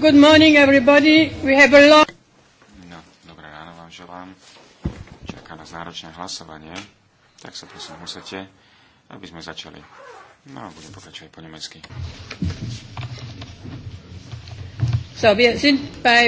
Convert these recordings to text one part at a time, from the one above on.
Good morning, everybody. We have a lot... No, dobré ráno vám želám. Čaká nás náročné hlasovanie, tak sa prosím musete, aby sme začali. No budem pokračovať po nemecky. So, wir sind bei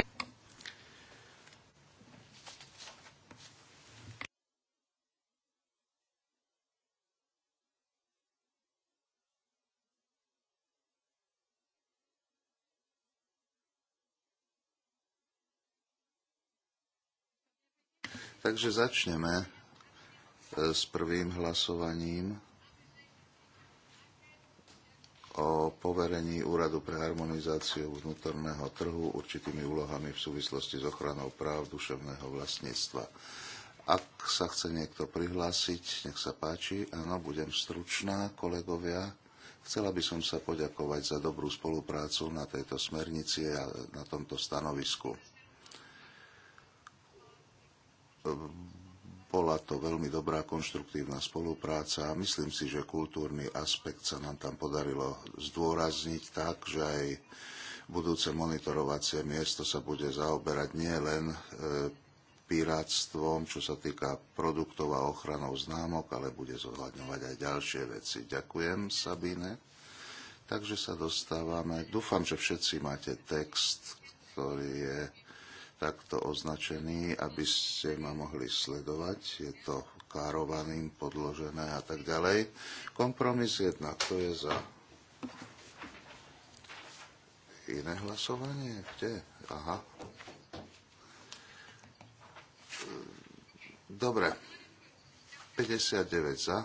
Takže začneme e, s prvým hlasovaním o poverení Úradu pre harmonizáciu vnútorného trhu určitými úlohami v súvislosti s ochranou práv duševného vlastníctva. Ak sa chce niekto prihlásiť, nech sa páči. Áno, budem stručná, kolegovia. Chcela by som sa poďakovať za dobrú spoluprácu na tejto smernici a na tomto stanovisku. Ehm, bola to veľmi dobrá konštruktívna spolupráca a myslím si, že kultúrny aspekt sa nám tam podarilo zdôrazniť tak, že aj budúce monitorovacie miesto sa bude zaoberať nie len e, piráctvom, čo sa týka produktov a ochranou známok, ale bude zohľadňovať aj ďalšie veci. Ďakujem, Sabine. Takže sa dostávame. Dúfam, že všetci máte text, ktorý je takto označený, aby ste ma mohli sledovať. Je to károvaným podložené a tak ďalej. Kompromis 1, to je za iné hlasovanie? Kde? Aha. Dobre. 59 za.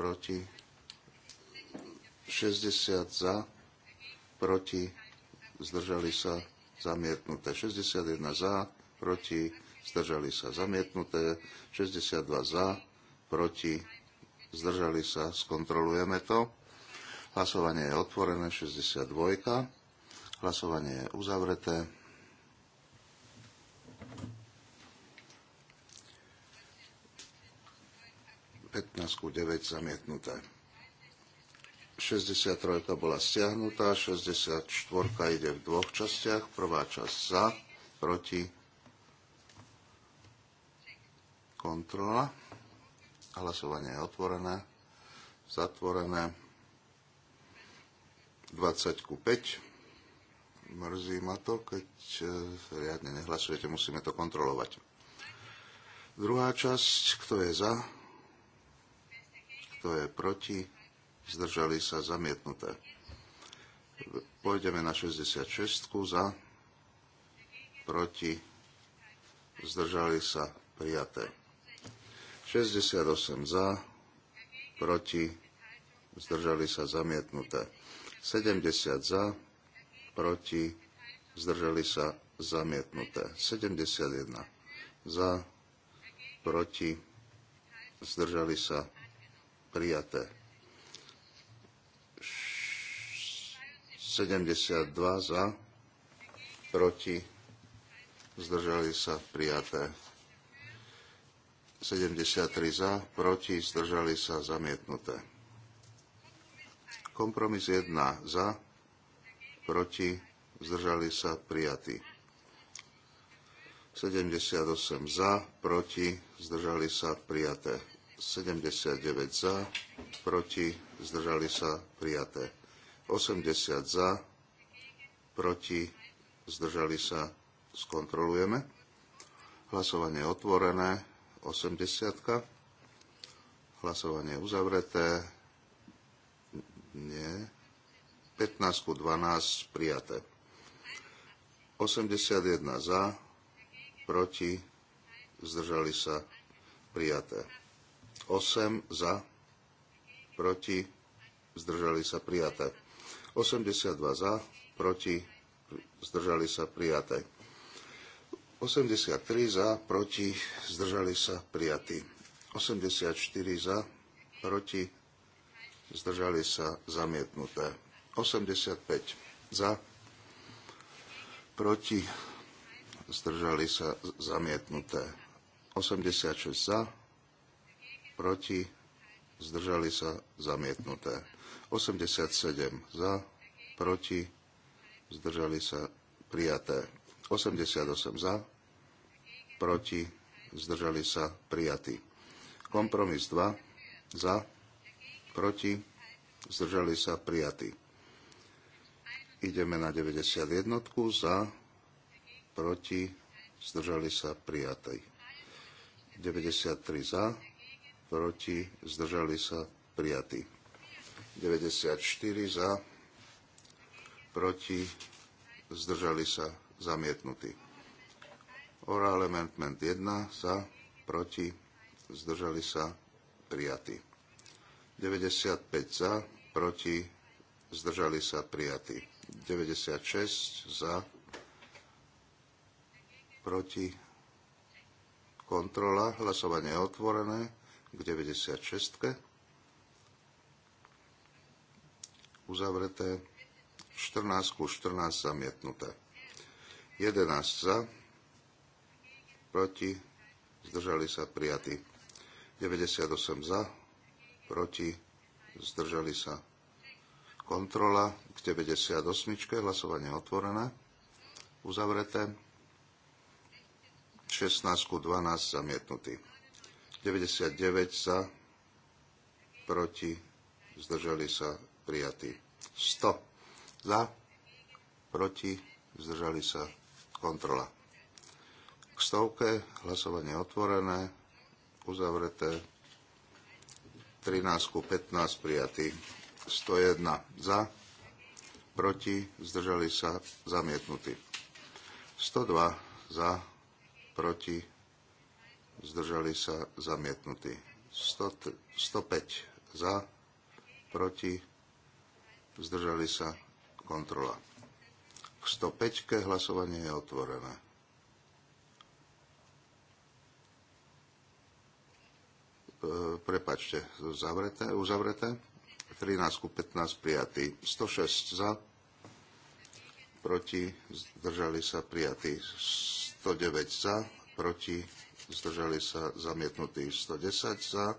Proti. 60 za. Proti. Zdržali sa zamietnuté 61 za, proti, zdržali sa zamietnuté 62 za, proti, zdržali sa, skontrolujeme to. Hlasovanie je otvorené 62. Hlasovanie je uzavreté. ku 9 zamietnuté. 63 bola stiahnutá, 64 ide v dvoch častiach. Prvá časť za, proti, kontrola. Hlasovanie je otvorené, zatvorené. 20 ku 5. Mrzí ma to, keď e, riadne nehlasujete, musíme to kontrolovať. Druhá časť, kto je za, kto je proti, zdržali sa zamietnuté. Pôjdeme na 66 za, proti, zdržali sa prijaté. 68 za, proti, zdržali sa zamietnuté. 70 za, proti, zdržali sa zamietnuté. 71 za, proti, zdržali sa prijaté. 72 za, proti, zdržali sa prijaté. 73 za, proti, zdržali sa zamietnuté. Kompromis 1 za, proti, zdržali sa prijatí. 78 za, proti, zdržali sa prijaté. 79 za, proti, zdržali sa prijaté. 80 za, proti, zdržali sa, skontrolujeme. Hlasovanie otvorené, 80. Hlasovanie uzavreté. Nie. 15 ku 12 prijaté. 81 za, proti, zdržali sa, prijaté. 8 za, proti, zdržali sa, prijaté. 82 za, proti, zdržali sa prijaté. 83 za, proti, zdržali sa prijatí. 84 za, proti, zdržali sa zamietnuté. 85 za, proti, zdržali sa zamietnuté. 86 za, proti, zdržali sa zamietnuté. 87 za, proti, zdržali sa prijaté. 88 za, proti, zdržali sa prijatí. Kompromis 2 za, proti, zdržali sa prijatí. Ideme na 91 za, proti, zdržali sa prijatí. 93 za, proti, zdržali sa prijatí. 94 za, proti, zdržali sa, zamietnutí. Oral amendment 1 za, proti, zdržali sa, prijatí. 95 za, proti, zdržali sa, prijatí. 96 za, proti, kontrola, hlasovanie otvorené k 96. uzavreté, 14 ku 14 zamietnuté. 11 za, proti, zdržali sa prijatí. 98 za, proti, zdržali sa. Kontrola k 98. Hlasovanie otvorené. Uzavreté. 16 ku 12 zamietnutý. 99 za, proti, zdržali sa prijatý. 100 za, proti, zdržali sa, kontrola. K stovke hlasovanie otvorené, uzavreté, 13 ku 15 prijatý, 101 za, proti, zdržali sa, zamietnutý. 102 za, proti, zdržali sa, zamietnutý. 100, 105 za, proti, zdržali sa, kontrola. V 105 hlasovanie je otvorené. E, prepačte, zavreté, uzavreté. 13 ku 15 prijatý. 106 za, proti, zdržali sa prijatí. 109 za, proti, zdržali sa zamietnutí. 110 za,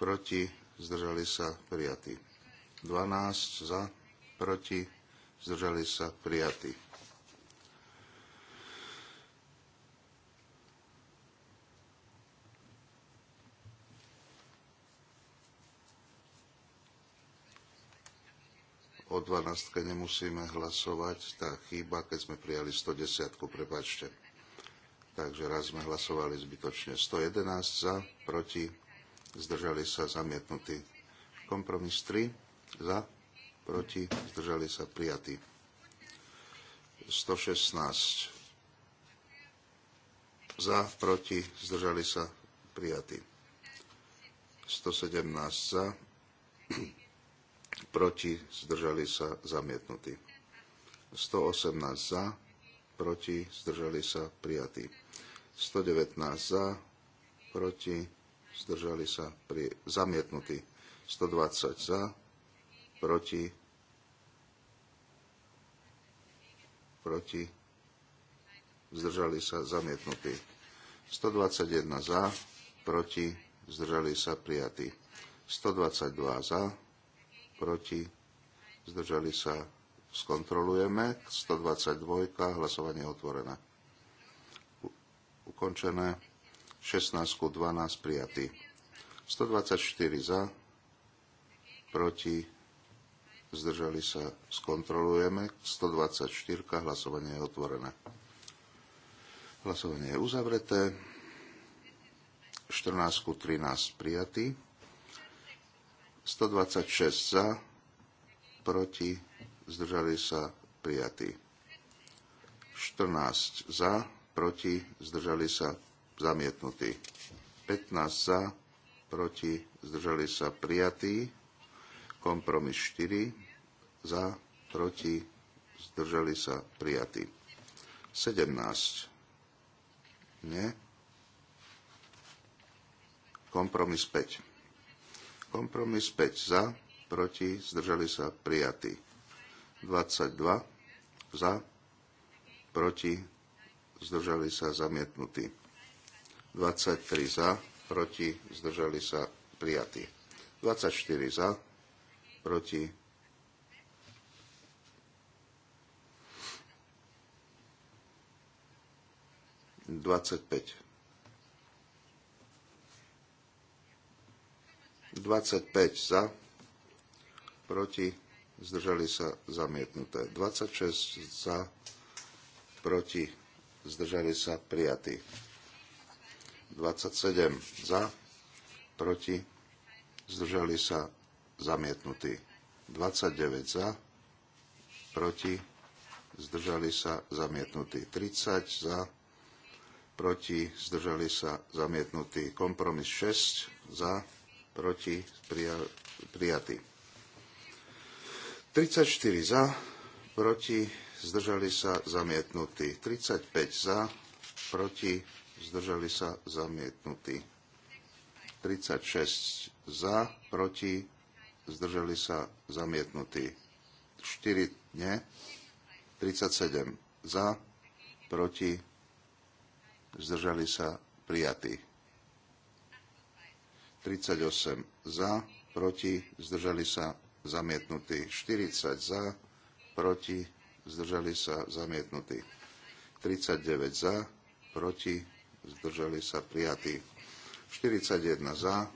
proti, zdržali sa prijatí. 12 za, proti, zdržali sa prijatí. O 12 nemusíme hlasovať, tá chýba, keď sme prijali 110, prepačte. Takže raz sme hlasovali zbytočne 111 za, proti, zdržali sa zamietnutí. Kompromis 3 za, proti, zdržali sa prijatí. 116. Za, proti, zdržali sa prijatí. 117 za, proti, zdržali sa zamietnutí. 118 za, proti, zdržali sa prijatí. 119 za, proti, zdržali sa pri, zamietnutí. 120 za, proti, proti, zdržali sa zamietnutí. 121 za, proti, zdržali sa prijatí. 122 za, proti, zdržali sa skontrolujeme. 122, hlasovanie otvorené. Ukončené. 16 12 prijatý. 124 za, proti, zdržali sa, skontrolujeme. 124, hlasovanie je otvorené. Hlasovanie je uzavreté. 14 ku 13 prijatý. 126 za, proti, zdržali sa, prijatý. 14 za, proti, zdržali sa, zamietnutý. 15 za, proti, zdržali sa, prijatý. Kompromis 4 za, proti, zdržali sa, prijatí. 17. Nie. Kompromis 5. Kompromis 5 za, proti, zdržali sa, prijatí. 22 za, proti, zdržali sa, zamietnutí. 23 za, proti, zdržali sa, prijatí. 24 za, proti, 25. 25 za, proti, zdržali sa zamietnuté. 26 za, proti, zdržali sa prijatí. 27 za, proti, zdržali sa zamietnutí. 29 za, proti, zdržali sa zamietnutí. 30 za, proti, zdržali sa zamietnutý. Kompromis 6 za, proti, prija, prijatý. 34 za, proti, zdržali sa zamietnutý. 35 za, proti, zdržali sa zamietnutý. 36 za, proti, zdržali sa zamietnutý. 4 ne, 37 za, proti, zdržali sa prijatí. 38 za, proti, zdržali sa zamietnutí. 40 za, proti, zdržali sa zamietnutí. 39 za, proti, zdržali sa prijatí. 41 za,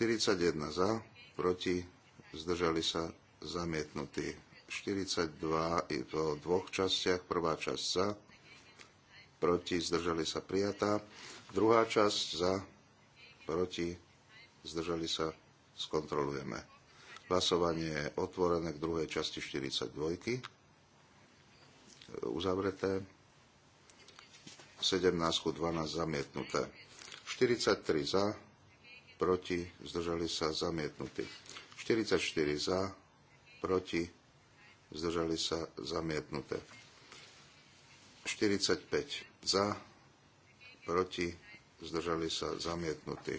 41 za, proti, zdržali sa zamietnutí. 42 je to v dvoch častiach. Prvá časť za, proti, zdržali sa prijatá. Druhá časť za, proti, zdržali sa, skontrolujeme. Hlasovanie je otvorené k druhej časti 42. Uzavreté. 17 12 zamietnuté. 43 za, proti, zdržali sa, zamietnutí. 44 za, proti, zdržali sa zamietnuté. 45 za, proti, zdržali sa zamietnutí.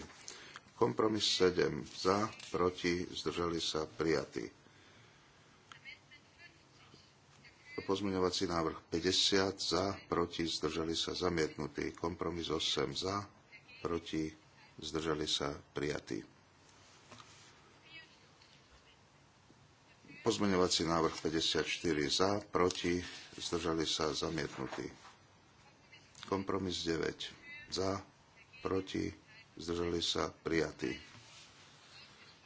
Kompromis 7 za, proti, zdržali sa prijatí. Pozmeňovací návrh 50 za, proti, zdržali sa zamietnutí. Kompromis 8 za, proti, zdržali sa prijatí. Pozmeňovací návrh 54 za, proti, zdržali sa zamietnutí. Kompromis 9 za, proti, zdržali sa prijatí.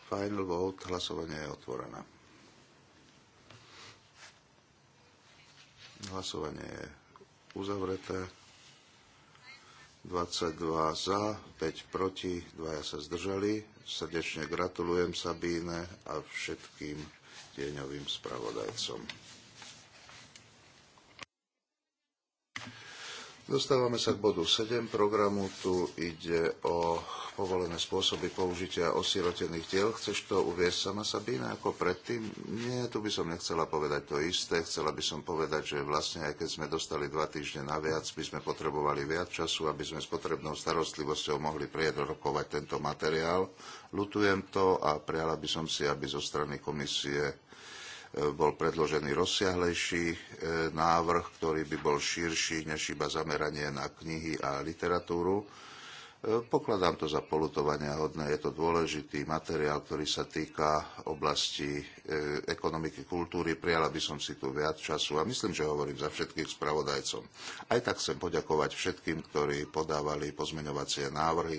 Final vote, hlasovanie je otvorené. Hlasovanie je uzavreté. 22 za, 5 proti, 2 sa zdržali. Srdečne gratulujem Sabíne a všetkým tieňovým spravodajcom. Dostávame sa k bodu 7 programu. Tu ide o povolené spôsoby použitia osirotených diel. Chceš to uviesť sama Sabina ako predtým? Nie, tu by som nechcela povedať to isté. Chcela by som povedať, že vlastne aj keď sme dostali dva týždne naviac, by sme potrebovali viac času, aby sme s potrebnou starostlivosťou mohli prejedrokovať tento materiál. Lutujem to a prijala by som si, aby zo strany komisie bol predložený rozsiahlejší e, návrh, ktorý by bol širší než iba zameranie na knihy a literatúru. E, pokladám to za polutovania hodné. Je to dôležitý materiál, ktorý sa týka oblasti e, ekonomiky kultúry. Prijala by som si tu viac času a myslím, že hovorím za všetkých spravodajcom. Aj tak chcem poďakovať všetkým, ktorí podávali pozmeňovacie návrhy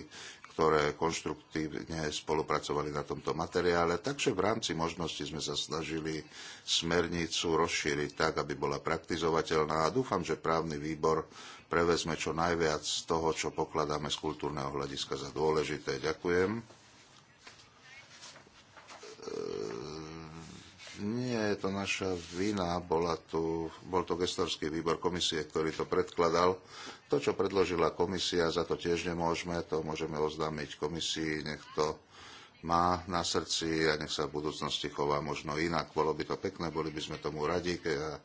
ktoré konštruktívne spolupracovali na tomto materiále. Takže v rámci možnosti sme sa snažili smernicu rozšíriť tak, aby bola praktizovateľná a dúfam, že právny výbor prevezme čo najviac z toho, čo pokladáme z kultúrneho hľadiska za dôležité. Ďakujem. Ehm, nie je to naša vina, bola tu, bol to gestorský výbor komisie, ktorý to predkladal. To, čo predložila komisia, za to tiež nemôžeme, to môžeme oznámiť komisii, nech to má na srdci a nech sa v budúcnosti chová možno inak. Bolo by to pekné, boli by sme tomu radi. A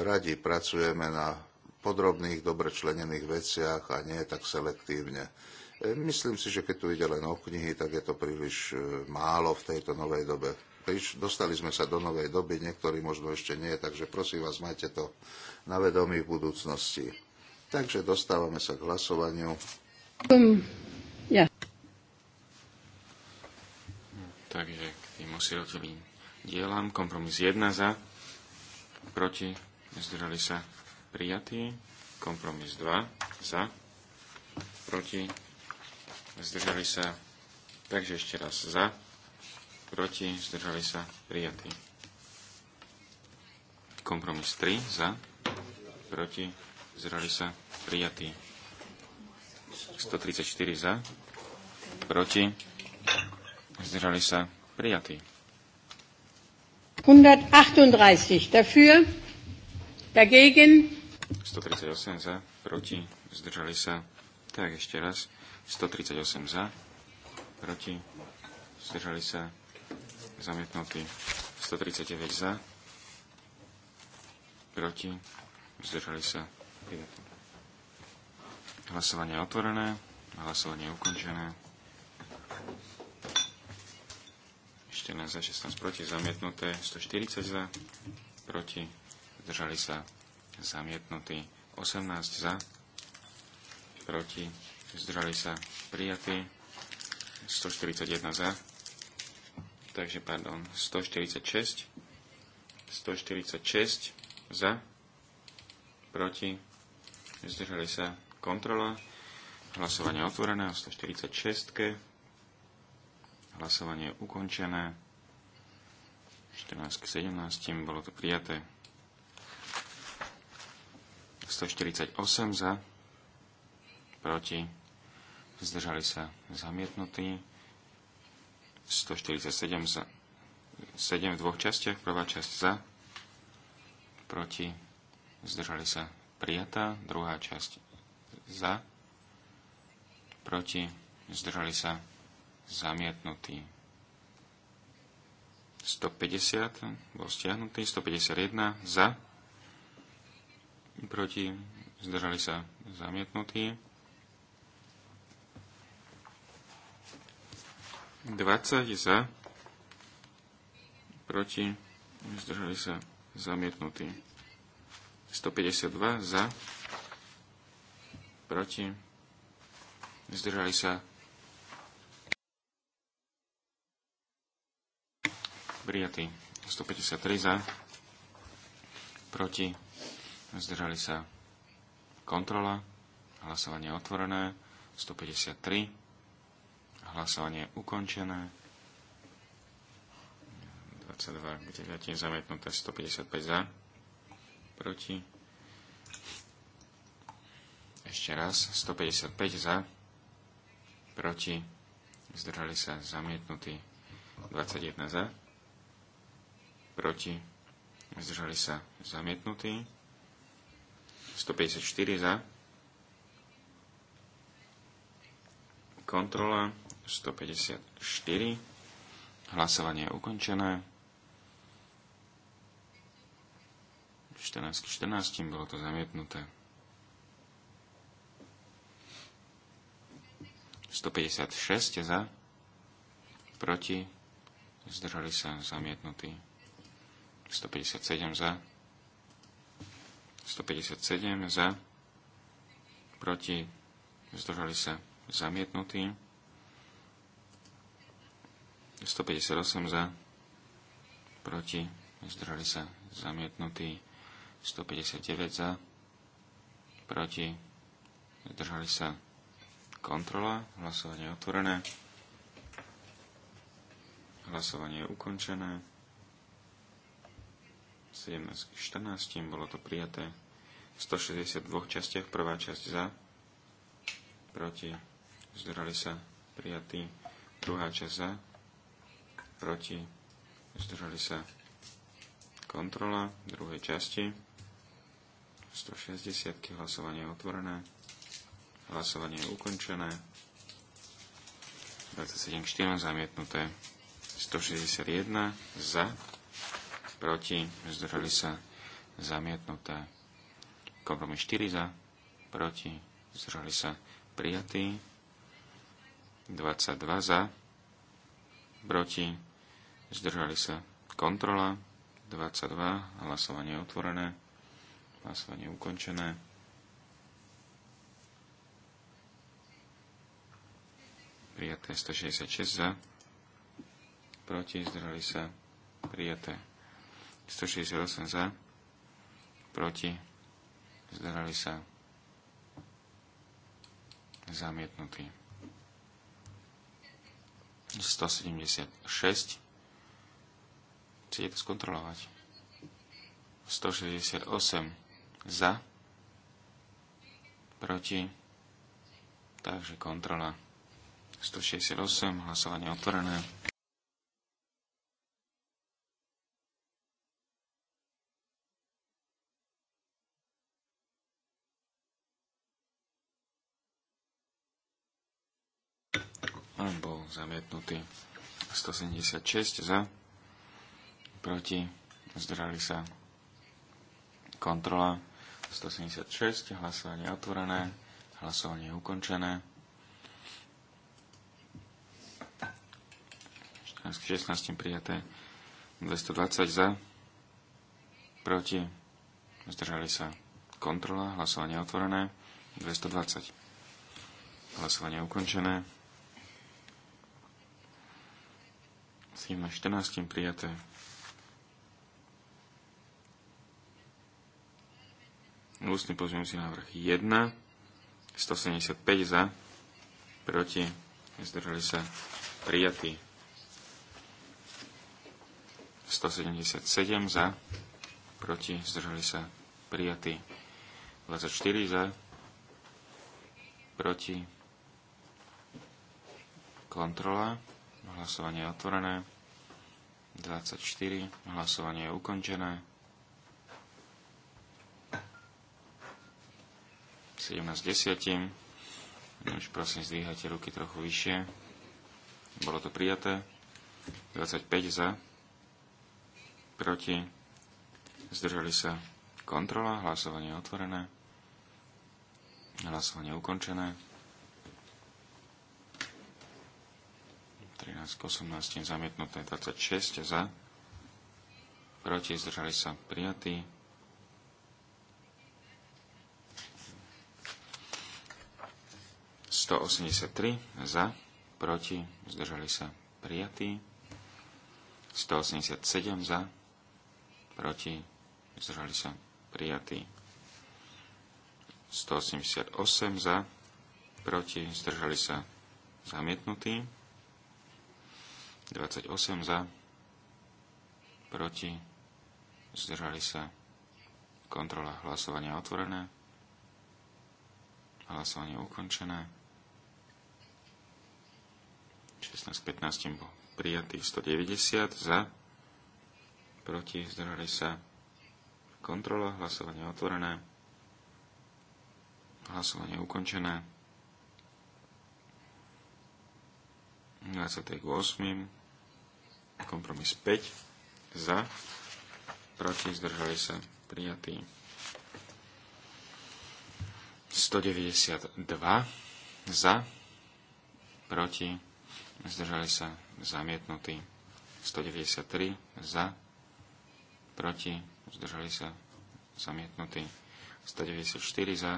radi pracujeme na podrobných, dobre členených veciach a nie tak selektívne. Myslím si, že keď tu ide len o knihy, tak je to príliš e, málo v tejto novej dobe. Dostali sme sa do novej doby, niektorí možno ešte nie, takže prosím vás, majte to na vedomí v budúcnosti. Takže dostávame sa k hlasovaniu. Um, ja. Takže k tým osirotevým dielam kompromis 1 za, proti, zdržali sa prijatí, kompromis 2 za, proti, zdržali sa, takže ešte raz za, proti, zdržali sa prijatí. Kompromis 3 za, proti, zdržali sa, prijatí. 134 za, proti, zdržali sa, prijatí. 138 dafür, dagegen. 138 za, proti, zdržali sa. Tak ešte raz. 138 za, proti, zdržali sa, zamietnutý. 139 za, proti, zdržali sa, Hlasovanie je otvorené, hlasovanie je ukončené. 14 za 16 proti, zamietnuté, 140 za, proti, zdržali sa, zamietnutí, 18 za, proti, zdržali sa, prijatí, 141 za, takže pardon, 146, 146 za, proti, zdržali sa kontrola, hlasovanie otvorené o 146, -ke. hlasovanie ukončené, 14 k 17, bolo to prijaté. 148 za, proti, zdržali sa zamietnutí, 147 za, 7 v dvoch častiach, prvá časť za, proti, zdržali sa prijatá, druhá časť za, proti, zdržali sa, zamietnutí. 150 bol stiahnutý, 151 za, proti, zdržali sa, zamietnutí. 20 za, proti, zdržali sa, zamietnutí. 152 za, proti, zdržali sa prijatý 153 za, proti, zdržali sa kontrola, hlasovanie otvorené, 153, hlasovanie ukončené, 22, kde zamietnuté 155 za, proti. Ešte raz, 155 za, proti, zdržali sa zamietnutí, 21 za, proti, zdržali sa zamietnutí, 154 za, kontrola, 154, hlasovanie je ukončené, 14 14, bolo to zamietnuté. 156 za, proti, zdržali sa zamietnutí. 157 za, 157 za, proti, zdržali sa zamietnutí. 158 za, proti, zdržali sa zamietnutí. 159 za, proti, zdržali sa kontrola, hlasovanie je otvorené, hlasovanie je ukončené, 17 k 14, bolo to prijaté, v 162 častiach, prvá časť za, proti, zdržali sa prijatí, druhá časť za, proti, zdržali sa kontrola druhej časti. 160. Hlasovanie je otvorené. Hlasovanie je ukončené. 27 4 zamietnuté. 161 za. Proti. Zdržali sa. Zamietnuté. Kompromis 4 za. Proti. Zdržali sa. Prijatý. 22 za. Proti. Zdržali sa. Kontrola. 22. Hlasovanie je otvorené. Hlasovanie ukončené. Prijaté 166 za. Proti zdržali sa. Prijaté 168 za. Proti zdržali sa. Zamietnutý. 176 chcete to skontrolovať. 168 za, proti, takže kontrola 168, hlasovanie otvorené. On bol zamietnutý 176 za, proti, zdrali sa kontrola 176, hlasovanie otvorené, hlasovanie ukončené. 14 16 prijaté, 220 za, proti, zdržali sa kontrola, hlasovanie otvorené, 220. Hlasovanie ukončené. 7 14 prijaté, Ústny pozmeňujúci návrh 1. 175 za. Proti. Zdržali sa. Prijatý. 177 za. Proti. Zdržali sa. Prijatý. 24 za. Proti. Kontrola. Hlasovanie je otvorené. 24. Hlasovanie je ukončené. 17 desiatim. Už prosím, zdvíhajte ruky trochu vyššie. Bolo to prijaté. 25 za. Proti. Zdržali sa. Kontrola. Hlasovanie otvorené. Hlasovanie ukončené. 13 k 18 zamietnuté. 26 za. Proti. Zdržali sa. Prijatí. 183 za, proti, zdržali sa prijatí. 187 za, proti, zdržali sa prijatí. 188 za, proti, zdržali sa zamietnutí. 28 za, proti, zdržali sa kontrola hlasovania otvorené, hlasovanie ukončené. 16 15 bol prijatý 190 za, proti zdržali sa kontrola, hlasovanie otvorené, hlasovanie ukončené. 28. Kompromis 5 za, proti zdržali sa prijatý 192 za, proti zdržali sa zamietnutí 193 za, proti, zdržali sa zamietnutí 194 za,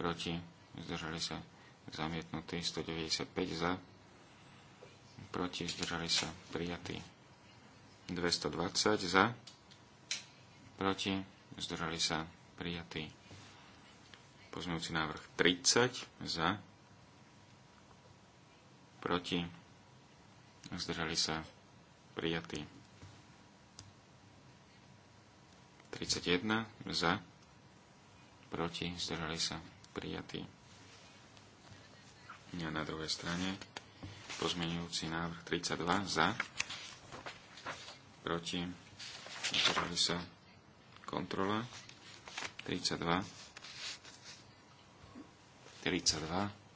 proti, zdržali sa zamietnutí 195 za, proti, zdržali sa prijatí 220 za, proti, zdržali sa prijatí pozmeňujúci návrh 30 za, proti, zdržali sa prijatí. 31 za, proti, zdržali sa prijatí. A na druhej strane pozmenujúci návrh 32 za, proti, zdržali sa kontrola 32 32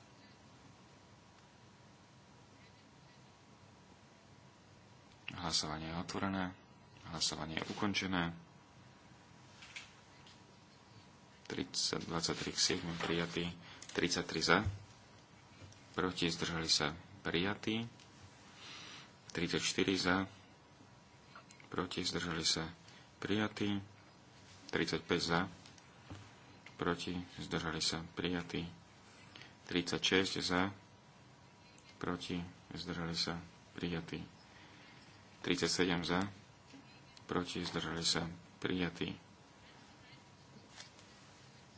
Hlasovanie je otvorené. Hlasovanie je ukončené. 30, 23 k 7 prijatý, 33 za, proti zdržali sa prijatí, 34 za, proti zdržali sa prijatí, 35 za, proti zdržali sa prijatí, 36 za, proti zdržali sa prijatí. 37 za, proti zdržali sa prijatí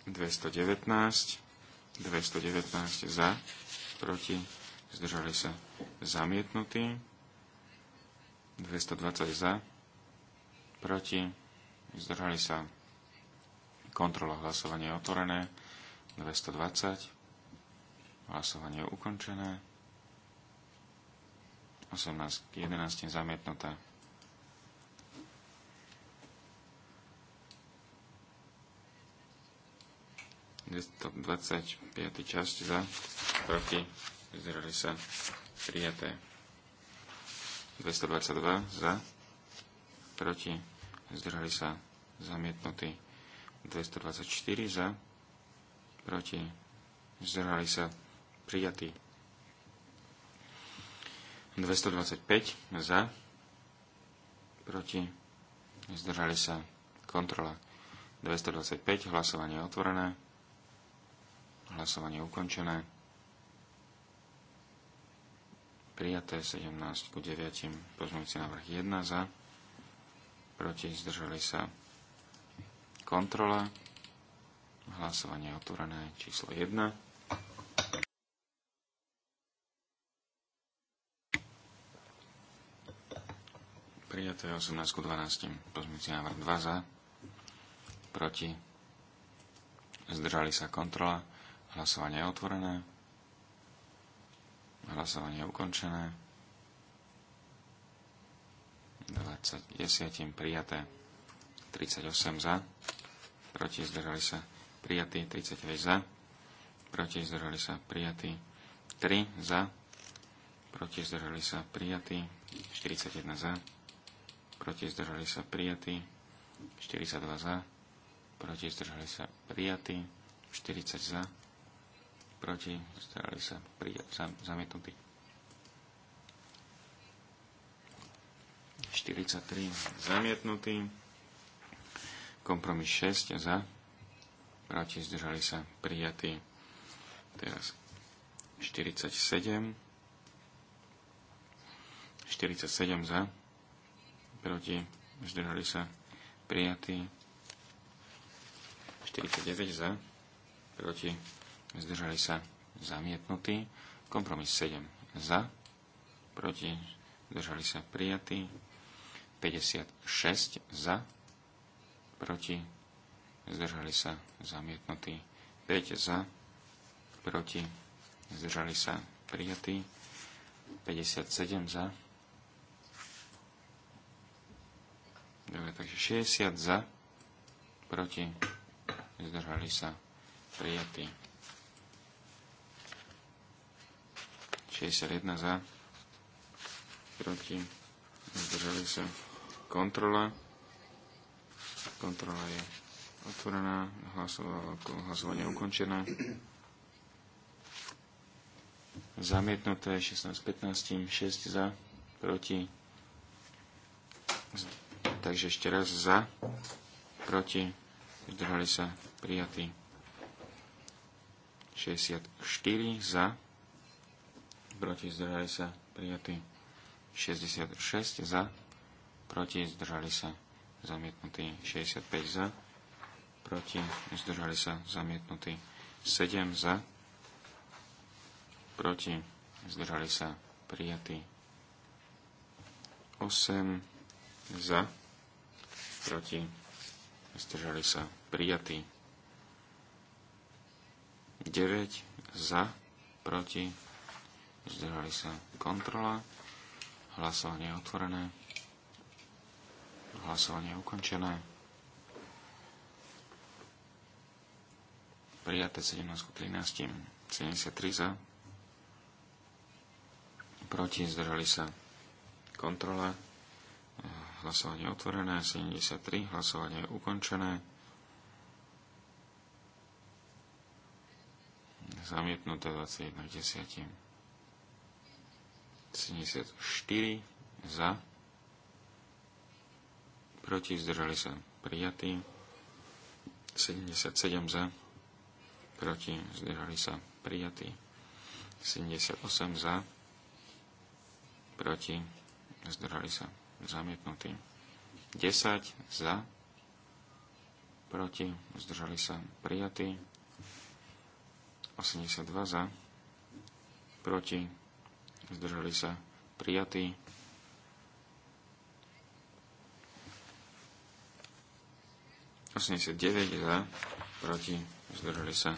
219, 219 za, proti zdržali sa zamietnutí 220 za, proti zdržali sa kontrola hlasovania otvorené 220, hlasovanie ukončené 18 k 11 Je to 25. časť za, proti, zdržali sa, prijaté. 222 za, proti, zdržali sa, zamietnutí. 224 za, proti, zdržali sa, prijatí. 225 za, proti, zdržali sa, kontrola 225, hlasovanie otvorené, hlasovanie ukončené, prijaté 17 ku 9, pozmúci návrh 1 za, proti, zdržali sa, kontrola, hlasovanie otvorené, číslo 1, prijaté, 18 k 12. Pozmúci návrh 2 za, proti, zdržali sa kontrola, hlasovanie je otvorené, hlasovanie je ukončené, 20 prijaté, 38 za, proti, zdržali sa prijatí, 39 za, proti, zdržali sa prijatí, 3 za, proti, zdržali sa prijatí, 41 za, proti zdržali sa prijatí, 42 za, proti zdržali sa prijatí, 40 za, proti zdržali sa prijatí, zamietnutí. 43 zamietnutí, kompromis 6 za, proti zdržali sa prijatí. Teraz 47, 47 za, proti, zdržali sa prijatí. 49 za, proti, zdržali sa zamietnutí. Kompromis 7 za, proti, zdržali sa prijatí. 56 za, proti, zdržali sa zamietnutí. 5 za, proti, zdržali sa prijatí. 57 za, Dobre, takže 60 za, proti, zdržali sa, prijatí. 61 za, proti, zdržali sa, kontrola. Kontrola je otvorená, hlasovanie ukončené. Zamietnuté 16, 15, 6 za, proti, takže ešte raz za, proti, zdržali sa prijatí. 64 za, proti, zdržali sa prijatí. 66 za, proti, zdržali sa zamietnutí. 65 za, proti, zdržali sa zamietnutí. 7 za, proti, zdržali sa prijatí. 8 za, proti, zdržali sa prijatí. 9 za, proti, zdržali sa kontrola, hlasovanie otvorené, hlasovanie ukončené. Prijaté 17 13, 73 za, proti, zdržali sa kontrola, hlasovanie otvorené, 73, hlasovanie je ukončené. Zamietnuté 21 10. 74 za, proti, zdržali sa prijatí. 77 za, proti, zdržali sa prijatí. 78 za, proti, zdržali sa zamietnutý. 10 za, proti, zdržali sa prijatí. 82 za, proti, zdržali sa prijatí. 89 za, proti, zdržali sa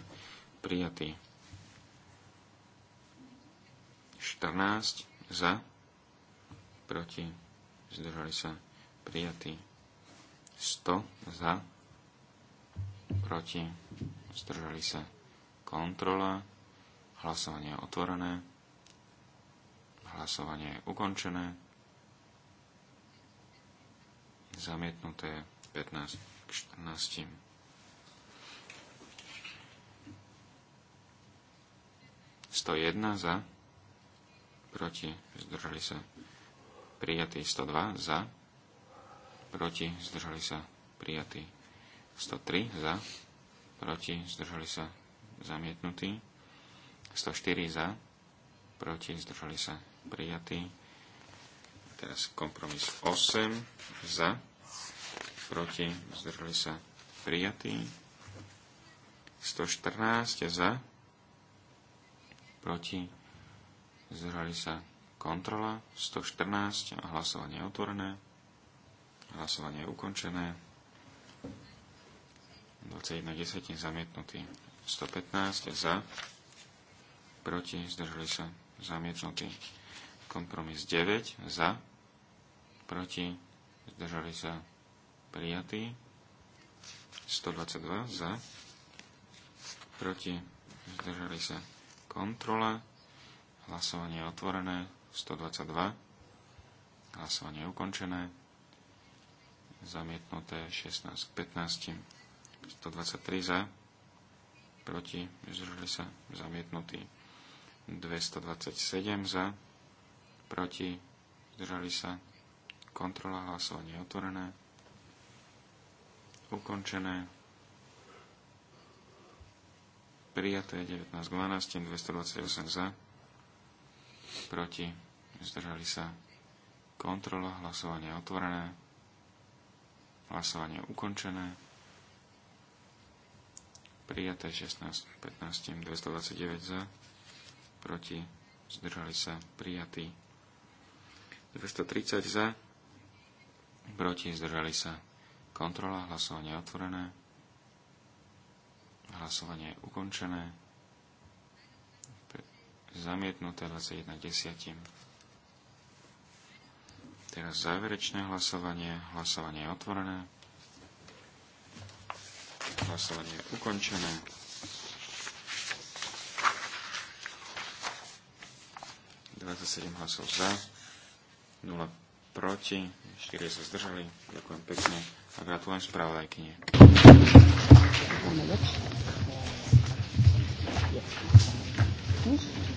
prijatí. 14 za, proti, zdržali sa prijatí 100 za, proti, zdržali sa kontrola, hlasovanie je otvorené, hlasovanie je ukončené, zamietnuté 15 k 14. Sto jedna za, proti, zdržali sa prijatý 102 za, proti zdržali sa prijatý 103 za, proti zdržali sa zamietnutý 104 za, proti zdržali sa prijatý. Teraz kompromis 8 za, proti zdržali sa prijatý. 114 za, proti zdržali sa prijatý Kontrola 114 a hlasovanie je otvorené. Hlasovanie je ukončené. 21 desetín zamietnutý. 115 za. Proti zdržali sa zamietnutý. Kompromis 9 za. Proti zdržali sa prijatý. 122 za. Proti zdržali sa kontrola. Hlasovanie je otvorené. 122. Hlasovanie je ukončené. Zamietnuté 16 k 15. 123 za. Proti. Zdržali sa. Zamietnutí. 227 za. Proti. Zdržali sa. Kontrola hlasovanie je otvorené. Ukončené prijaté 19 k 12, 228 za, proti zdržali sa. Kontrola, hlasovanie otvorené, hlasovanie ukončené, prijaté 16, 15, 229 za, proti, zdržali sa, prijatí 230 za, proti, zdržali sa, kontrola, hlasovanie otvorené, hlasovanie ukončené, zamietnuté 21 desiatím. Teraz záverečné hlasovanie. Hlasovanie je otvorené. Hlasovanie je ukončené. sedem hlasov za, 0 proti, 4 sa zdržali. Ďakujem pekne a gratulujem spravodajkyne. Thank you.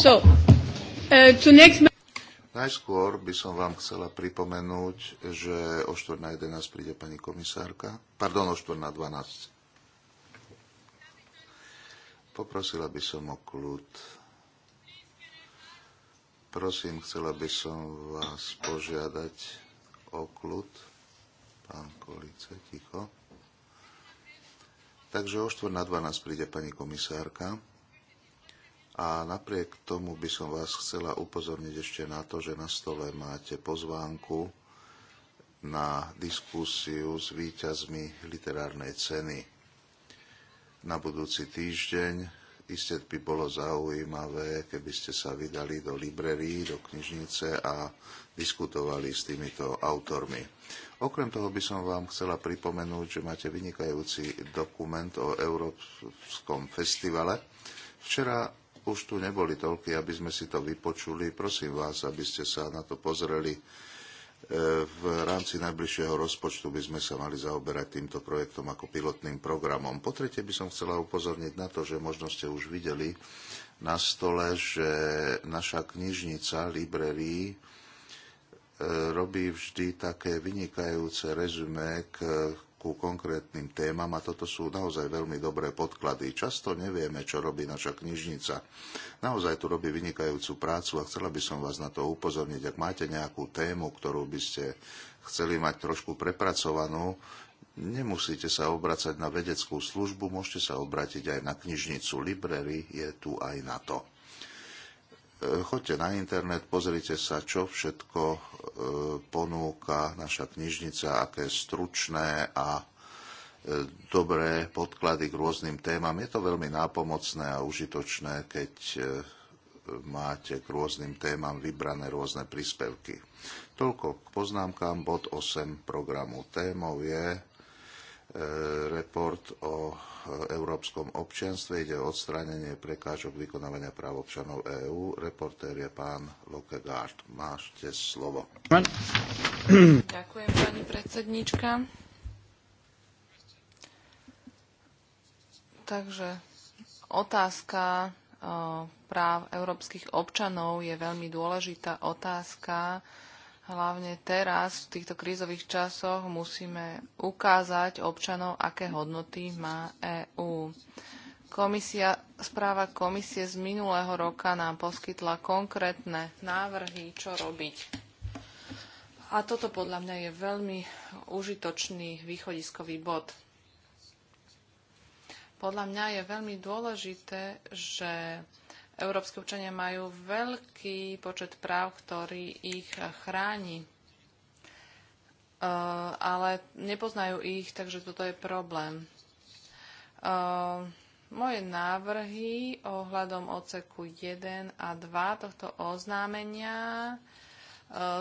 So, uh, to next... Najskôr by som vám chcela pripomenúť, že o 4.11 príde pani komisárka. Pardon, o 4.12. Poprosila by som o kľud. Prosím, chcela by som vás požiadať o kľud. Pán Kolice, ticho. Takže o 4 na 12 príde pani komisárka. A napriek tomu by som vás chcela upozorniť ešte na to, že na stole máte pozvánku na diskusiu s výťazmi literárnej ceny. Na budúci týždeň Isté by bolo zaujímavé, keby ste sa vydali do librerí, do knižnice a diskutovali s týmito autormi. Okrem toho by som vám chcela pripomenúť, že máte vynikajúci dokument o Európskom festivale. Včera už tu neboli toľky, aby sme si to vypočuli. Prosím vás, aby ste sa na to pozreli. E, v rámci najbližšieho rozpočtu by sme sa mali zaoberať týmto projektom ako pilotným programom. Po tretie by som chcela upozorniť na to, že možno ste už videli na stole, že naša knižnica Library e, robí vždy také vynikajúce rezume k ku konkrétnym témam a toto sú naozaj veľmi dobré podklady. Často nevieme, čo robí naša knižnica. Naozaj tu robí vynikajúcu prácu a chcela by som vás na to upozorniť. Ak máte nejakú tému, ktorú by ste chceli mať trošku prepracovanú, nemusíte sa obracať na vedeckú službu, môžete sa obrátiť aj na knižnicu Library, je tu aj na to. Chodte na internet, pozrite sa, čo všetko e, ponúka naša knižnica, aké stručné a e, dobré podklady k rôznym témam. Je to veľmi nápomocné a užitočné, keď e, máte k rôznym témam vybrané rôzne príspevky. Toľko k poznámkám, bod 8 programu. Témou je report o európskom občianstve ide o odstránenie prekážok vykonávania práv občanov EÚ. Reportér je pán Lokegaard. Mášte slovo. Ďakujem, pani predsednička. Takže otázka eh, práv európskych občanov je veľmi dôležitá otázka, Hlavne teraz, v týchto krízových časoch, musíme ukázať občanov, aké hodnoty má EÚ. Komisia, správa komisie z minulého roka nám poskytla konkrétne návrhy, čo robiť. A toto podľa mňa je veľmi užitočný východiskový bod. Podľa mňa je veľmi dôležité, že Európske občania majú veľký počet práv, ktorý ich chráni, e, ale nepoznajú ich, takže toto je problém. E, moje návrhy ohľadom odseku 1 a 2 tohto oznámenia e,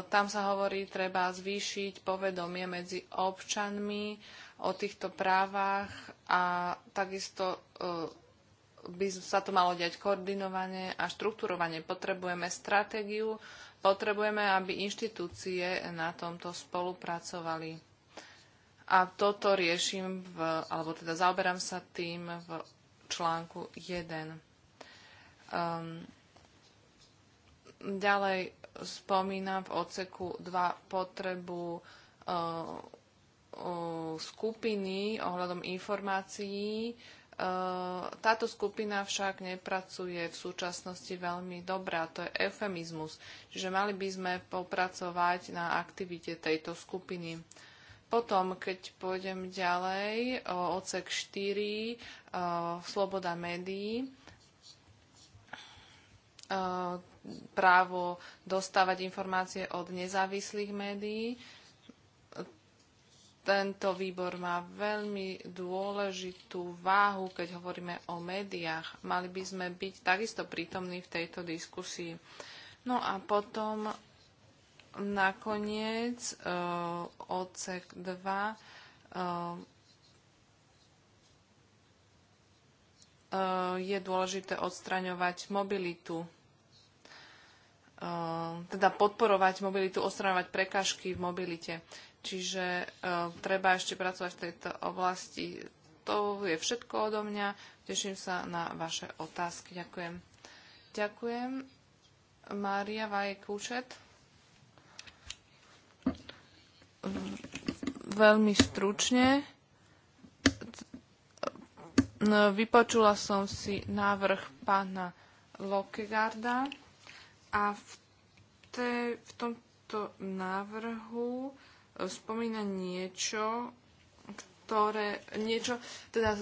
tam sa hovorí, treba zvýšiť povedomie medzi občanmi o týchto právach a takisto by sa to malo diať koordinovane a štruktúrovane. Potrebujeme stratégiu, potrebujeme, aby inštitúcie na tomto spolupracovali. A toto riešim, v, alebo teda zaoberám sa tým v článku 1. Um, ehm, ďalej spomínam v odseku 2 potrebu uh, uh, skupiny ohľadom informácií, Ehm, táto skupina však nepracuje v súčasnosti veľmi dobre a to je eufemizmus. že mali by sme popracovať na aktivite tejto skupiny. Potom, keď pôjdem ďalej, e, odsek 4, e, sloboda médií, e, právo dostávať informácie od nezávislých médií, tento výbor má veľmi dôležitú váhu, keď hovoríme o médiách. Mali by sme byť takisto prítomní v tejto diskusii. No a potom nakoniec uh, odsek 2 eh, je dôležité odstraňovať mobilitu, eh, teda podporovať mobilitu, odstraňovať prekážky v mobilite. Čiže uh, treba ešte pracovať v tejto oblasti. To je všetko odo mňa. Teším sa na vaše otázky. Ďakujem. Ďakujem. Mária Vaje Veľmi stručne. No, vypočula som si návrh pána Lokegarda a v, te, v tomto návrhu spomína niečo, ktoré niečo, teda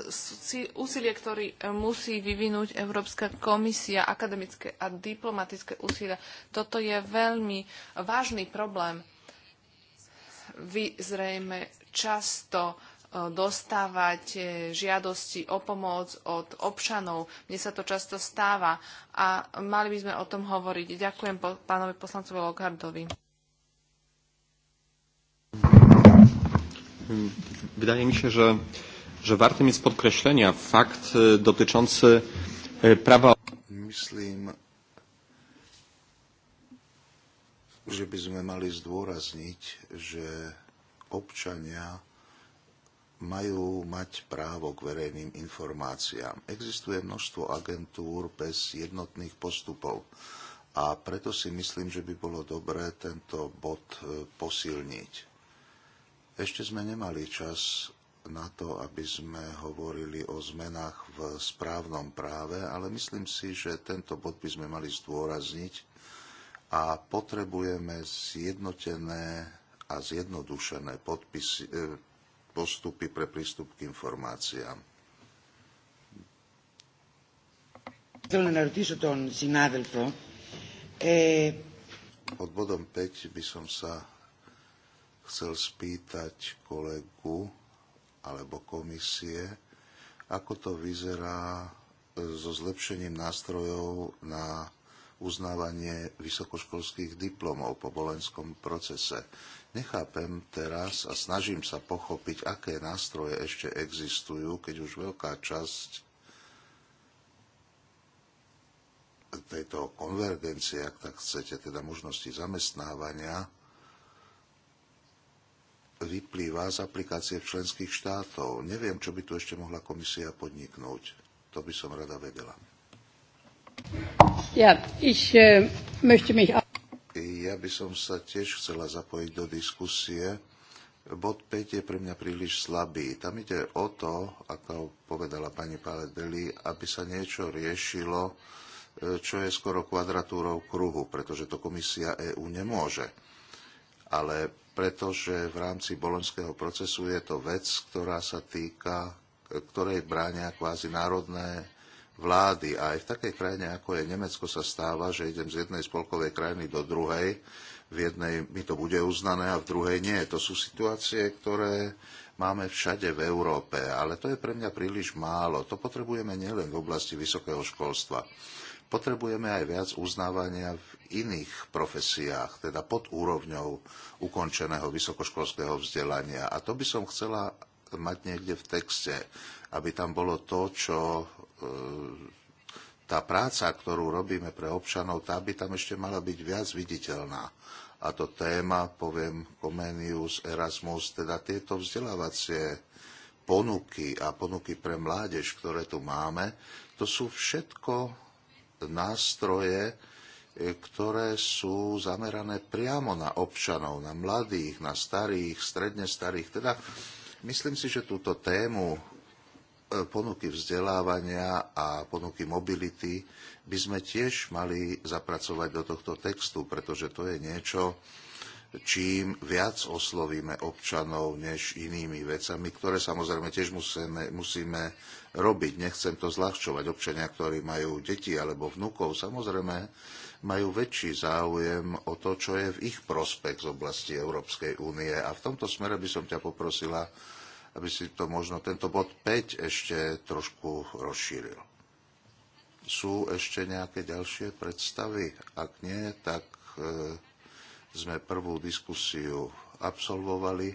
úsilie, ktoré e, musí vyvinúť Európska komisia, akademické a diplomatické úsilia. Toto je veľmi vážny problém. Vy zrejme často e, dostávať žiadosti o pomoc od občanov. Mne sa to často stáva a mali by sme o tom hovoriť. Ďakujem pánovi poslancovi Lockhartovi. Hmm. Wydaje mi się, że, że wartym jest podkreślenia fakt e, dotyczący e, prawa. Myslím, že by sme mali zdôrazniť, že občania majú mať právo k verejným informáciám. Existuje množstvo agentúr bez jednotných postupov a preto si myslím, že by bolo dobré tento bod e, posilniť. Ešte sme nemali čas na to, aby sme hovorili o zmenách v správnom práve, ale myslím si, že tento bod by sme mali zdôrazniť a potrebujeme zjednotené a zjednodušené podpisy, e, postupy pre prístup k informáciám. Pod bodom 5 by som sa chcel spýtať kolegu alebo komisie, ako to vyzerá e, so zlepšením nástrojov na uznávanie vysokoškolských diplomov po bolenskom procese. Nechápem teraz a snažím sa pochopiť, aké nástroje ešte existujú, keď už veľká časť tejto konvergencie, ak tak chcete, teda možnosti zamestnávania, vyplýva z aplikácie členských štátov. Neviem, čo by tu ešte mohla komisia podniknúť. To by som rada vedela. Ja, ich, uh, mich... ja by som sa tiež chcela zapojiť do diskusie. Bod 5 je pre mňa príliš slabý. Tam ide o to, ako povedala pani Paledeli, aby sa niečo riešilo, eh, čo je skoro kvadratúrou kruhu, pretože to komisia EÚ nemôže. Ale pretože v rámci boloňského procesu je to vec, ktorá sa týka, ktorej bránia kvázi národné vlády. A aj v takej krajine, ako je Nemecko, sa stáva, že idem z jednej spolkovej krajiny do druhej, v jednej mi to bude uznané a v druhej nie. To sú situácie, ktoré máme všade v Európe, ale to je pre mňa príliš málo. To potrebujeme nielen v oblasti vysokého školstva potrebujeme aj viac uznávania v iných profesiách, teda pod úrovňou ukončeného vysokoškolského vzdelania. A to by som chcela mať niekde v texte, aby tam bolo to, čo e, tá práca, ktorú robíme pre občanov, tá by tam ešte mala byť viac viditeľná. A to téma, poviem, Comenius, Erasmus, teda tieto vzdelávacie ponuky a ponuky pre mládež, ktoré tu máme, to sú všetko nástroje, e, ktoré sú zamerané priamo na občanov, na mladých, na starých, stredne starých. Teda myslím si, že túto tému e, ponuky vzdelávania a ponuky mobility by sme tiež mali zapracovať do tohto textu, pretože to je niečo, čím viac oslovíme občanov než inými vecami, ktoré samozrejme tiež musíme, musíme robiť. Nechcem to zľahčovať. Občania, ktorí majú deti alebo vnúkov, samozrejme majú väčší záujem o to, čo je v ich prospech z oblasti Európskej únie. A v tomto smere by som ťa poprosila, aby si to možno tento bod 5 ešte trošku rozšíril. Sú ešte nejaké ďalšie predstavy? Ak nie, tak e, sme prvú diskusiu absolvovali.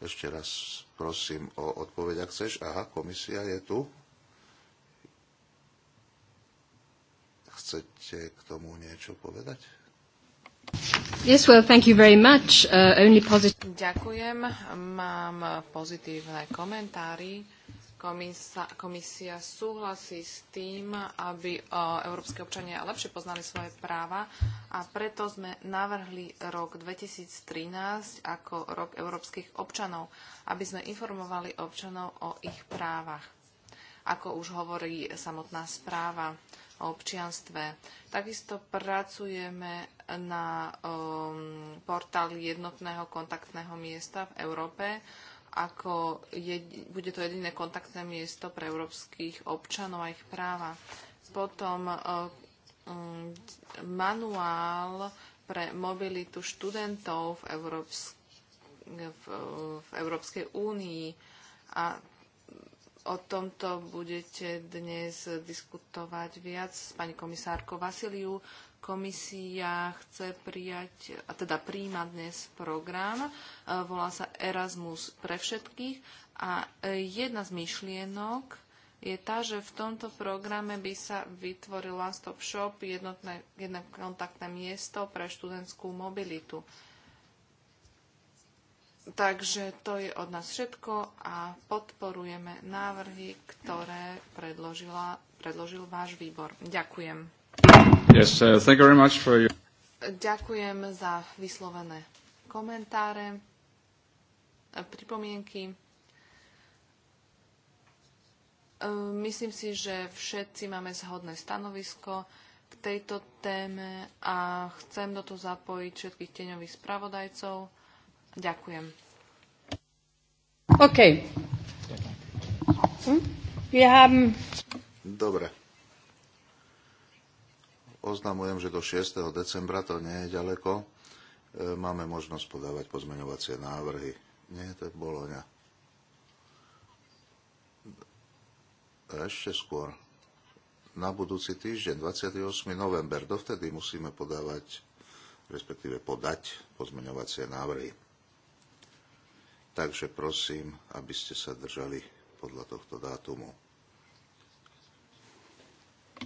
Ešte raz prosím o odpoveď, ak chceš. Aha, komisia je tu. Chcete k tomu niečo povedať? Yes, well, thank you very much. Uh, only Ďakujem. Mám pozitívne komentári Komisa, komisia súhlasí s tým, aby e, európske občania lepšie poznali svoje práva a preto sme navrhli rok 2013 ako rok európskych občanov, aby sme informovali občanov o ich právach. Ako už hovorí samotná správa o občianstve. Takisto pracujeme na um, portáli jednotného kontaktného miesta v Európe, ako je, bude to jediné kontaktné miesto pre európskych občanov a ich práva. Potom um, manuál pre mobilitu študentov v, Európsk- v, v Európskej únii a o tomto budete dnes diskutovať viac s pani komisárkou Vasiliu Komisia chce prijať, a teda príjma dnes program, e, volá sa Erasmus pre všetkých a e, jedna z myšlienok je tá, že v tomto programe by sa vytvoril One Stop Shop, jednotné, jedné kontaktné miesto pre študentskú mobilitu. Takže to je od nás všetko a podporujeme návrhy, ktoré predložila, predložil váš výbor. Ďakujem. Yes, uh, thank you very much for your... Ďakujem za vyslovené komentáre, pripomienky. E, myslím si, že všetci máme zhodné stanovisko k tejto téme a chcem do toho zapojiť všetkých teňových spravodajcov. Ďakujem. OK. Hm? Dobre Oznamujem, že do 6. decembra, to nie je ďaleko, e, máme možnosť podávať pozmeňovacie návrhy. Nie, to je Boloňa. Ešte skôr. Na budúci týždeň, 28. november, dovtedy musíme podávať, respektíve podať pozmeňovacie návrhy. Takže prosím, aby ste sa držali podľa tohto dátumu.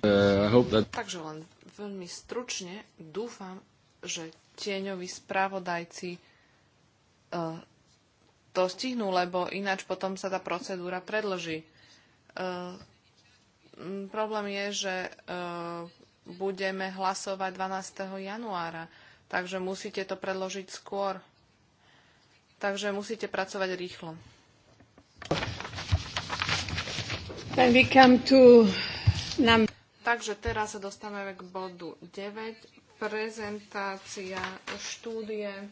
Uh, that... Takže len veľmi stručne dúfam, že tieňoví správodajci uh, to stihnú, lebo ináč potom sa tá procedúra predlží. Uh, problém je, že uh, budeme hlasovať 12. januára, takže musíte to predložiť skôr. Takže musíte pracovať rýchlo. Then we come to number Takže teraz sa dostaneme k bodu 9. Prezentácia štúdie eh,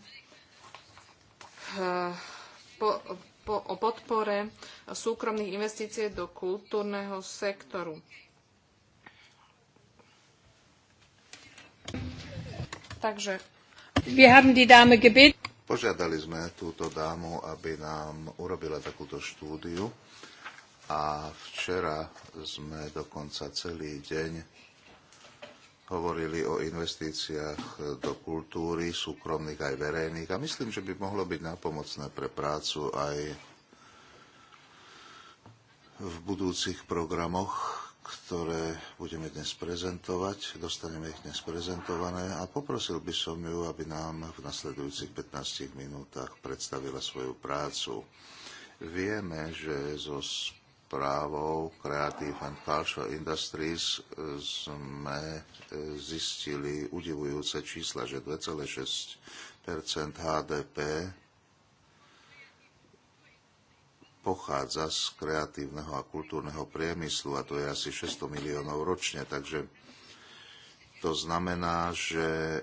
po, po, o podpore súkromných investícií do kultúrneho sektoru. Takže Požiadali sme túto dámu, aby nám urobila takúto štúdiu a včera sme dokonca celý deň hovorili o investíciách do kultúry, súkromných aj verejných a myslím, že by mohlo byť napomocné pre prácu aj v budúcich programoch, ktoré budeme dnes prezentovať. Dostaneme ich dnes prezentované a poprosil by som ju, aby nám v nasledujúcich 15 minútach predstavila svoju prácu. Vieme, že zo správou Creative and Cultural Industries e, sme e, zistili udivujúce čísla, že 2,6 HDP pochádza z kreatívneho a kultúrneho priemyslu a to je asi 600 miliónov ročne, takže to znamená, že e,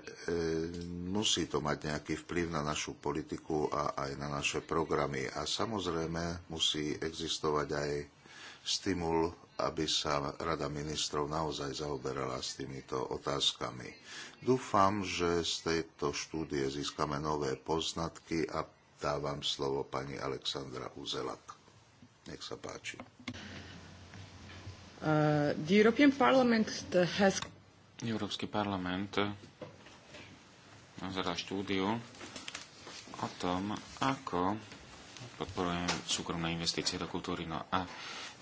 musí to mať nejaký vplyv na našu politiku a aj na naše programy. A samozrejme musí existovať aj stimul, aby sa Rada ministrov naozaj zaoberala s týmito otázkami. Dúfam, že z tejto štúdie získame nové poznatky a dávam slovo pani Alexandra Uzelak. Nech sa páči. Uh, the European Parliament has... Európsky parlament nazera štúdiu o tom, ako podporujeme súkromné investície do kultúry. No a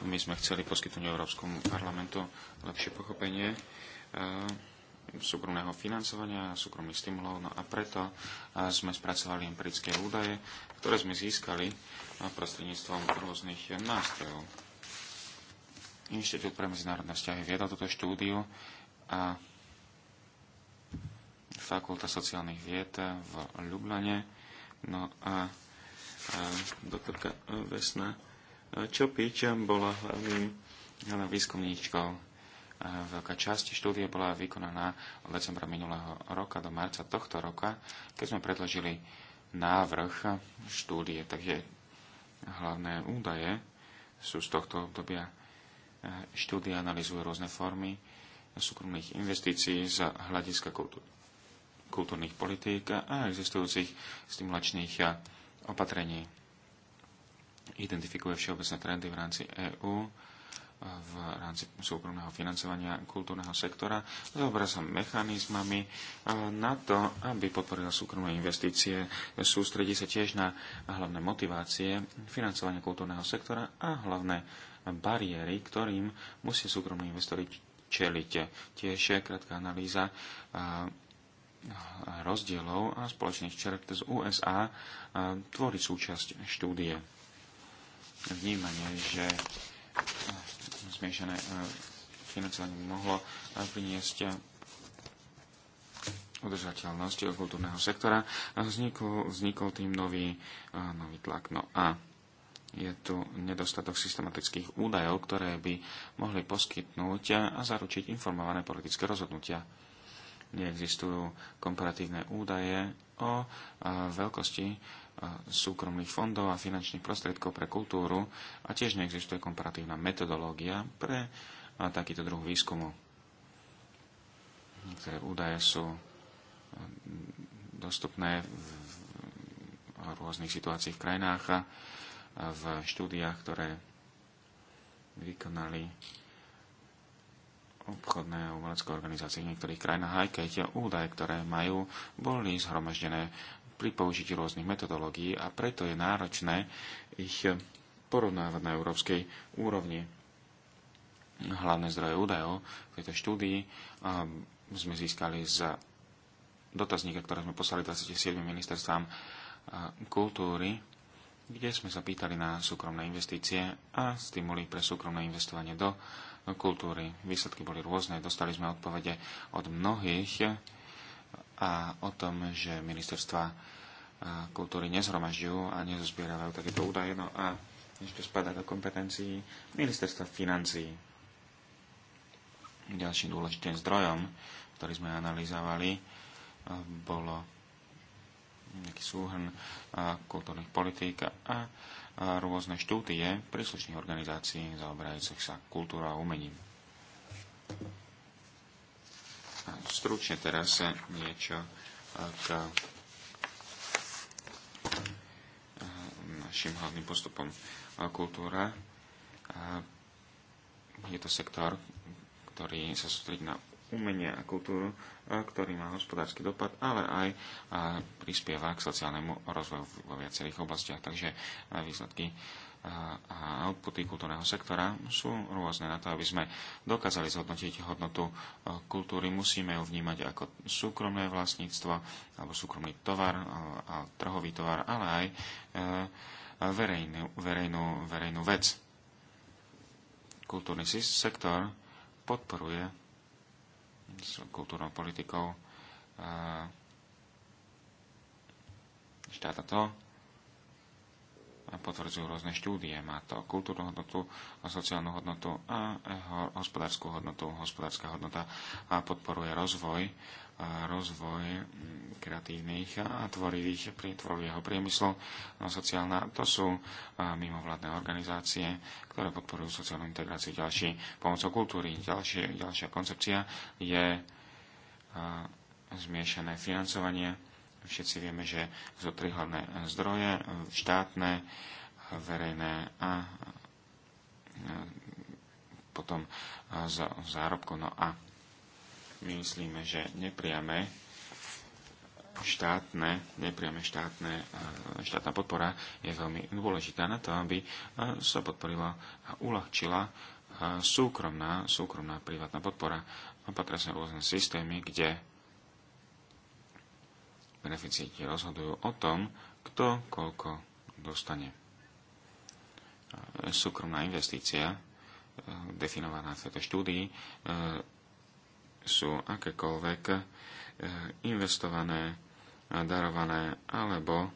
my sme chceli poskytnúť Európskom parlamentu lepšie pochopenie eh, súkromného financovania, súkromných stimulov. No a preto eh, sme spracovali empirické údaje, ktoré sme získali eh, prostredníctvom rôznych nástrojov. Inštitút pre medzinárodné vzťahy viedol túto štúdiu a Fakulta sociálnych vied v Ljubljane. No a doktorka Vesna e, Čopič e, bola hlavným, hlavným výskumníčkou. E, veľká časť štúdie bola vykonaná od decembra minulého roka do marca tohto roka, keď sme predložili návrh štúdie. Takže hlavné údaje sú z tohto obdobia. Štúdie analizujú rôzne formy súkromných investícií z hľadiska kultúr, kultúrnych politík a existujúcich stimulačných opatrení. Identifikuje všeobecné trendy v rámci EÚ, v rámci súkromného financovania kultúrneho sektora, zaoberá sa mechanizmami e, na to, aby podporila súkromné investície, sústredí sa tiež na hlavné motivácie financovania kultúrneho sektora a hlavné bariéry, ktorým musí súkromní investori čeliť. Tiež krátka analýza e, rozdielov a spoločných čert z USA tvorí súčasť štúdie. Vnímanie, že zmiešané financovanie mohlo priniesť udržateľnosť kultúrneho sektora vznikol, vznikol tým nový, nový tlak. No a je tu nedostatok systematických údajov, ktoré by mohli poskytnúť a zaručiť informované politické rozhodnutia neexistujú komparatívne údaje o veľkosti súkromných fondov a finančných prostriedkov pre kultúru a tiež neexistuje komparatívna metodológia pre takýto druh výskumu. Niektoré údaje sú dostupné v rôznych situáciách v krajinách a v štúdiách, ktoré vykonali obchodné a umelecké organizácie v niektorých krajinách, aj keď údaje, ktoré majú, boli zhromaždené pri použití rôznych metodológií a preto je náročné ich porovnávať na európskej úrovni. Hlavné zdroje údajov v tejto štúdii sme získali z dotazníka, ktoré sme poslali 27 ministerstvám kultúry, kde sme sa pýtali na súkromné investície a stimuli pre súkromné investovanie do kultúry. Výsledky boli rôzne, dostali sme odpovede od mnohých a o tom, že ministerstva kultúry nezhromažďujú a nezozbierajú takéto údaje. No a ešte spadá do kompetencií ministerstva financií. Ďalším dôležitým zdrojom, ktorý sme analyzovali, bolo nejaký súhrn kultúrnych politík a a rôzne štúdie príslušných organizácií zaoberajúcich sa kultúrou a umením. Stručne teraz niečo k našim hlavným postupom. Kultúra je to sektor, ktorý sa sústredí na umenia a kultúru, e, ktorý má hospodársky dopad, ale aj e, prispieva k sociálnemu rozvoju vo viacerých oblastiach. Takže e, výsledky a outputy kultúrneho sektora sú rôzne. Na to, aby sme dokázali zhodnotiť hodnotu kultúry, musíme ju vnímať ako súkromné vlastníctvo alebo súkromný tovar, a trhový tovar, ale aj verejnú, verejnú, verejnú vec. Kultúrny sektor podporuje s kultúrnou politikou eh, štáta to, potvrdzujú rôzne štúdie. Má to kultúrnu hodnotu, sociálnu hodnotu a hospodárskú hodnotu. Hospodárska hodnota a podporuje rozvoj, a rozvoj mm, kreatívnych a tvorivých, tvorivého priemyslu. A sociálna, to sú mimovládne organizácie, ktoré podporujú sociálnu integráciu ďalší pomocou kultúry. Ďalšie, ďalšia koncepcia je zmiešané financovanie Všetci vieme, že sú tri hlavné zdroje, štátne, verejné a e, potom e, zárobko. zárobku. No a my myslíme, že nepriame štátne, nepriame štátne, e, štátna podpora je veľmi dôležitá na to, aby sa podporila a uľahčila súkromná, súkromná privátna podpora. Patria sa rôzne systémy, kde beneficienti rozhodujú o tom, kto koľko dostane. E, súkromná investícia, e, definovaná v tejto štúdii, e, sú akékoľvek investované, darované alebo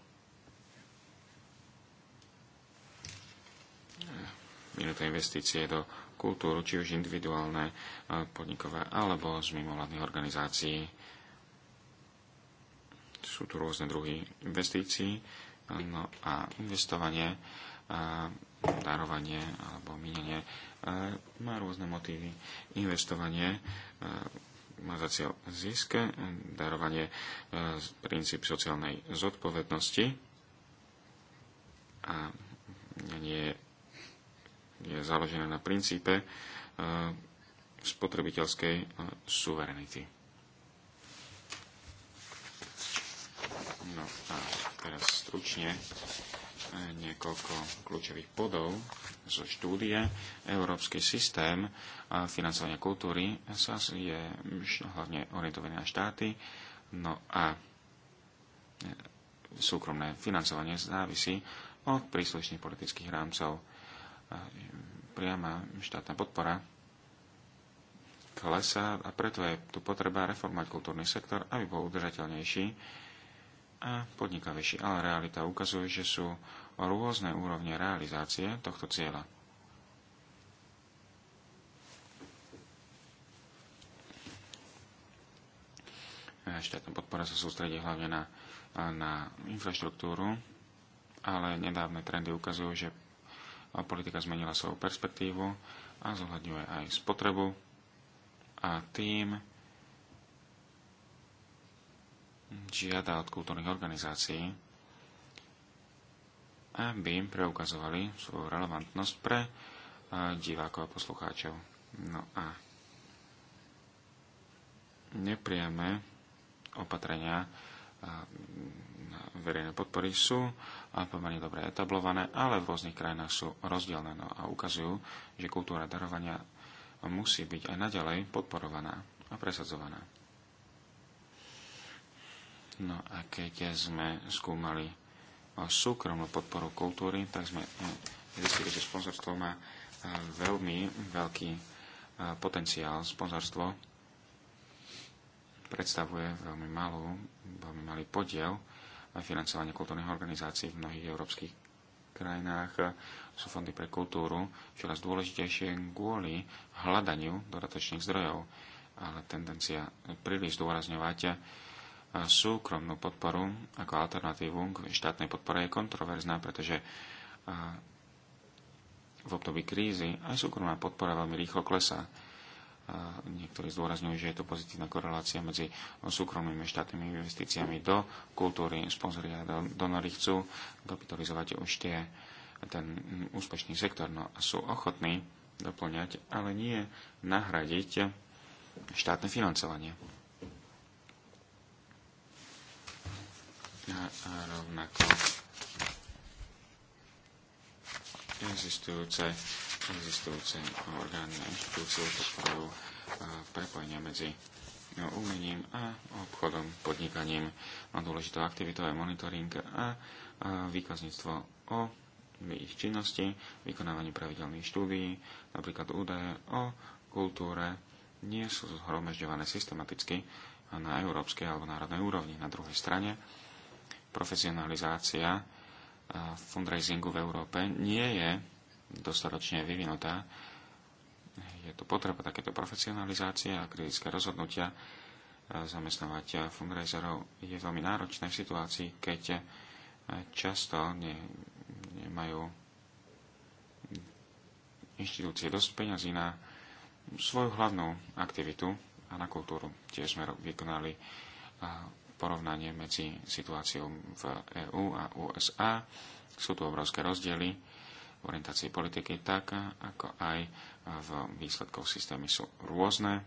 minuté investície do kultúru, či už individuálne, podnikové alebo z mimovládnych organizácií sú tu rôzne druhy investícií no a investovanie, a darovanie alebo minenie má rôzne motívy. Investovanie má za cieľ zisk, darovanie princíp sociálnej zodpovednosti a nie je založené na princípe spotrebiteľskej suverenity. No a teraz stručne e, niekoľko kľúčových bodov zo štúdie. Európsky systém e, financovania kultúry sa je hlavne orientovaný na štáty, no a e, súkromné financovanie závisí od príslušných politických rámcov. Priama štátna podpora klesá a preto je tu potreba reformovať kultúrny sektor, aby bol udržateľnejší a podnikavejší. Ale realita ukazuje, že sú rôzne úrovne realizácie tohto cieľa. Štátna podpora sa sústredí hlavne na, na infraštruktúru, ale nedávne trendy ukazujú, že politika zmenila svoju perspektívu a zohľadňuje aj spotrebu a tým žiada od kultúrnych organizácií, aby im preukazovali svoju relevantnosť pre eh, divákov a poslucháčov. No a nepriame opatrenia eh, verejné podpory sú eh, pomerne dobre etablované, ale v rôznych krajinách sú rozdielne no a ukazujú, že kultúra darovania musí byť aj naďalej podporovaná a presadzovaná. No a keď sme skúmali súkromnú podporu kultúry, tak sme no, zistili, že sponzorstvo má e, veľmi veľký e, potenciál. Sponzorstvo predstavuje veľmi, malú, veľmi malý podiel e, financovania kultúrnych organizácií v mnohých európskych krajinách. Sú fondy pre kultúru čoraz dôležitejšie kvôli hľadaniu dodatočných zdrojov, ale tendencia príliš zdôrazňovať súkromnú podporu ako alternatívu k štátnej podpore je kontroverzná, pretože v období krízy aj súkromná podpora veľmi rýchlo klesá. Niektorí zdôrazňujú, že je to pozitívna korelácia medzi súkromnými štátnymi investíciami do kultúry. Sponzori a donory chcú kapitalizovať už tie, ten úspešný sektor no, a sú ochotní doplňať, ale nie nahradiť štátne financovanie. a rovnako existujúce, existujúce orgány a inštitúcie podporujú e, prepojenia medzi e, umením a obchodom, podnikaním. A no, dôležitou aktivitou je monitoring a e, výkazníctvo o ich činnosti, vykonávanie pravidelných štúdií, napríklad údaje o kultúre, nie sú zhromažďované systematicky na európskej alebo národnej úrovni. Na druhej strane profesionalizácia e, fundraisingu v Európe nie je dostatočne vyvinutá. Je tu potreba takéto profesionalizácie a kritické rozhodnutia e, zamestnávať fundraiserov je veľmi náročné v situácii, keď e, často ne, nemajú inštitúcie dosť peňazí na svoju hlavnú aktivitu a na kultúru. Tiež sme vykonali porovnanie medzi situáciou v EÚ a USA. Sú tu obrovské rozdiely v orientácii politiky tak, ako aj v výsledkoch systémy sú rôzne.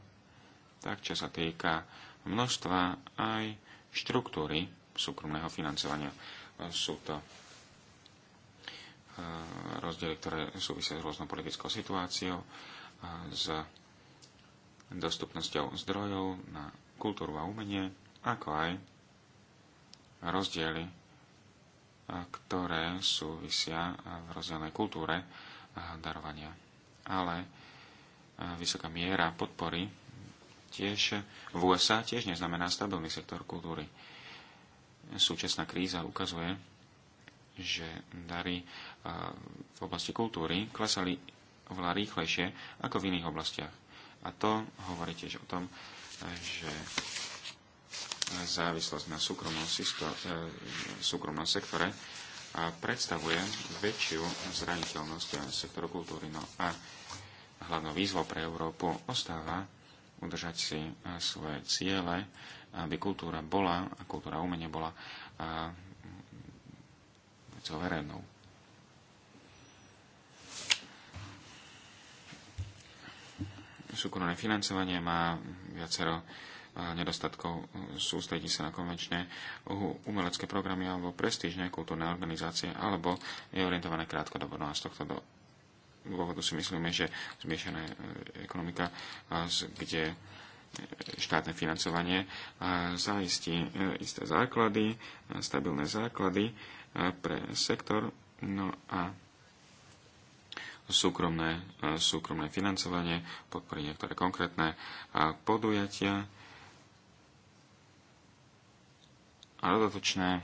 Tak, čo sa týka množstva aj štruktúry súkromného financovania. Sú to e, rozdiely, ktoré súvisia s rôznou politickou situáciou, e, s dostupnosťou zdrojov na kultúru a umenie, ako aj rozdiely, ktoré súvisia v rozdielnej kultúre darovania. Ale vysoká miera podpory tiež v USA tiež neznamená stabilný sektor kultúry. Súčasná kríza ukazuje, že dary v oblasti kultúry klesali oveľa rýchlejšie ako v iných oblastiach. A to hovorí tiež o tom, že závislosť na súkromnom, e, súkromnom sektore a predstavuje väčšiu zraniteľnosť sektoru kultúry. No a hlavnou výzvou pre Európu ostáva udržať si e, svoje ciele, aby kultúra bola a kultúra umenie bola e, vecou verejnou. Súkromné financovanie má viacero nedostatkov e, sústredí sa na konvenčné umelecké programy alebo prestížne kultúrne organizácie alebo je orientované krátkodobo. No a z tohto dôvodu si myslíme, že zmiešaná e, ekonomika, e, kde štátne financovanie zaistí isté základy, stabilné základy pre sektor, no a súkromné, súkromné financovanie, podporí niektoré konkrétne podujatia, a dodatočné,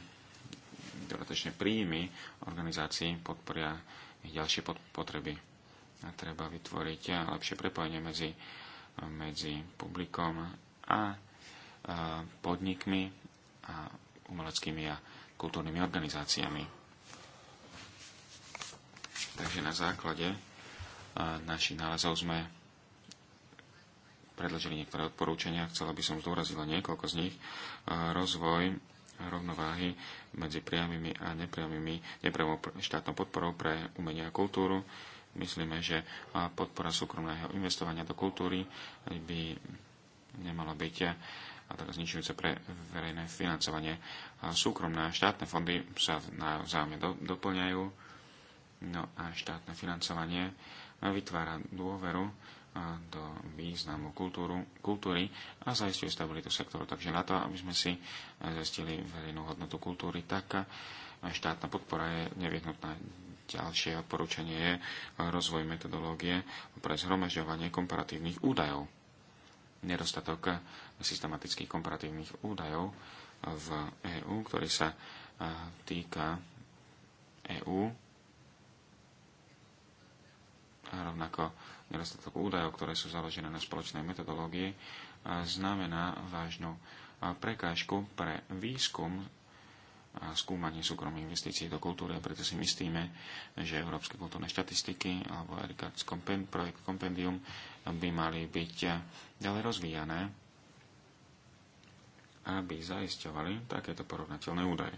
dodatočné príjmy organizácií podporia ich ďalšie potreby. A treba vytvoriť lepšie prepojenie medzi, medzi publikom a podnikmi a umeleckými a kultúrnymi organizáciami. Takže na základe našich nálezov sme predložili niektoré odporúčania, chcela by som zdôrazila niekoľko z nich. Rozvoj rovnováhy medzi priamými a nepriamými nepriamou štátnou podporou pre umenie a kultúru. Myslíme, že podpora súkromného investovania do kultúry by nemala byť a tak teda zničujúce pre verejné financovanie. A súkromné a štátne fondy sa navzájomne do, doplňajú, no a štátne financovanie vytvára dôveru do významu kultúru, kultúry a zaistujú stabilitu sektoru. Takže na to, aby sme si eh, zistili verejnú hodnotu kultúry, tak eh, štátna podpora je nevyhnutná. Ďalšie odporúčanie je eh, rozvoj metodológie pre zhromažďovanie komparatívnych údajov. Nedostatok systematických komparatívnych údajov v EÚ, ktorý sa týka EÚ, rovnako nedostatok údajov, ktoré sú založené na spoločnej metodológii, e, znamená vážnu e, prekážku pre výskum a skúmanie súkromných investícií do kultúry a preto si myslíme, že Európske kultúrne štatistiky alebo Erikard's projekt Compendium by mali byť e, ďalej rozvíjané, aby zaisťovali takéto porovnateľné údaje.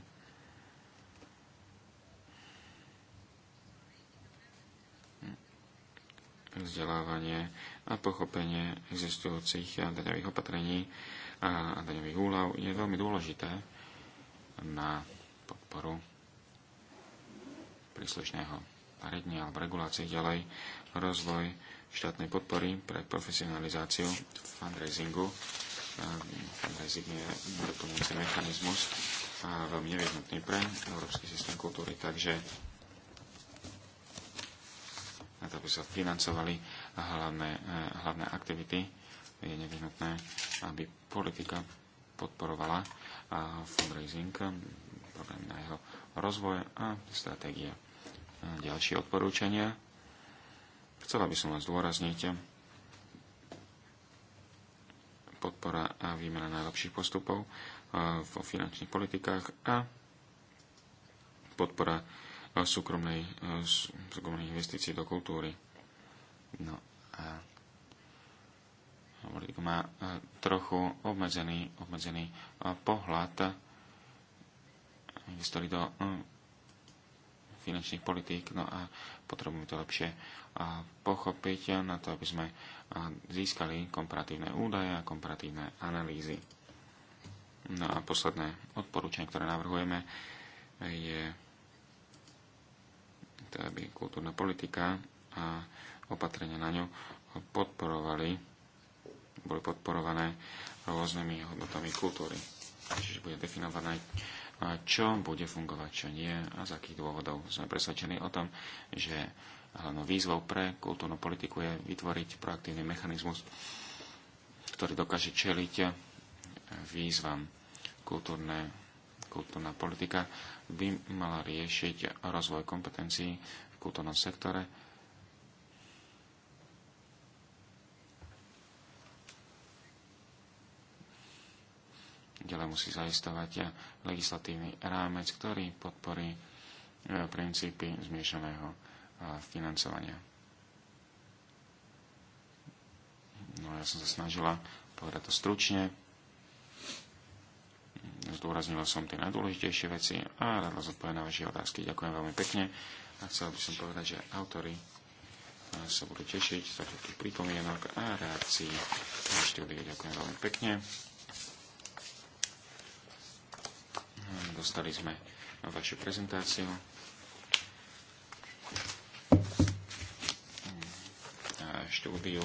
vzdelávanie a pochopenie existujúcich daňových opatrení a daňových úľav je veľmi dôležité na podporu príslušného paredne alebo regulácie ďalej rozvoj štátnej podpory pre profesionalizáciu fundraisingu. Fundraising je doplňujúci mechanizmus a veľmi nevyhnutný pre Európsky systém kultúry, takže na to, aby sa financovali hlavné, eh, hlavné aktivity, je nevyhnutné, aby politika podporovala eh, fundraising, program na jeho rozvoj a stratégia. Eh, ďalšie odporúčania. Chcela by som vás zdôrazniť podpora a výmena najlepších postupov vo finančných politikách a podpora súkromnej, e, súkromnej investície do kultúry. No a má e, trochu obmedzený, obmedzený e, pohľad historii do finančných politík, no a potrebujeme to lepšie pochopiť na to, aby sme získali komparatívne údaje a komparatívne analýzy. No a posledné odporúčanie, ktoré navrhujeme, je teda aby kultúrna politika a opatrenia na ňu podporovali, boli podporované rôznymi hodnotami kultúry. Čiže bude definované, čo bude fungovať, čo nie a z akých dôvodov. Sme presvedčení o tom, že hlavnou výzvou pre kultúrnu politiku je vytvoriť proaktívny mechanizmus, ktorý dokáže čeliť výzvam kultúrne kultúrna politika by mala riešiť rozvoj kompetencií v kultúrnom sektore, ďalej musí zaistovať legislatívny rámec, ktorý podporí e, princípy zmiešaného e, financovania. No ja som sa snažila povedať to stručne, Zdôraznila som tie najdôležitejšie veci a rada na vaše otázky. Ďakujem veľmi pekne a chcel by som povedať, že autory sa budú tešiť za všetkých pripomienok a reakcií na štúdiu. Ďakujem veľmi pekne. Dostali sme vašu prezentáciu. štúdiu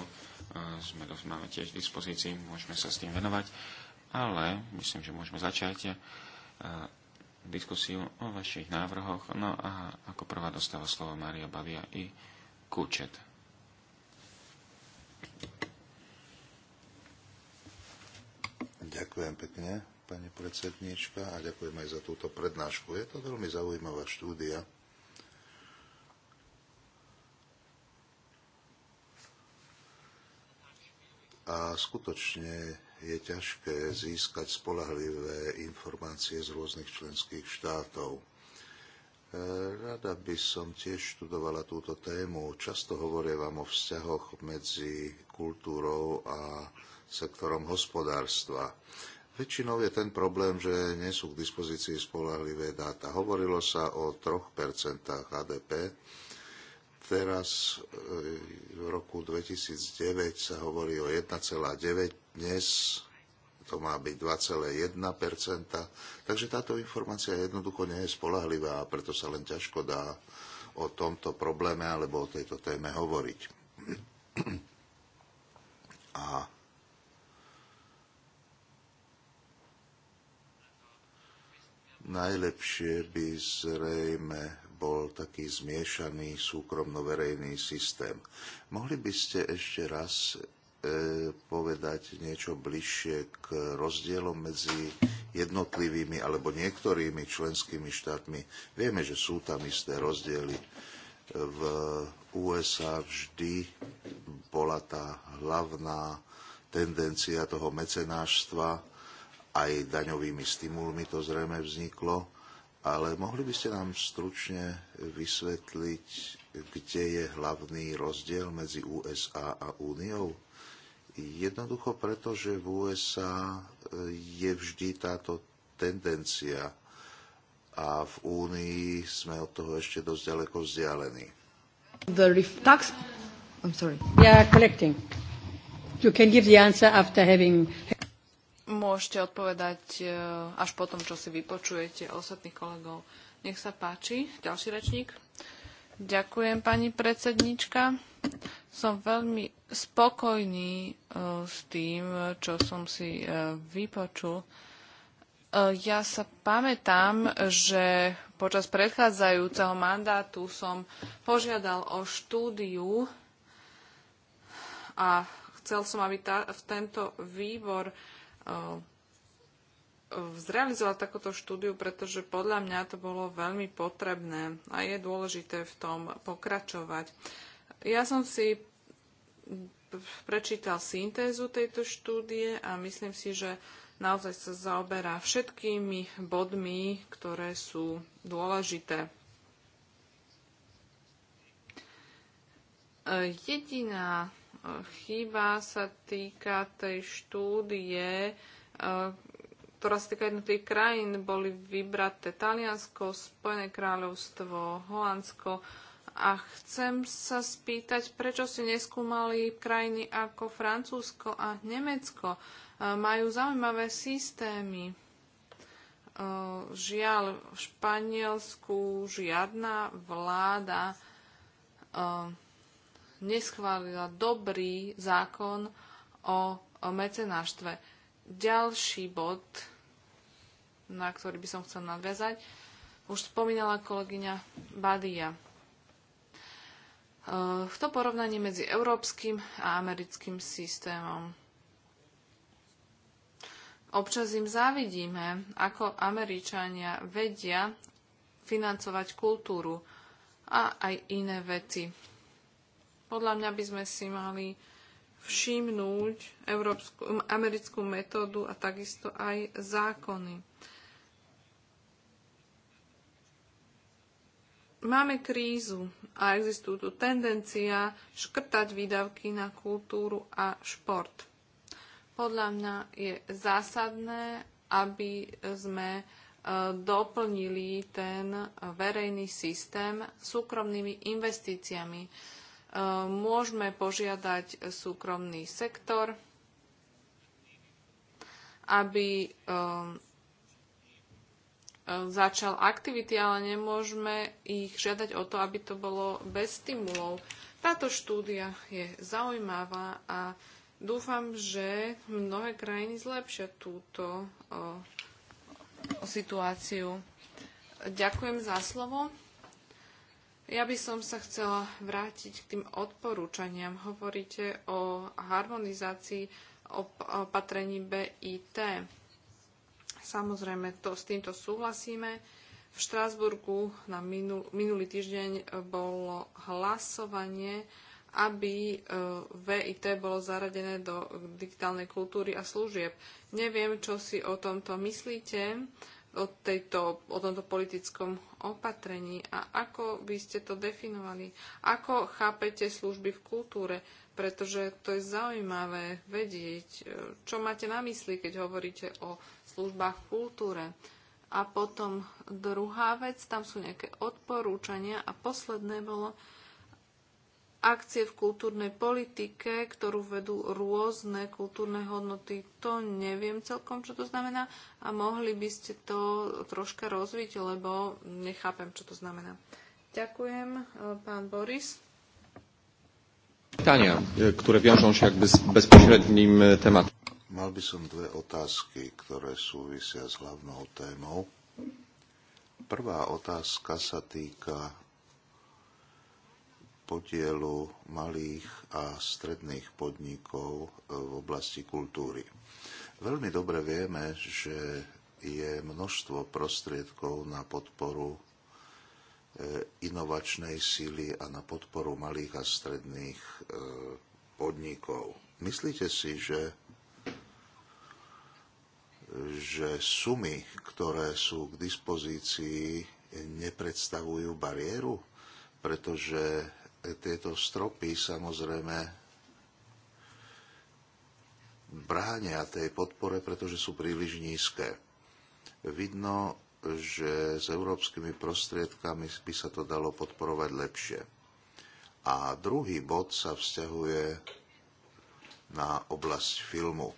sme dosť máme tiež v dispozícii, môžeme sa s tým venovať ale myslím, že môžeme začať eh, diskusiu o vašich návrhoch. No a ako prvá dostáva slovo Mária Bavia i Kúčet. Ďakujem pekne, pani predsedníčka, a ďakujem aj za túto prednášku. Je to veľmi zaujímavá štúdia. A skutočne je ťažké získať spolahlivé informácie z rôznych členských štátov. E, rada by som tiež študovala túto tému. Často hovorím vám o vzťahoch medzi kultúrou a sektorom hospodárstva. Väčšinou je ten problém, že nie sú k dispozícii spolahlivé dáta. Hovorilo sa o 3% HDP Teraz e, v roku 2009 sa hovorí o 1,9, dnes to má byť 2,1%. Takže táto informácia jednoducho nie je spolahlivá a preto sa len ťažko dá o tomto probléme alebo o tejto téme hovoriť. A najlepšie by zrejme bol taký zmiešaný súkromno-verejný systém. Mohli by ste ešte raz e, povedať niečo bližšie k rozdielom medzi jednotlivými alebo niektorými členskými štátmi. Vieme, že sú tam isté rozdiely. V USA vždy bola tá hlavná tendencia toho mecenášstva, aj daňovými stimulmi to zrejme vzniklo ale mohli by ste nám stručne vysvetliť, kde je hlavný rozdiel medzi USA a Úniou? Jednoducho preto, že v USA eh, je vždy táto tendencia a v Únii sme od toho ešte dosť ďaleko vzdialení. The tax... I'm sorry. collecting. You can give the answer after having môžete odpovedať e, až po tom, čo si vypočujete ostatných kolegov. Nech sa páči, ďalší rečník. Ďakujem, pani predsednička. Som veľmi spokojný e, s tým, čo som si e, vypočul. Ja sa pamätám, že počas predchádzajúceho mandátu som požiadal o štúdiu a chcel som, aby tá, v tento výbor Eh, Zrealizovala takúto štúdiu, pretože podľa mňa to bolo veľmi potrebné a je dôležité v tom pokračovať. Ja som si prečítal syntézu tejto štúdie a myslím si, že naozaj sa zaoberá všetkými bodmi, ktoré sú dôležité. Eh, jediná chyba sa týka tej štúdie, e, ktorá sa týka jednotlivých krajín. Boli vybraté Taliansko, Spojené kráľovstvo, Holandsko. A chcem sa spýtať, prečo ste neskúmali krajiny ako Francúzsko a Nemecko. E, majú zaujímavé systémy. E, žiaľ, v Španielsku žiadna vláda neschválila dobrý zákon o, mecenáštve. Ďalší bod, na ktorý by som chcel nadviazať, už spomínala kolegyňa Badia. E, v to porovnanie medzi európskym a americkým systémom. Občas im závidíme, ako Američania vedia financovať kultúru a aj iné veci podľa mňa by sme si mali všimnúť európsku, americkú metódu a takisto aj zákony. Máme krízu a existujú tu tendencia škrtať výdavky na kultúru a šport. Podľa mňa je zásadné, aby sme e, doplnili ten verejný systém súkromnými investíciami môžeme požiadať súkromný sektor, aby um, um, začal aktivity, ale nemôžeme ich žiadať o to, aby to bolo bez stimulov. Táto štúdia je zaujímavá a dúfam, že mnohé krajiny zlepšia túto o, uh, o situáciu. Ďakujem za slovo. Ja by som sa chcela vrátiť k tým odporúčaniam. Hovoríte o harmonizácii opatrení BIT. Samozrejme, to, s týmto súhlasíme. V Štrásburgu na minul, minulý týždeň bolo hlasovanie, aby e, VIT bolo zaradené do digitálnej kultúry a služieb. Neviem, čo si o tomto myslíte o, tejto, o tomto politickom opatrení a ako by ste to definovali? Ako chápete služby v kultúre? Pretože to je zaujímavé vedieť, e, čo máte na mysli, keď hovoríte o službách v kultúre. A potom druhá vec, tam sú nejaké odporúčania a posledné bolo, akcie v kultúrnej politike, ktorú vedú rôzne kultúrne hodnoty. To neviem celkom, čo to znamená a mohli by ste to troška rozviť, lebo nechápem, čo to znamená. Ďakujem, e, pán Boris. Pytania, e, ktoré viažą się bez, bezpośrednim e, Mal by som dve otázky, ktoré súvisia s hlavnou témou. Prvá otázka sa týka podielu malých a stredných podnikov e, v oblasti kultúry. Veľmi dobre vieme, že je množstvo prostriedkov na podporu e, inovačnej síly a na podporu malých a stredných e, podnikov. Myslíte si, že že sumy, ktoré sú k dispozícii, nepredstavujú bariéru, pretože tieto stropy samozrejme bránia tej podpore, pretože sú príliš nízke. Vidno, že s európskymi prostriedkami by sa to dalo podporovať lepšie. A druhý bod sa vzťahuje na oblasť filmu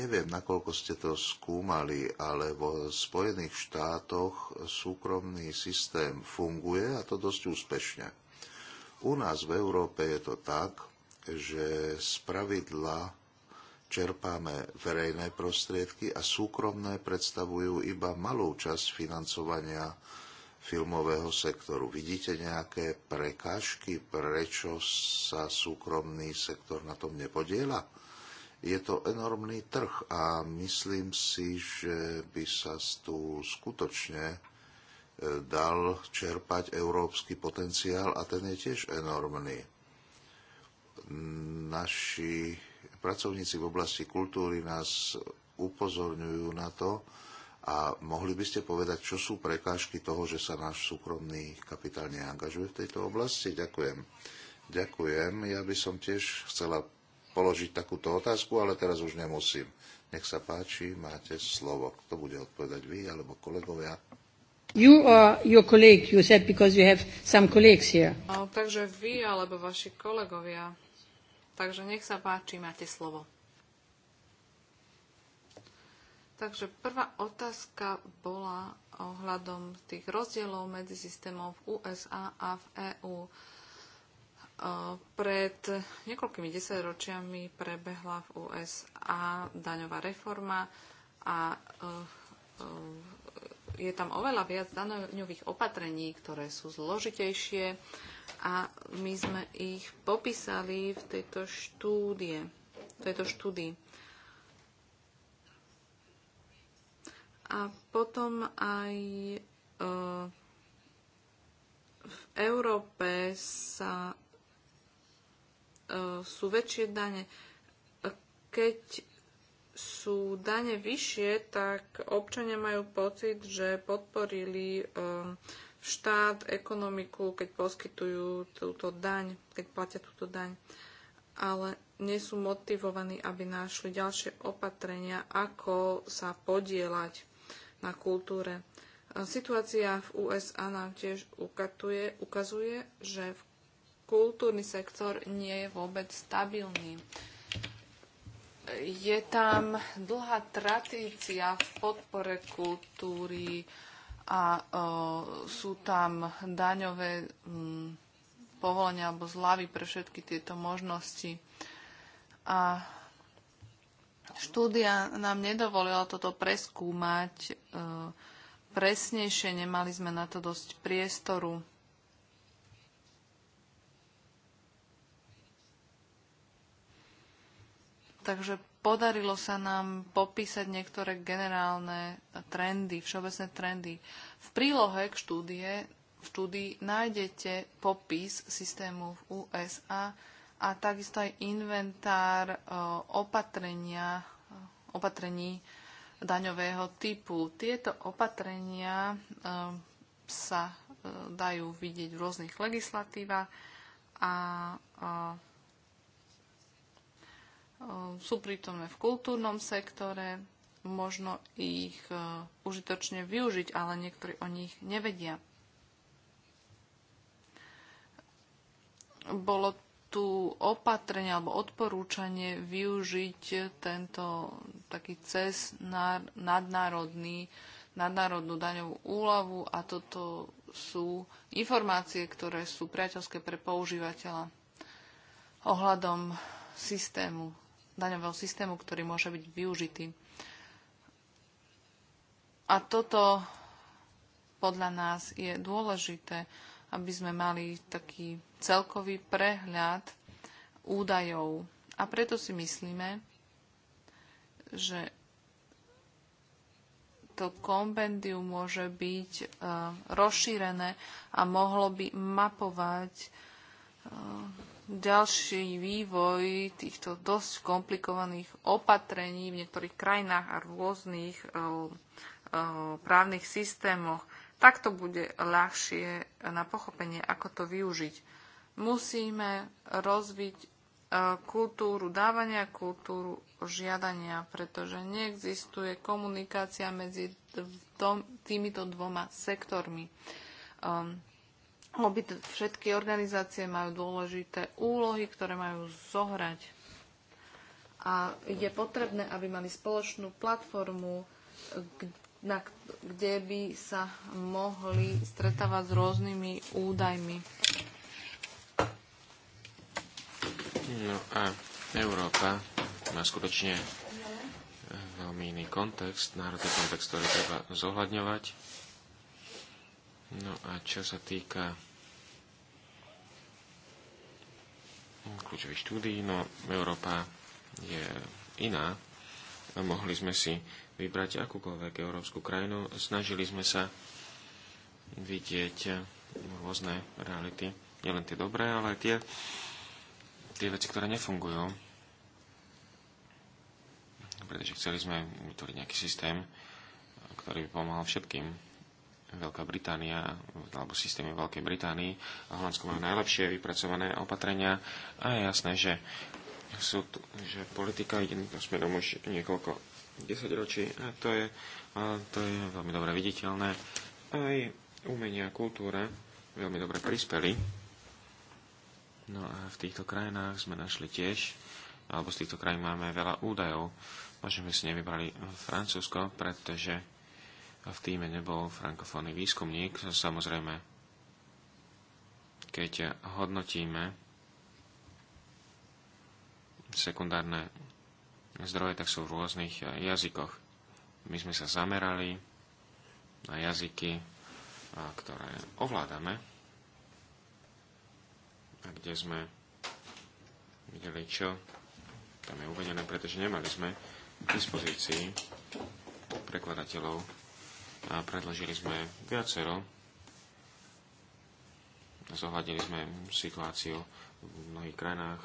neviem, nakoľko ste to skúmali, ale vo Spojených štátoch súkromný systém funguje a to dosť úspešne. U nás v Európe je to tak, že z pravidla čerpáme verejné prostriedky a súkromné predstavujú iba malú časť financovania filmového sektoru. Vidíte nejaké prekážky, prečo sa súkromný sektor na tom nepodiela? Je to enormný trh a myslím si, že by sa tu skutočne e, dal čerpať európsky potenciál a ten je tiež enormný. Naši pracovníci v oblasti kultúry nás upozorňujú na to a mohli by ste povedať, čo sú prekážky toho, že sa náš súkromný kapitál neangažuje v tejto oblasti? Ďakujem. Ďakujem. Ja by som tiež chcela položiť takúto otázku, ale teraz už nemusím. Nech sa páči, máte slovo. Kto bude odpovedať vy alebo kolegovia? You or your colleague, you said, because you have some colleagues here. No, takže vy alebo vaši kolegovia. Takže nech sa páči, máte slovo. Takže prvá otázka bola ohľadom tých rozdielov medzi systémov v USA a v EÚ. Pred niekoľkými desaťročiami prebehla v USA daňová reforma a eh, eh, je tam oveľa viac daňových opatrení, ktoré sú zložitejšie a my sme ich popísali v tejto štúdie. V tejto štúdii. A potom aj eh, v Európe sa E, sú väčšie dane. E, keď sú dane vyššie, tak občania majú pocit, že podporili e, štát, ekonomiku, keď poskytujú túto daň, keď platia túto daň. Ale nie sú motivovaní, aby našli ďalšie opatrenia, ako sa podielať na kultúre. Situácia v USA nám tiež ukatuje, ukazuje, že v kultúrny sektor nie je vôbec stabilný. Je tam dlhá tradícia v podpore kultúry a o, sú tam daňové m, mm, povolenia alebo zľavy pre všetky tieto možnosti. A štúdia nám nedovolila toto preskúmať e, presnejšie, nemali sme na to dosť priestoru. Takže podarilo sa nám popísať niektoré generálne trendy, všeobecné trendy. V prílohe k štúdie, v štúdii nájdete popis systému v USA a takisto aj inventár e, opatrenia, e, opatrení daňového typu. Tieto opatrenia e, sa dajú vidieť v rôznych legislatívach a Ehm, sú prítomné v kultúrnom sektore, možno ich ehm, užitočne využiť, ale niektorí o nich nevedia. Bolo tu opatrenie alebo odporúčanie využiť tento taký cez nadnárodný, nadnárodnú daňovú úlavu a toto sú informácie, ktoré sú priateľské pre používateľa ohľadom systému daňového systému, ktorý môže byť využitý. A toto podľa nás je dôležité, aby sme mali taký celkový prehľad údajov. A preto si myslíme, že to kompendium môže byť e, rozšírené a mohlo by mapovať e, ďalší vývoj týchto dosť komplikovaných opatrení v niektorých krajinách a rôznych eh, eh, právnych systémoch. tak to bude ľahšie na pochopenie, ako to využiť. Musíme rozviť eh, kultúru dávania, kultúru žiadania, pretože neexistuje komunikácia medzi týmito dvoma sektormi. Ehm, Obyt, všetky organizácie majú dôležité úlohy, ktoré majú zohrať. A je potrebné, aby mali spoločnú platformu, kde by sa mohli stretávať s rôznymi údajmi. No a Európa má skutočne veľmi iný kontext, národný kontext, ktorý treba zohľadňovať. No a čo sa týka kľúčových štúdií, no Európa je iná. Mohli sme si vybrať akúkoľvek európsku krajinu. Snažili sme sa vidieť rôzne reality. Nielen tie dobré, ale aj tie, tie veci, ktoré nefungujú. Pretože chceli sme vytvoriť nejaký systém, ktorý by pomáhal všetkým Veľká Británia, alebo systémy Veľkej Británii a Holandsko majú najlepšie vypracované opatrenia a je jasné, že, sú tu, že politika ide to smerom už niekoľko desaťročí a to je, a to je veľmi dobre viditeľné. Aj umenia a kultúra veľmi dobre prispeli. No a v týchto krajinách sme našli tiež, alebo z týchto krajín máme veľa údajov. Možno sme si nevybrali Francúzsko, pretože v týme nebol frankofónny výskumník. Samozrejme, keď hodnotíme sekundárne zdroje, tak sú v rôznych jazykoch. My sme sa zamerali na jazyky, ktoré ovládame a kde sme videli, čo tam je uvedené, pretože nemali sme k dispozícii prekladateľov a predložili sme viacero. Zohľadili sme situáciu v mnohých krajinách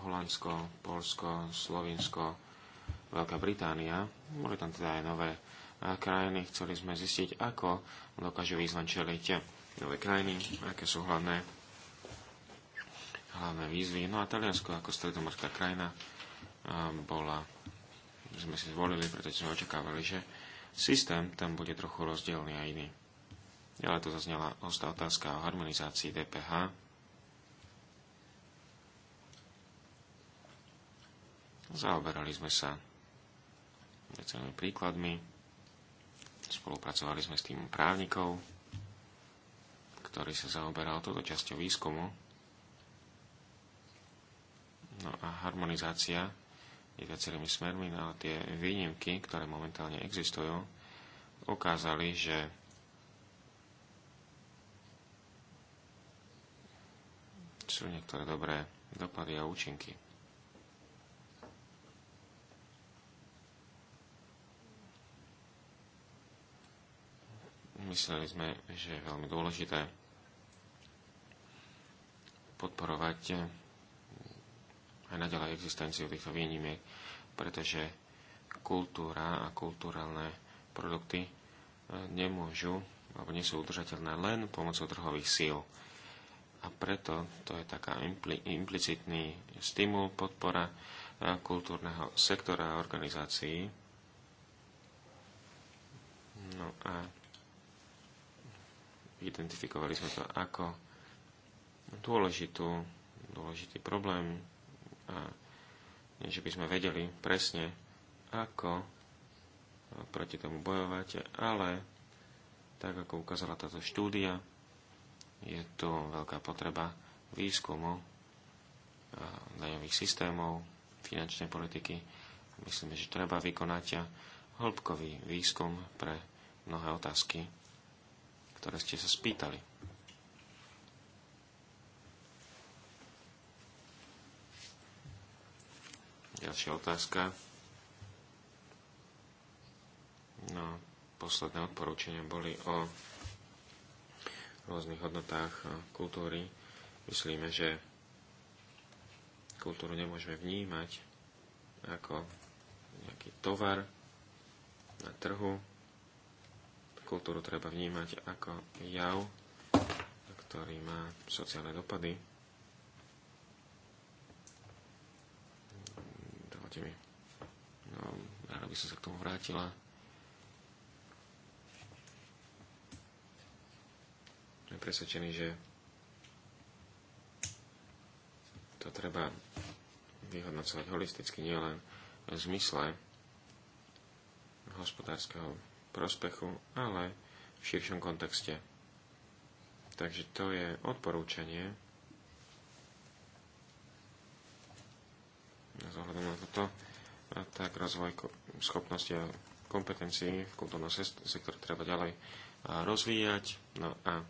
Holandsko, Polsko, Slovinsko, Veľká Británia. Boli tam teda aj nové krajiny. Chceli sme zistiť, ako dokážu výzvan čeliť nové krajiny, aké sú hlavné, hlavné výzvy. No a Taliansko ako stredomorská krajina bola, sme si zvolili, pretože sme očakávali, že systém tam bude trochu rozdielný a iný. Ale tu zaznela ostá otázka o harmonizácii DPH. Zaoberali sme sa viacerými príkladmi, spolupracovali sme s tým právnikov, ktorý sa zaoberal toto časťou výskumu. No a harmonizácia viacerými smermi, no ale tie výnimky, ktoré momentálne existujú, ukázali, že sú niektoré dobré dopady a účinky. Mysleli sme, že je veľmi dôležité podporovať aj naďalej existenciu týchto výnimiek pretože kultúra a kultúralné produkty e, nemôžu alebo nie sú udržateľné len pomocou trhových síl. A preto to je taká impli- implicitný stimul, podpora e, kultúrneho sektora a organizácií. No a identifikovali sme to ako dôležitú, dôležitý problém a nie že by sme vedeli presne, ako e, proti tomu bojovať, ale tak ako ukázala táto štúdia, je to veľká potreba výskumu e, daňových systémov, finančnej politiky. Myslíme, že treba vykonať hĺbkový výskum pre mnohé otázky, ktoré ste sa spýtali. Ďalšia otázka. No, posledné odporúčania boli o rôznych hodnotách kultúry. Myslíme, že kultúru nemôžeme vnímať ako nejaký tovar na trhu. Kultúru treba vnímať ako jav, ktorý má sociálne dopady Dovolte mi. No, by som sa k tomu vrátila. Som presvedčený, že to treba vyhodnocovať holisticky, nielen v zmysle hospodárskeho prospechu, ale v širšom kontexte. Takže to je odporúčanie, zohľadom na toto, tak rozvoj schopnosti a kompetencií v kultúrnom sektore treba ďalej rozvíjať. No a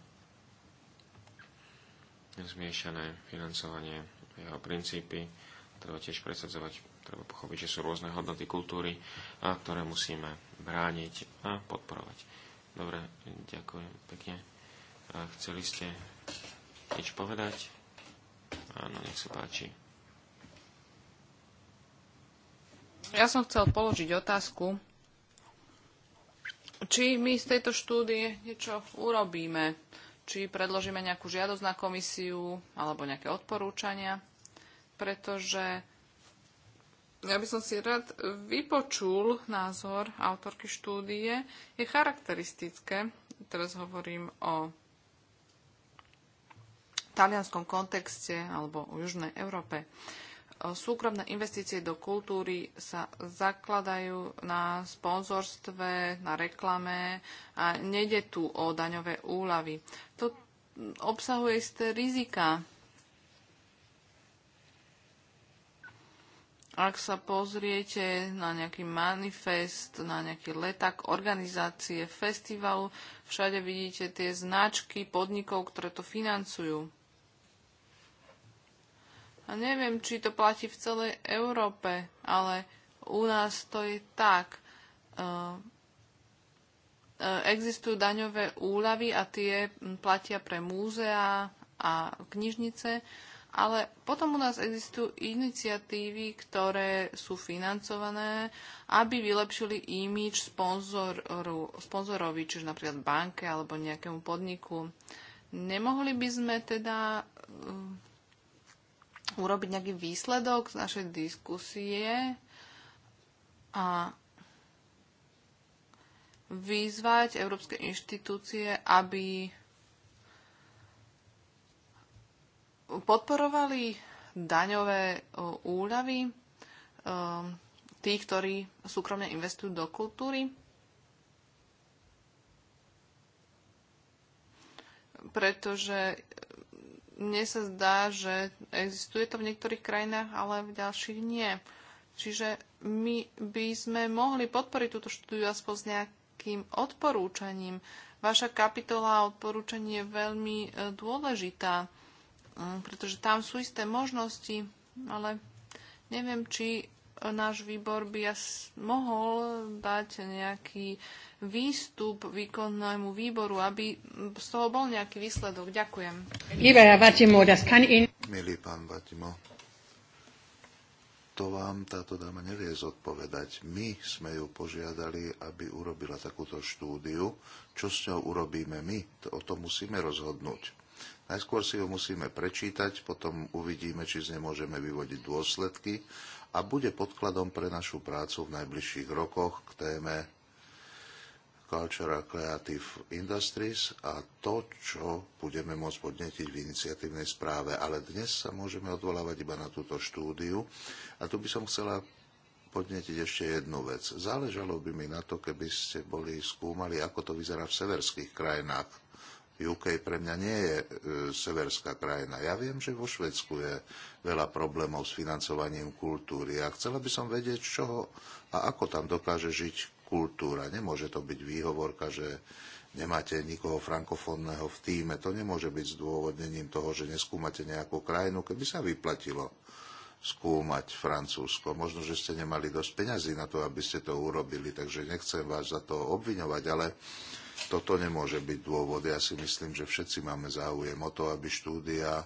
zmiešané financovanie, jeho princípy treba tiež presadzovať. Treba pochopiť, že sú rôzne hodnoty kultúry, a ktoré musíme brániť a podporovať. Dobre, ďakujem pekne. A chceli ste niečo povedať? Áno, nech sa páči. Ja som chcel položiť otázku, či my z tejto štúdie niečo urobíme, či predložíme nejakú žiadosť na komisiu alebo nejaké odporúčania, pretože ja by som si rád vypočul názor autorky štúdie. Je charakteristické, teraz hovorím o talianskom kontexte alebo o Južnej Európe súkromné investície do kultúry sa zakladajú na sponzorstve, na reklame a nejde tu o daňové úľavy. To obsahuje isté rizika. Ak sa pozriete na nejaký manifest, na nejaký letak organizácie, festivalu, všade vidíte tie značky podnikov, ktoré to financujú. A neviem, či to platí v celej Európe, ale u nás to je tak. existujú daňové úľavy a tie platia pre múzeá a knižnice, ale potom u nás existujú iniciatívy, ktoré sú financované, aby vylepšili imič sponzorovi, čiže napríklad banke alebo nejakému podniku. Nemohli by sme teda urobiť nejaký výsledok z našej diskusie a vyzvať európske inštitúcie, aby podporovali daňové úľavy tých, ktorí súkromne investujú do kultúry. Pretože mne sa zdá, že existuje to v niektorých krajinách, ale v ďalších nie. Čiže my by sme mohli podporiť túto štúdiu aspoň s nejakým odporúčaním. Vaša kapitola odporúčanie je veľmi e, dôležitá, mm, pretože tam sú isté možnosti, ale neviem, či náš výbor by mohol dať nejaký výstup výkonnému výboru, aby z toho bol nejaký výsledok. Ďakujem. Milý pán Batimo, to vám táto dáma nevie zodpovedať. My sme ju požiadali, aby urobila takúto štúdiu. Čo s ňou urobíme my? O tom musíme rozhodnúť. Najskôr si ho musíme prečítať, potom uvidíme, či z nej môžeme vyvodiť dôsledky a bude podkladom pre našu prácu v najbližších rokoch k téme Cultural Creative Industries a to, čo budeme môcť podnetiť v iniciatívnej správe. Ale dnes sa môžeme odvolávať iba na túto štúdiu a tu by som chcela podnetiť ešte jednu vec. Záležalo by mi na to, keby ste boli skúmali, ako to vyzerá v severských krajinách UK pre mňa nie je e, severská krajina. Ja viem, že vo Švedsku je veľa problémov s financovaním kultúry a chcela by som vedieť, z čoho a ako tam dokáže žiť kultúra. Nemôže to byť výhovorka, že nemáte nikoho frankofónneho v týme. To nemôže byť zdôvodnením toho, že neskúmate nejakú krajinu, keby sa vyplatilo skúmať Francúzsko. Možno, že ste nemali dosť peňazí na to, aby ste to urobili, takže nechcem vás za to obviňovať, ale toto nemôže byť dôvod. Ja si myslím, že všetci máme záujem o to, aby štúdia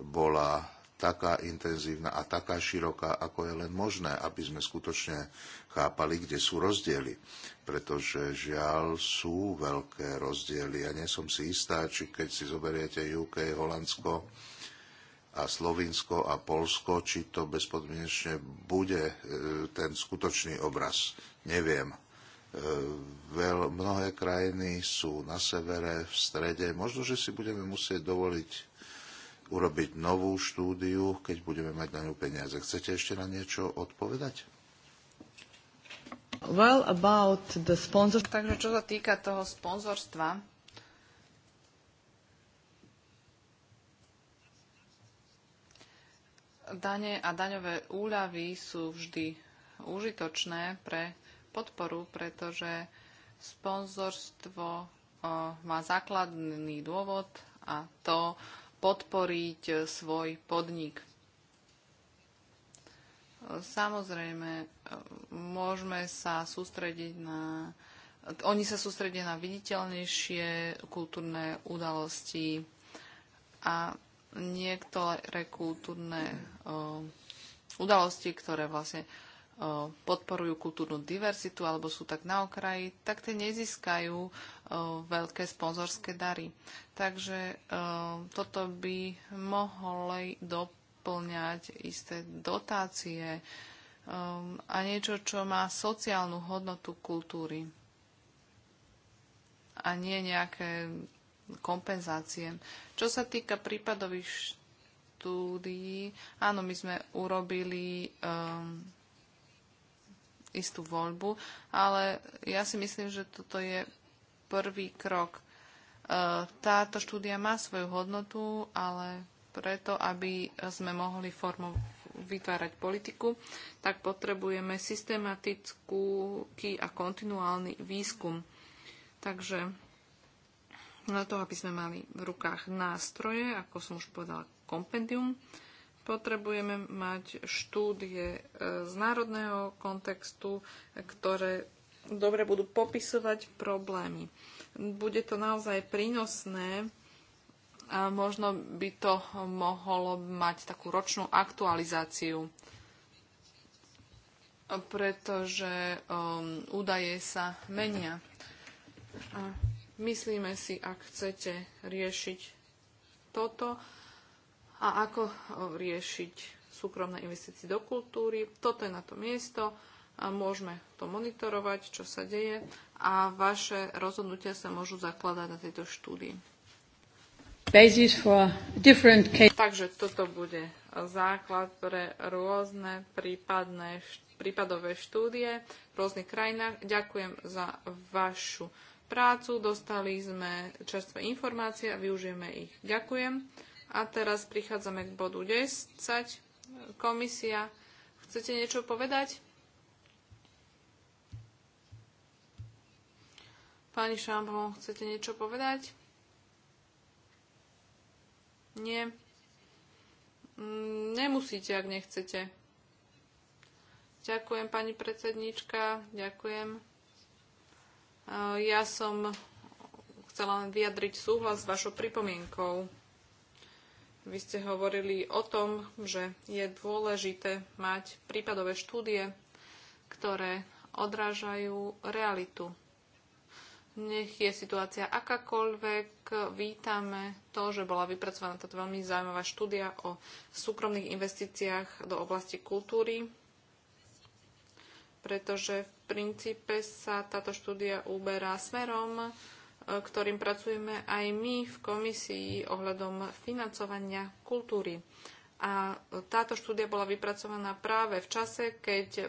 bola taká intenzívna a taká široká, ako je len možné, aby sme skutočne chápali, kde sú rozdiely. Pretože žiaľ sú veľké rozdiely. Ja nie som si istá, či keď si zoberiete UK, Holandsko a Slovinsko a Polsko, či to bezpodmienečne bude e, ten skutočný obraz. Neviem E, Veľ, mnohé krajiny sú na severe, v strede. Možno, že si budeme musieť dovoliť urobiť novú štúdiu, keď budeme mať na ňu peniaze. Chcete ešte na niečo odpovedať? Well, about the sponsor... Takže čo sa týka toho sponzorstva, dane a daňové úľavy sú vždy užitočné pre podporu, pretože sponzorstvo eh, má základný dôvod a to podporiť eh, svoj podnik. Samozrejme, eh, môžeme sa sústrediť na... Oni sa sústredia na viditeľnejšie kultúrne udalosti a niektoré kultúrne udalosti, ktoré vlastne podporujú kultúrnu diverzitu alebo sú tak na okraji, tak tie nezískajú veľké sponzorské dary. Takže toto by mohli doplňať isté dotácie a niečo, čo má sociálnu hodnotu kultúry a nie nejaké kompenzácie. Čo sa týka prípadových štúdií, áno, my sme urobili um, istú voľbu, ale ja si myslím, že toto je prvý krok. E, táto štúdia má svoju hodnotu, ale preto, aby sme mohli formou vytvárať politiku, tak potrebujeme systematický a kontinuálny výskum. Takže na to, aby sme mali v rukách nástroje, ako som už povedala, kompendium, potrebujeme mať štúdie e, z národného kontextu, ktoré dobre budú popisovať problémy. Bude to naozaj prínosné a možno by to mohlo mať takú ročnú aktualizáciu, pretože um, údaje sa menia. A myslíme si, ak chcete riešiť toto, a ako riešiť súkromné investície do kultúry. Toto je na to miesto. môžeme to monitorovať, čo sa deje a vaše rozhodnutia sa môžu zakladať na tejto štúdii. Takže toto bude základ pre rôzne prípadné, prípadové štúdie v rôznych krajinách. Ďakujem za vašu prácu. Dostali sme čerstvé informácie a využijeme ich. Ďakujem. A teraz prichádzame k bodu 10. Komisia, chcete niečo povedať? Pani Šambo, chcete niečo povedať? Nie. Mm, nemusíte, ak nechcete. Ďakujem, pani predsednička. Ďakujem. E, ja som chcela len vyjadriť súhlas s vašou pripomienkou. Vy ste hovorili o tom, že je dôležité mať prípadové štúdie, ktoré odrážajú realitu. Nech je situácia akákoľvek, vítame to, že bola vypracovaná táto veľmi zaujímavá štúdia o súkromných investíciách do oblasti kultúry, pretože v princípe sa táto štúdia uberá smerom, E, ktorým pracujeme aj my v komisii ohľadom financovania kultúry. A táto štúdia bola vypracovaná práve v čase, keď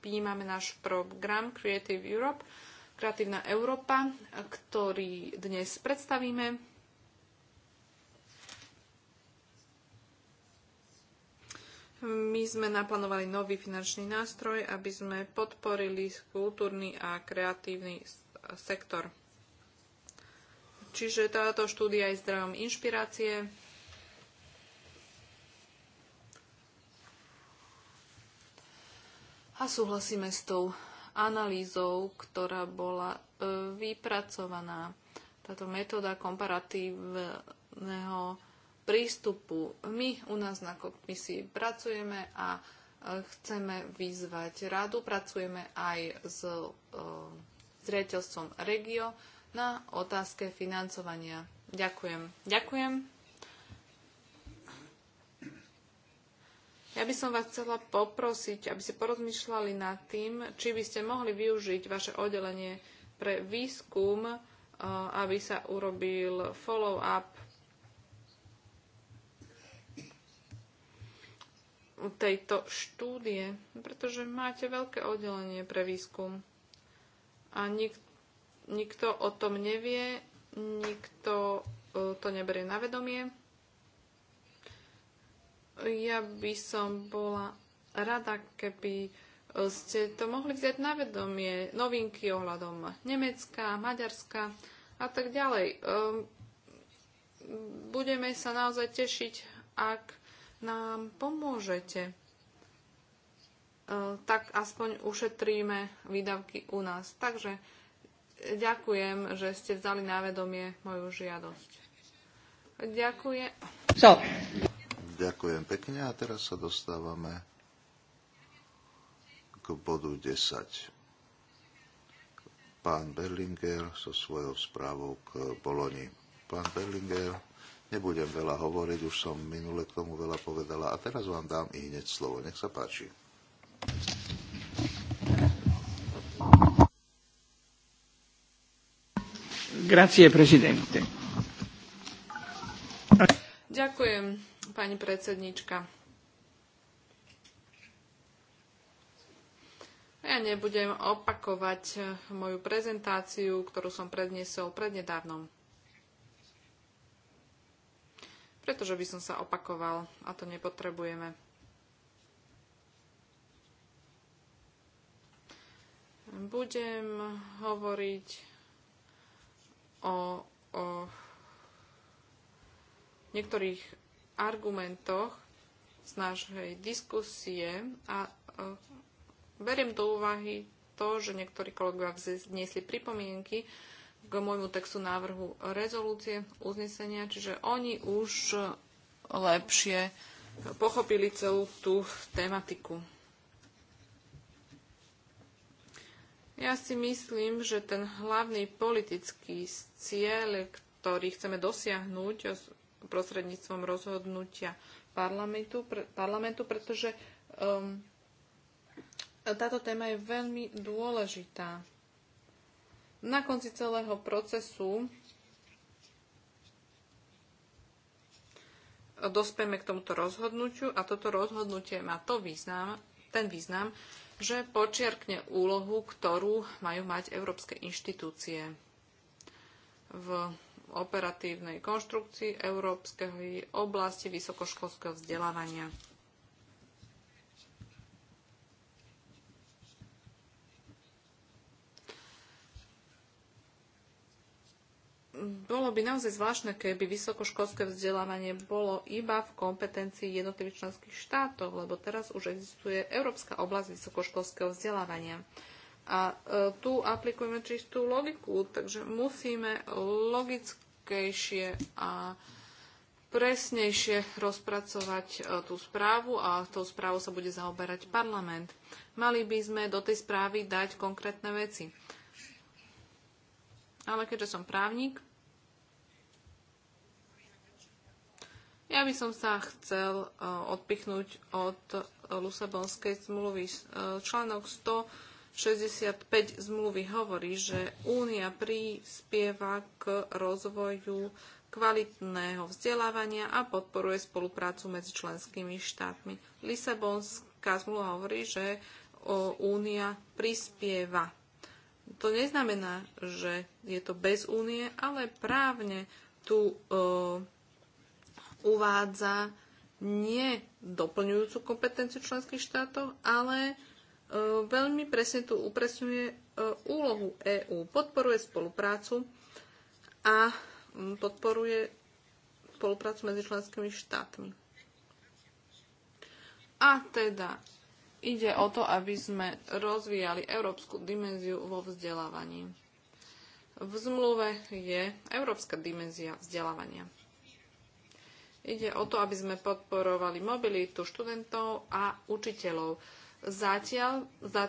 prijímame náš program Creative Europe, Kreatívna Európa, ktorý dnes predstavíme. My sme naplánovali nový finančný nástroj, aby sme podporili kultúrny a kreatívny sektor. Čiže táto štúdia je zdrojom inšpirácie. A súhlasíme s tou analýzou, ktorá bola e, vypracovaná. Táto metóda komparatívneho prístupu. My u nás na komisii pracujeme a e, chceme vyzvať radu, pracujeme aj s zriateľstvom e, Regio, na otázke financovania. Ďakujem. Ďakujem. Ja by som vás chcela poprosiť, aby ste porozmýšľali nad tým, či by ste mohli využiť vaše oddelenie pre výskum, eh, aby sa urobil follow-up tejto štúdie, pretože máte veľké oddelenie pre výskum a nikto Nikto o tom nevie, nikto e, to neberie na vedomie. Ja by som bola rada, keby e, ste to mohli vziať na vedomie, novinky ohľadom Nemecka, Maďarska a tak ďalej. E, budeme sa naozaj tešiť, ak nám pomôžete tak aspoň ušetríme výdavky u nás. Takže Ďakujem, že ste vzali na vedomie moju žiadosť. Ďakujem. So. Ďakujem pekne a teraz sa dostávame k bodu 10. Pán Berlinger so svojou správou k Boloni. Pán Berlinger, nebudem veľa hovoriť, už som minule k tomu veľa povedala a teraz vám dám i hneď slovo. Nech sa páči. Grazie, Ďakujem, pani predsednička. Ja nebudem opakovať eh, moju prezentáciu, ktorú som predniesol prednedávnom. Pretože by som sa opakoval a to nepotrebujeme. Budem hovoriť o, o niektorých argumentoch z našej diskusie a e, beriem do úvahy to, že niektorí kolegovia vznesli pripomienky k môjmu textu návrhu rezolúcie, uznesenia, čiže oni už lepšie pochopili celú tú tematiku. Ja si myslím, že ten hlavný politický cieľ, ktorý chceme dosiahnuť prostredníctvom rozhodnutia parlamentu, parlamentu pretože um, táto téma je veľmi dôležitá. Na konci celého procesu dospeme k tomuto rozhodnutiu a toto rozhodnutie má to význam, ten význam, že počiarkne úlohu, ktorú majú mať európske inštitúcie v operatívnej konštrukcii európskej oblasti vysokoškolského vzdelávania. bolo by naozaj zvláštne, keby vysokoškolské vzdelávanie bolo iba v kompetencii jednotlivých členských štátov, lebo teraz už existuje Európska oblasť vysokoškolského vzdelávania. A e, tu aplikujeme čistú logiku, takže musíme logickejšie a presnejšie rozpracovať e, tú správu a tou správou sa bude zaoberať parlament. Mali by sme do tej správy dať konkrétne veci. Ale keďže som právnik, Ja by som sa chcel e, odpichnúť od Lusabonskej zmluvy. E, článok 165 zmluvy hovorí, že Únia prispieva k rozvoju kvalitného vzdelávania a podporuje spoluprácu medzi členskými štátmi. Lisabonská zmluva hovorí, že Únia prispieva. To neznamená, že je to bez Únie, ale právne tu e, uvádza nie doplňujúcu kompetenciu členských štátov, ale e, veľmi presne tu upresňuje e, úlohu EÚ. Podporuje spoluprácu a podporuje spoluprácu medzi členskými štátmi. A teda ide o to, aby sme rozvíjali európsku dimenziu vo vzdelávaní. V zmluve je európska dimenzia vzdelávania. Ide o to, aby sme podporovali mobilitu študentov a učiteľov. Zatiaľ, za,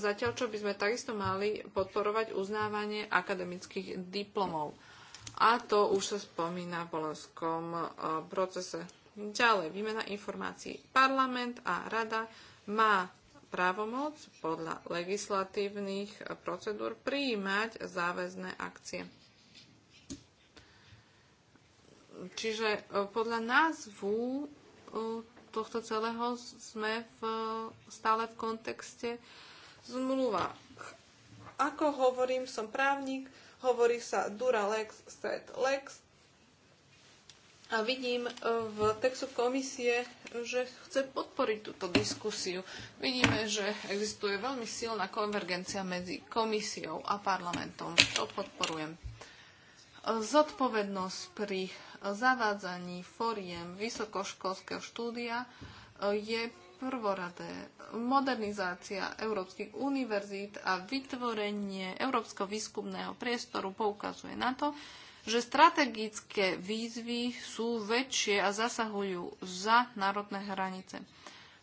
zatiaľ čo by sme takisto mali podporovať uznávanie akademických diplomov. A to už sa spomína v bolonskom e, procese. Ďalej, výmena informácií. Parlament a rada má právomoc podľa legislatívnych procedúr prijímať záväzné akcie. Čiže e, podľa názvu e, tohto celého sme v, stále v kontexte zmluva. Ako hovorím, som právnik, hovorí sa dura lex, sed lex. A vidím e, v textu komisie, že chce podporiť túto diskusiu. Vidíme, že existuje veľmi silná konvergencia medzi komisiou a parlamentom. To podporujem. Zodpovednosť pri zavádzaní foriem vysokoškolského štúdia e, je prvoradé. Modernizácia európskych univerzít a vytvorenie európskeho výskumného priestoru poukazuje na to, že strategické výzvy sú väčšie a zasahujú za národné hranice.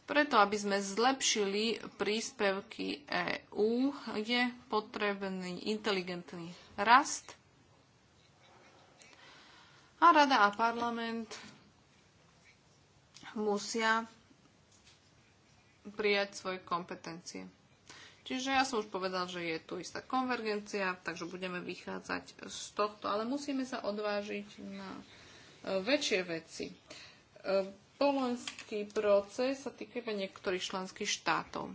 Preto, aby sme zlepšili príspevky EÚ, je potrebný inteligentný rast – a rada a parlament musia prijať svoje kompetencie. Čiže ja som už povedal, že je tu istá konvergencia, takže budeme vychádzať z tohto, ale musíme sa odvážiť na e, väčšie veci. E, Polonský proces sa týka iba niektorých členských štátov.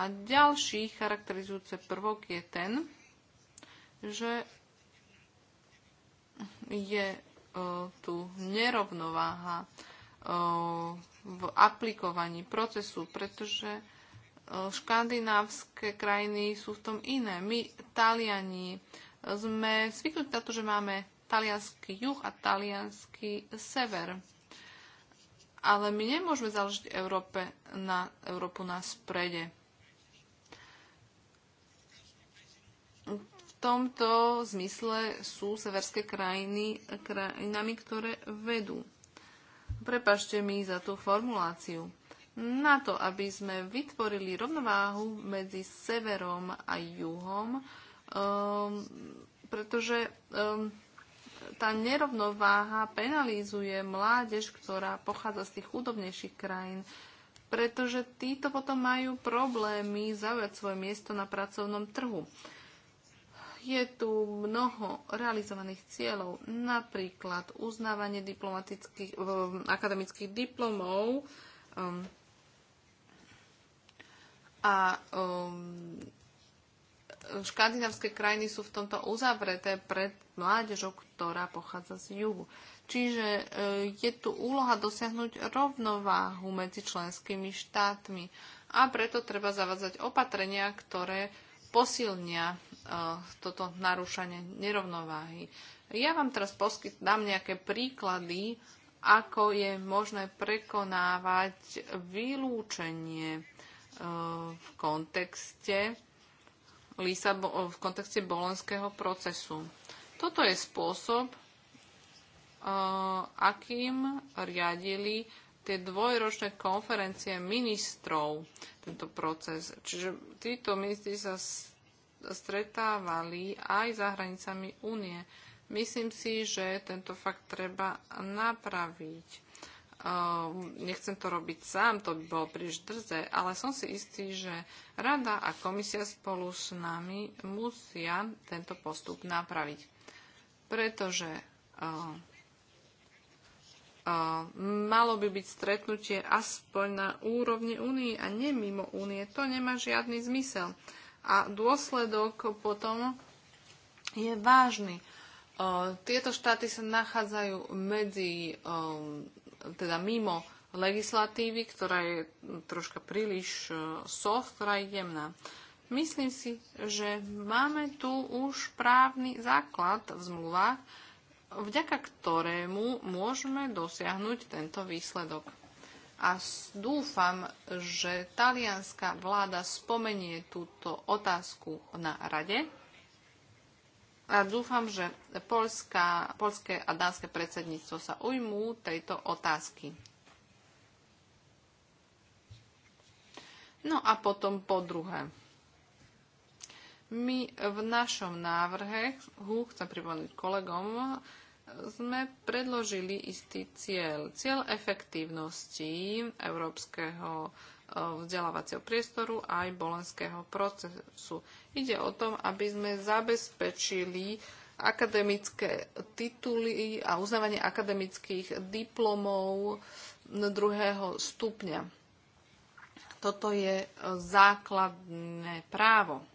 A ďalší charakterizujúce prvok je ten, že je tu nerovnováha v aplikovaní procesu, pretože škandinávské krajiny sú v tom iné. My, Taliani, sme zvyknutí na to, že máme talianský juh a talianský sever. Ale my nemôžeme založiť Európe na, Európu na sprede. tomto zmysle sú severské krajiny krajinami, ktoré vedú. Prepašte mi za tú formuláciu. Na to, aby sme vytvorili rovnováhu medzi severom a juhom, um, pretože um, tá nerovnováha penalizuje mládež, ktorá pochádza z tých chudobnejších krajín, pretože títo potom majú problémy zaujať svoje miesto na pracovnom trhu. Uh, je tu mnoho realizovaných cieľov, napríklad uznávanie diplomatických, akademických diplomov um, a um, škandinávské krajiny sú v tomto uzavreté pred mládežou, ktorá pochádza z juhu. Čiže e, je tu úloha dosiahnuť rovnováhu medzi členskými štátmi a preto treba zavádzať opatrenia, ktoré posilnia toto narúšanie nerovnováhy. Ja vám teraz poskyt, dám nejaké príklady, ako je možné prekonávať vylúčenie e, v kontexte, e, v kontexte bolonského procesu. Toto je spôsob, e, akým riadili tie dvojročné konferencie ministrov tento proces. Čiže títo ministri sa stretávali aj za hranicami únie. Myslím si, že tento fakt treba napraviť. Uh, nechcem to robiť sám, to by bolo príliš drzé, ale som si istý, že rada a komisia spolu s nami musia tento postup napraviť. Pretože uh, uh, malo by byť stretnutie aspoň na úrovni únie a nie mimo únie. To nemá žiadny zmysel a dôsledok potom je vážny. E, tieto štáty sa nachádzajú medzi, e, teda mimo legislatívy, ktorá je troška príliš e, soft, ktorá je jemná. Myslím si, že máme tu už právny základ v zmluvách, vďaka ktorému môžeme dosiahnuť tento výsledok a dúfam, že talianská vláda spomenie túto otázku na rade. A dúfam, že Polska, polské a dánske predsedníctvo sa ujmú tejto otázky. No a potom po druhé. My v našom návrhe, hú, chcem pripomenúť kolegom, sme predložili istý cieľ. Cieľ efektívnosti európskeho e, vzdelávacieho priestoru a aj bolenského procesu. Ide o tom, aby sme zabezpečili akademické tituly a uznávanie akademických diplomov druhého stupňa. Toto je e, základné právo.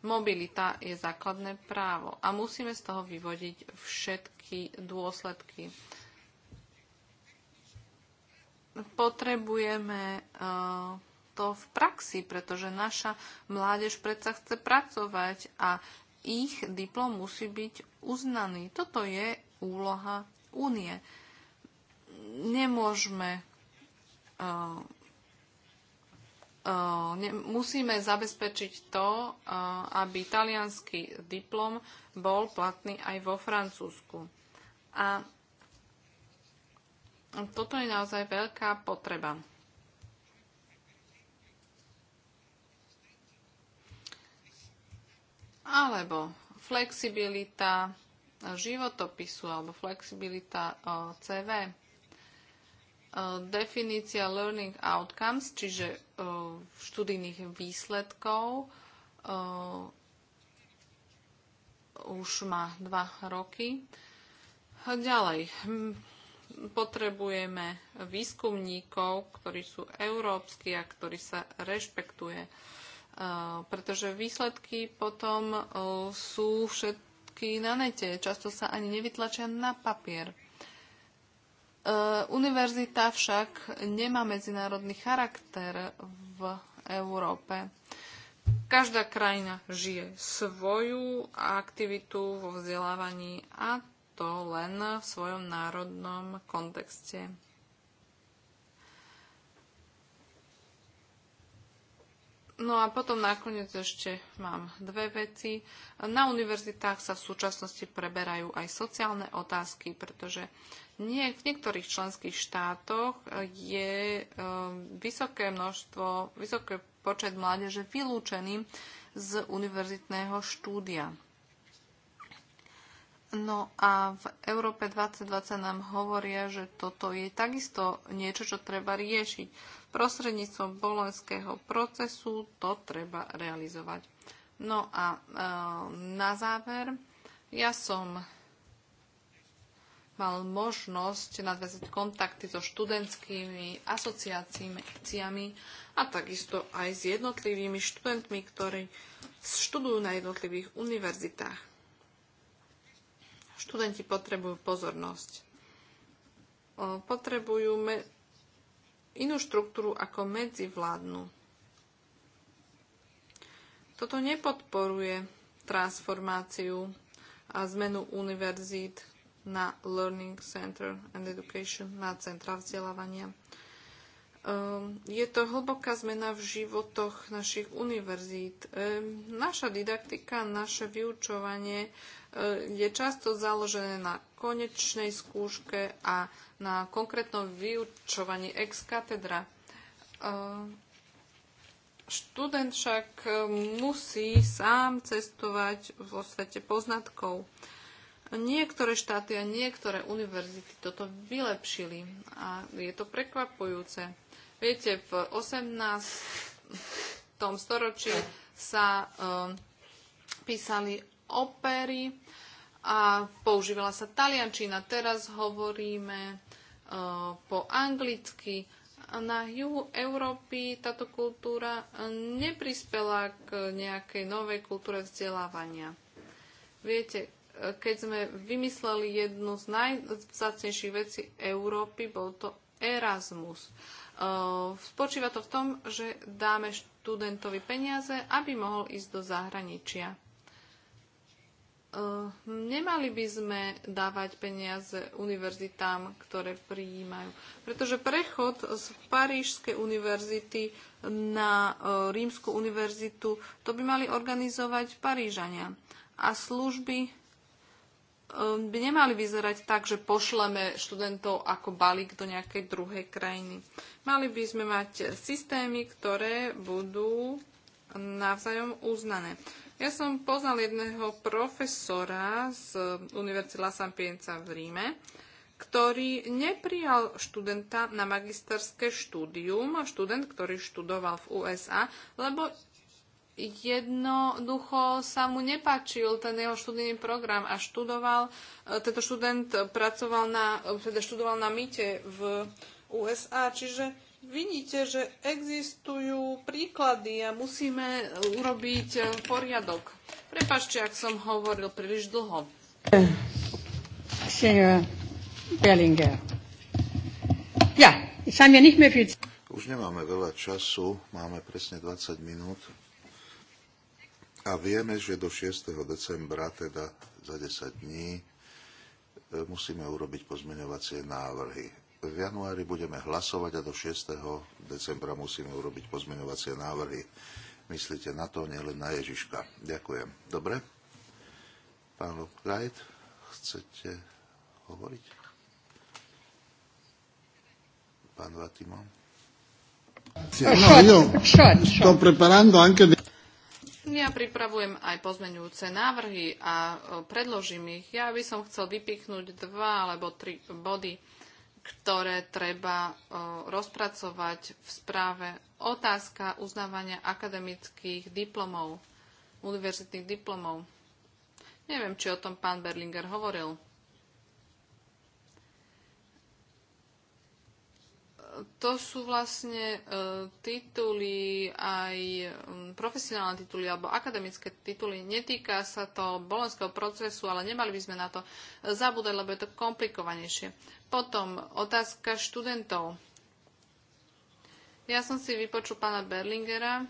Mobilita je základné právo a musíme z toho vyvodiť všetky dôsledky. Potrebujeme e, to v praxi, pretože naša mládež predsa chce pracovať a ich diplom musí byť uznaný. Toto je úloha únie. Nemôžeme e, musíme zabezpečiť to, aby talianský diplom bol platný aj vo Francúzsku. A toto je naozaj veľká potreba. Alebo flexibilita životopisu alebo flexibilita CV. Eh, definícia learning outcomes, čiže eh, študijných výsledkov, eh, už má dva roky. Ďalej, hm, potrebujeme výskumníkov, ktorí sú európsky a ktorí sa rešpektuje, pretože výsledky potom sú všetky na nete, často sa ani nevytlačia na papier. Eh, univerzita však nemá medzinárodný charakter v Európe. Každá krajina žije svoju aktivitu vo vzdelávaní a to len v svojom národnom kontexte. No a potom nakoniec ešte mám dve veci. Na univerzitách sa v súčasnosti preberajú aj sociálne otázky, pretože nie, v niektorých členských štátoch eh, je eh, vysoké množstvo, vysoké počet mládeže vylúčený z univerzitného štúdia. No a v Európe 2020 nám hovoria, že toto je takisto niečo, čo treba riešiť. Prostredníctvom bolenského procesu to treba realizovať. No a e, na záver, ja som mal možnosť nadväzať kontakty so študentskými asociáciami a takisto aj s jednotlivými študentmi, ktorí študujú na jednotlivých univerzitách. Študenti potrebujú pozornosť. Potrebujú inú štruktúru ako medzivládnu. Toto nepodporuje transformáciu a zmenu univerzít na Learning Center and Education, na centra vzdelávania. Ehm, je to hlboká zmena v životoch našich univerzít. Ehm, naša didaktika, naše vyučovanie eh, je často založené na konečnej skúške a na konkrétnom vyučovaní ex katedra. Ehm, študent však eh, musí sám cestovať vo svete poznatkov. Niektoré štáty a niektoré univerzity toto vylepšili a je to prekvapujúce. Viete, v 18. storočí sa um, písali opery a používala sa taliančina. Teraz hovoríme uh, po anglicky. Na juhu Európy táto kultúra neprispela k nejakej novej kultúre vzdelávania. Viete, keď sme vymysleli jednu z najzácnejších vecí Európy, bol to Erasmus. E, spočíva to v tom, že dáme študentovi peniaze, aby mohol ísť do zahraničia. E, nemali by sme dávať peniaze univerzitám, ktoré prijímajú. Pretože prechod z Parížskej univerzity na e, Rímsku univerzitu, to by mali organizovať Parížania. A služby Ehm, by nemali vyzerať tak, že pošleme študentov ako balík do nejakej druhej krajiny. Mali by sme mať systémy, ktoré budú navzájom uznané. Ja som poznal jedného profesora z eh, Univerzity La Sapienza v Ríme, ktorý neprijal študenta na magisterské štúdium, študent, ktorý študoval v USA, lebo jednoducho sa mu nepáčil ten jeho študijný program a študoval, e, tento študent pracoval na, teda študoval na mýte v USA, čiže vidíte, že existujú príklady a musíme urobiť e, poriadok. Prepačte, ak som hovoril príliš dlho. Bellinger. Ja, ich nicht mehr viel... Už nemáme veľa času, máme presne 20 minút. A vieme, že do 6. decembra, teda za 10 dní, e, musíme urobiť pozmeňovacie návrhy. V januári budeme hlasovať a do 6. decembra musíme urobiť pozmeňovacie návrhy. Myslíte na to, nielen na Ježiška. Ďakujem. Dobre? Pán Lopkajt, chcete hovoriť? Pán Sì, No, io sto preparando anche... Ja pripravujem aj pozmeňujúce návrhy a e, predložím ich. Ja by som chcel vypichnúť dva alebo tri body, ktoré treba e, rozpracovať v správe. Otázka uznávania akademických diplomov, univerzitných diplomov. Neviem, či o tom pán Berlinger hovoril. to sú vlastne e, tituly, aj profesionálne tituly alebo akademické tituly. Netýka sa to bolenského procesu, ale nemali by sme na to zabúdať, lebo je to komplikovanejšie. Potom otázka študentov. Ja som si vypočul pána Berlingera.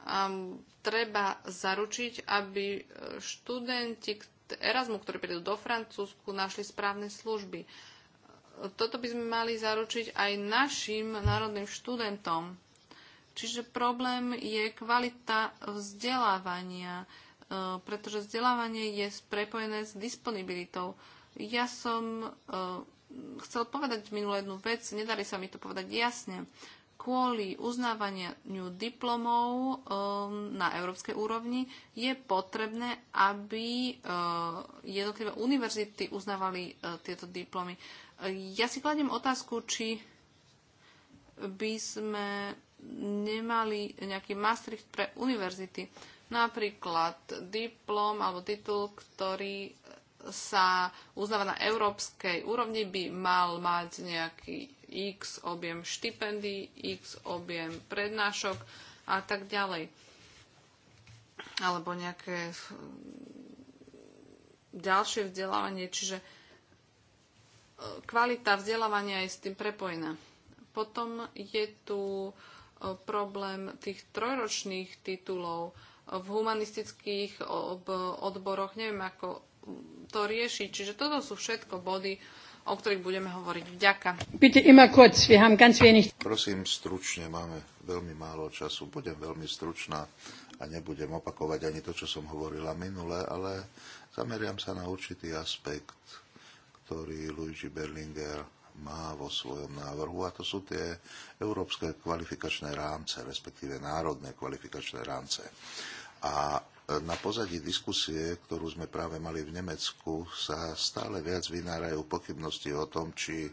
A treba zaručiť, aby študenti Erasmu, ktorí prídu do Francúzsku, našli správne služby toto by sme mali zaručiť aj našim národným študentom. Čiže problém je kvalita vzdelávania, e, pretože vzdelávanie je prepojené s disponibilitou. Ja som e, chcel povedať minulú jednu vec, nedarí sa mi to povedať jasne. Kvôli uznávaniu diplomov e, na európskej úrovni je potrebné, aby jednotlivé univerzity uznávali tieto diplomy. Ja si kladiem otázku, či by sme nemali nejaký Maastricht pre univerzity. Napríklad diplom alebo titul, ktorý sa uznáva na európskej úrovni, by mal mať nejaký x objem štipendií, x objem prednášok a tak ďalej. Alebo nejaké ďalšie vzdelávanie. Čiže uh, kvalita vzdelávania je s tým prepojená. Potom je tu e, problém tých trojročných titulov v humanistických odboroch. Neviem, ako to riešiť. Čiže toto sú všetko body, o ktorých budeme hovoriť. Ďaká. Prosím, stručne, máme veľmi málo času. Budem veľmi stručná a nebudem opakovať ani to, čo som hovorila minule, ale zameriam sa na určitý aspekt ktorý Luigi Berlinger má vo svojom návrhu a to sú tie európske kvalifikačné rámce, respektíve národné kvalifikačné rámce. A e, na pozadí diskusie, ktorú sme práve mali v Nemecku, sa stále viac vynárajú pochybnosti o tom, či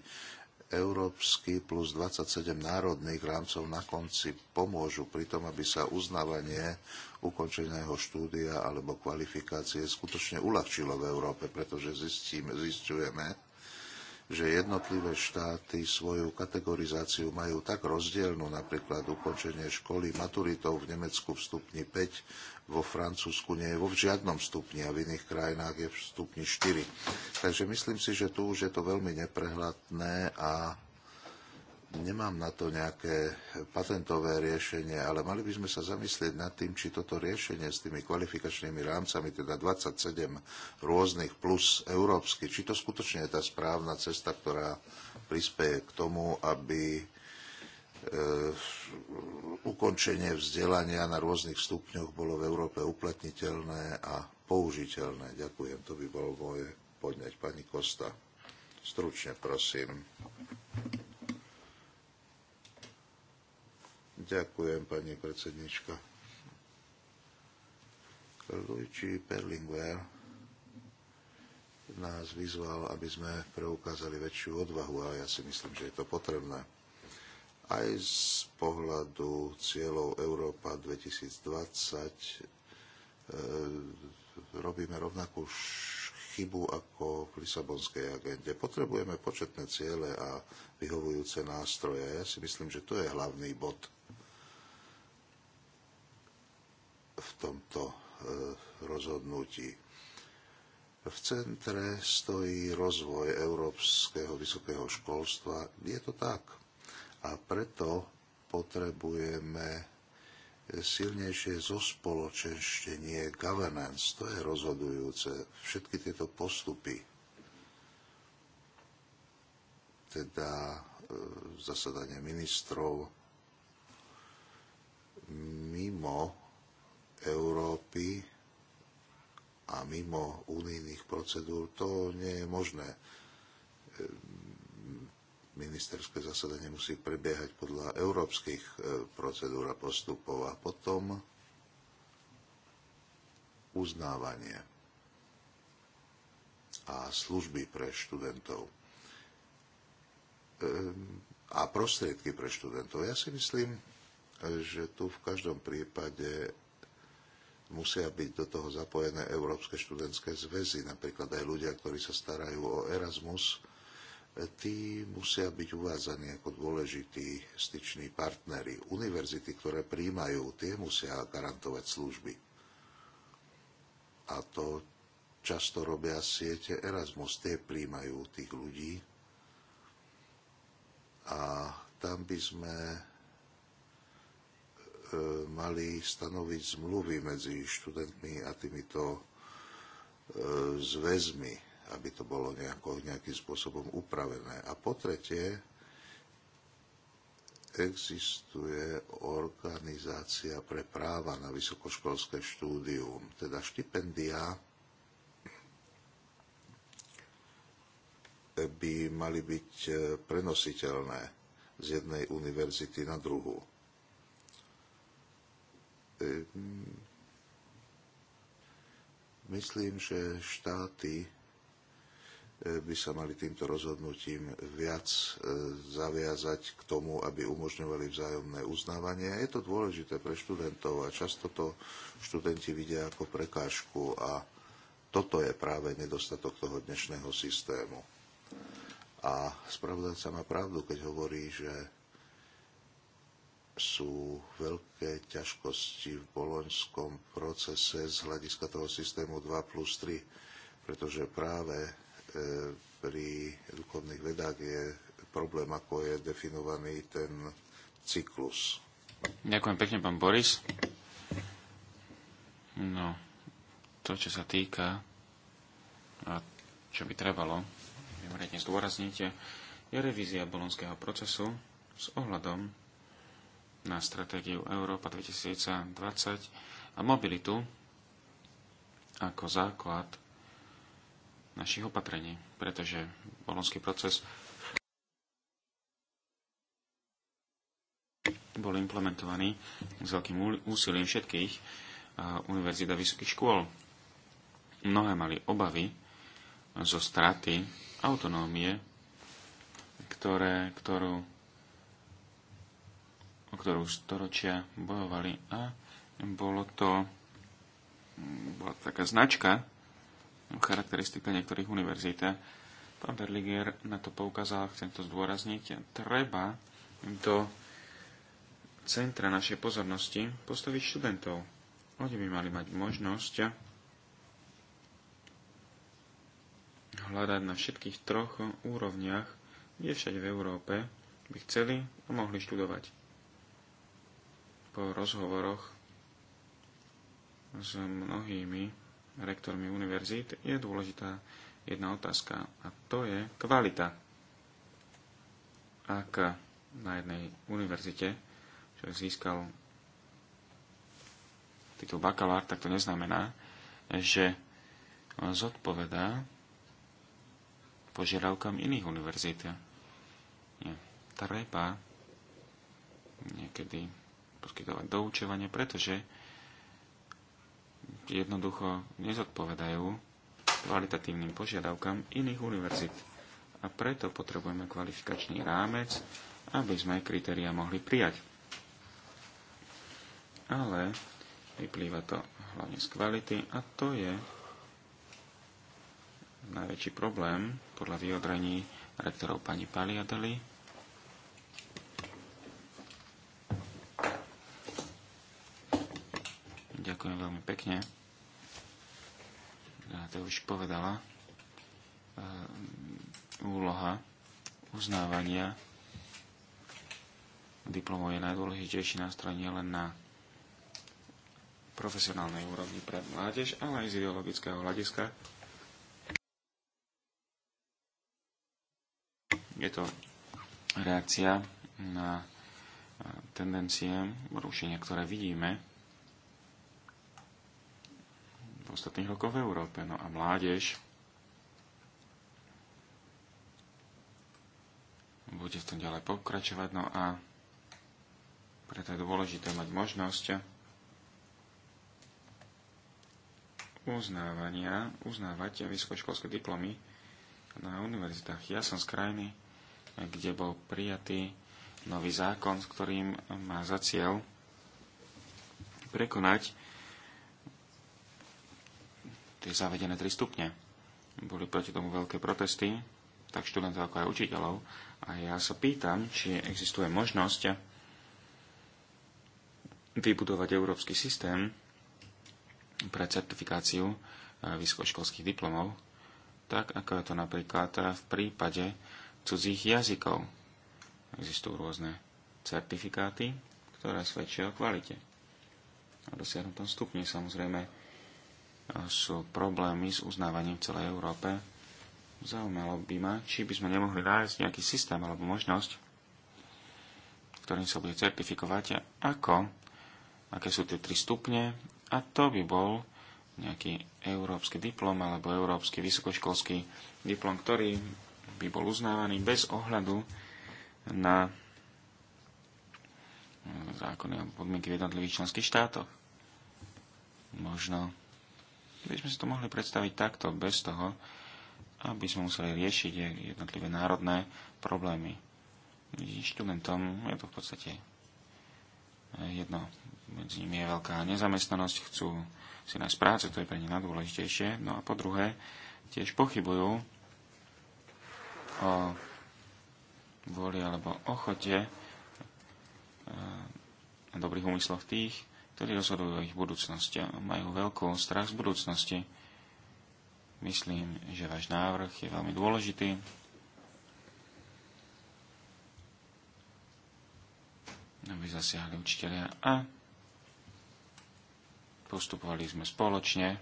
európsky plus 27 národných rámcov na konci pomôžu pri tom, aby sa uznávanie ukončeného štúdia alebo kvalifikácie skutočne uľahčilo v Európe, pretože zistíme, zistujeme, že jednotlivé štáty svoju kategorizáciu majú tak rozdielnú, napríklad ukončenie školy maturitou v Nemecku v stupni 5, vo Francúzsku nie je vo žiadnom stupni a v iných krajinách je v stupni 4. Takže myslím si, že tu už je to veľmi neprehľadné a Nemám na to nejaké patentové riešenie, ale mali by sme sa zamyslieť nad tým, či toto riešenie s tými kvalifikačnými rámcami, teda 27 rôznych plus európsky, či to skutočne je tá správna cesta, ktorá prispieje k tomu, aby e, ukončenie vzdelania na rôznych stupňoch bolo v Európe uplatniteľné a použiteľné. Ďakujem, to by bolo moje podneť. Pani Kosta, stručne prosím. Ďakujem, pani predsednička. Luigi Perlinguer nás vyzval, aby sme preukázali väčšiu odvahu a ja si myslím, že je to potrebné. Aj z pohľadu cieľov Európa 2020 e, robíme rovnakú chybu ako v Lisabonskej agende. Potrebujeme početné ciele a vyhovujúce nástroje. Ja si myslím, že to je hlavný bod v tomto e, rozhodnutí. V centre stojí rozvoj európskeho vysokého školstva. Je to tak. A preto potrebujeme silnejšie zospoločenštenie, governance, to je rozhodujúce. Všetky tieto postupy, teda e, zasadanie ministrov mimo Európy a mimo unijných procedúr, to nie je možné. E, ministerské zasadanie musí prebiehať podľa európskych e, procedúr a postupov a potom uznávanie a služby pre študentov e, a prostriedky pre študentov. Ja si myslím, že tu v každom prípade musia byť do toho zapojené Európske študentské zväzy, napríklad aj ľudia, ktorí sa starajú o Erasmus, tí musia byť uvádzaní ako dôležití styční partnery. Univerzity, ktoré príjmajú, tie musia garantovať služby. A to často robia siete Erasmus, tie príjmajú tých ľudí. A tam by sme E, mali stanoviť zmluvy medzi študentmi a týmito e, zväzmi, aby to bolo nejako, nejakým spôsobom upravené. A po tretie, existuje organizácia pre práva na vysokoškolské štúdium, teda štipendia by mali byť e, prenositeľné z jednej univerzity na druhú. Ehm, myslím, že štáty eh, by sa mali týmto rozhodnutím viac eh, zaviazať k tomu, aby umožňovali vzájomné uznávanie. Je to dôležité pre študentov a často to študenti vidia ako prekážku a toto je práve nedostatok toho dnešného systému. A spravodajca má pravdu, keď hovorí, že sú veľké ťažkosti v boloňskom procese z hľadiska toho systému 2 plus 3, pretože práve e, pri duchovných vedách je problém, ako je definovaný ten cyklus. Ďakujem pekne, pán Boris. No, to, čo sa týka a čo by trebalo mimoriadne zdôrazniť, je revízia bolonského procesu s ohľadom na stratégiu Európa 2020 a mobilitu ako základ našich opatrení, pretože bolonský proces bol implementovaný s veľkým úsilím všetkých univerzít a vysokých škôl. Mnohé mali obavy zo straty autonómie, ktoré, ktorú o ktorú storočia bojovali a bolo to bola to taká značka charakteristika niektorých univerzít. Pán Berliger na to poukázal, chcem to zdôrazniť. Treba do centra našej pozornosti postaviť študentov. Oni by mali mať možnosť hľadať na všetkých troch úrovniach, kde všade v Európe by chceli a mohli študovať po rozhovoroch s mnohými rektormi univerzít je dôležitá jedna otázka a to je kvalita. Ak na jednej univerzite človek získal titul bakalár, tak to neznamená, že zodpovedá požiadavkám iných univerzít. Nie. Treba niekedy poskytovať doučovanie, pretože jednoducho nezodpovedajú kvalitatívnym požiadavkám iných univerzít. A preto potrebujeme kvalifikačný rámec, aby sme kritéria mohli prijať. Ale vyplýva to hlavne z kvality a to je najväčší problém podľa vyjadrení rektorov pani Paliadeli, Ďakujem veľmi pekne. Ja to už povedala. E, úloha uznávania diplomov je najdôležitejší nástroj nielen na profesionálnej úrovni pre mládež, ale aj z ideologického hľadiska. Je to reakcia na e, tendencie rušenia, ktoré vidíme v ostatných rokoch v Európe. No a mládež bude v tom ďalej pokračovať. No a preto je dôležité mať možnosť uznávania, uznávať vysokoškolské diplomy na univerzitách. Ja som z krajiny, kde bol prijatý nový zákon, s ktorým má za cieľ prekonať tie zavedené tri stupne. Boli proti tomu veľké protesty, tak študentov ako aj učiteľov. A ja sa pýtam, či existuje možnosť vybudovať európsky systém pre certifikáciu e, vysokoškolských diplomov, tak ako je to napríklad v prípade cudzích jazykov. Existujú rôzne certifikáty, ktoré svedčia o kvalite. A dosiahnutom stupni samozrejme sú problémy s uznávaním v celej Európe. Zaujímalo by ma, či by sme nemohli nájsť nejaký systém alebo možnosť, ktorým sa bude certifikovať, ako, aké sú tie tri stupne a to by bol nejaký európsky diplom alebo európsky vysokoškolský diplom, ktorý by bol uznávaný bez ohľadu na mm, zákony a podmienky v jednotlivých členských štátoch. Možno by sme si to mohli predstaviť takto, bez toho, aby sme museli riešiť jednotlivé národné problémy. Študentom je to v podstate jedno. Medzi nimi je veľká nezamestnanosť, chcú si nájsť prácu, to je pre nich najdôležitejšie. No a po druhé, tiež pochybujú o vôli alebo ochote eh, a dobrých úmysloch tých, ktorí rozhodujú o ich budúcnosti. Majú veľkú strach z budúcnosti. Myslím, že váš návrh je veľmi dôležitý. Aby zasiahli učiteľia a postupovali sme spoločne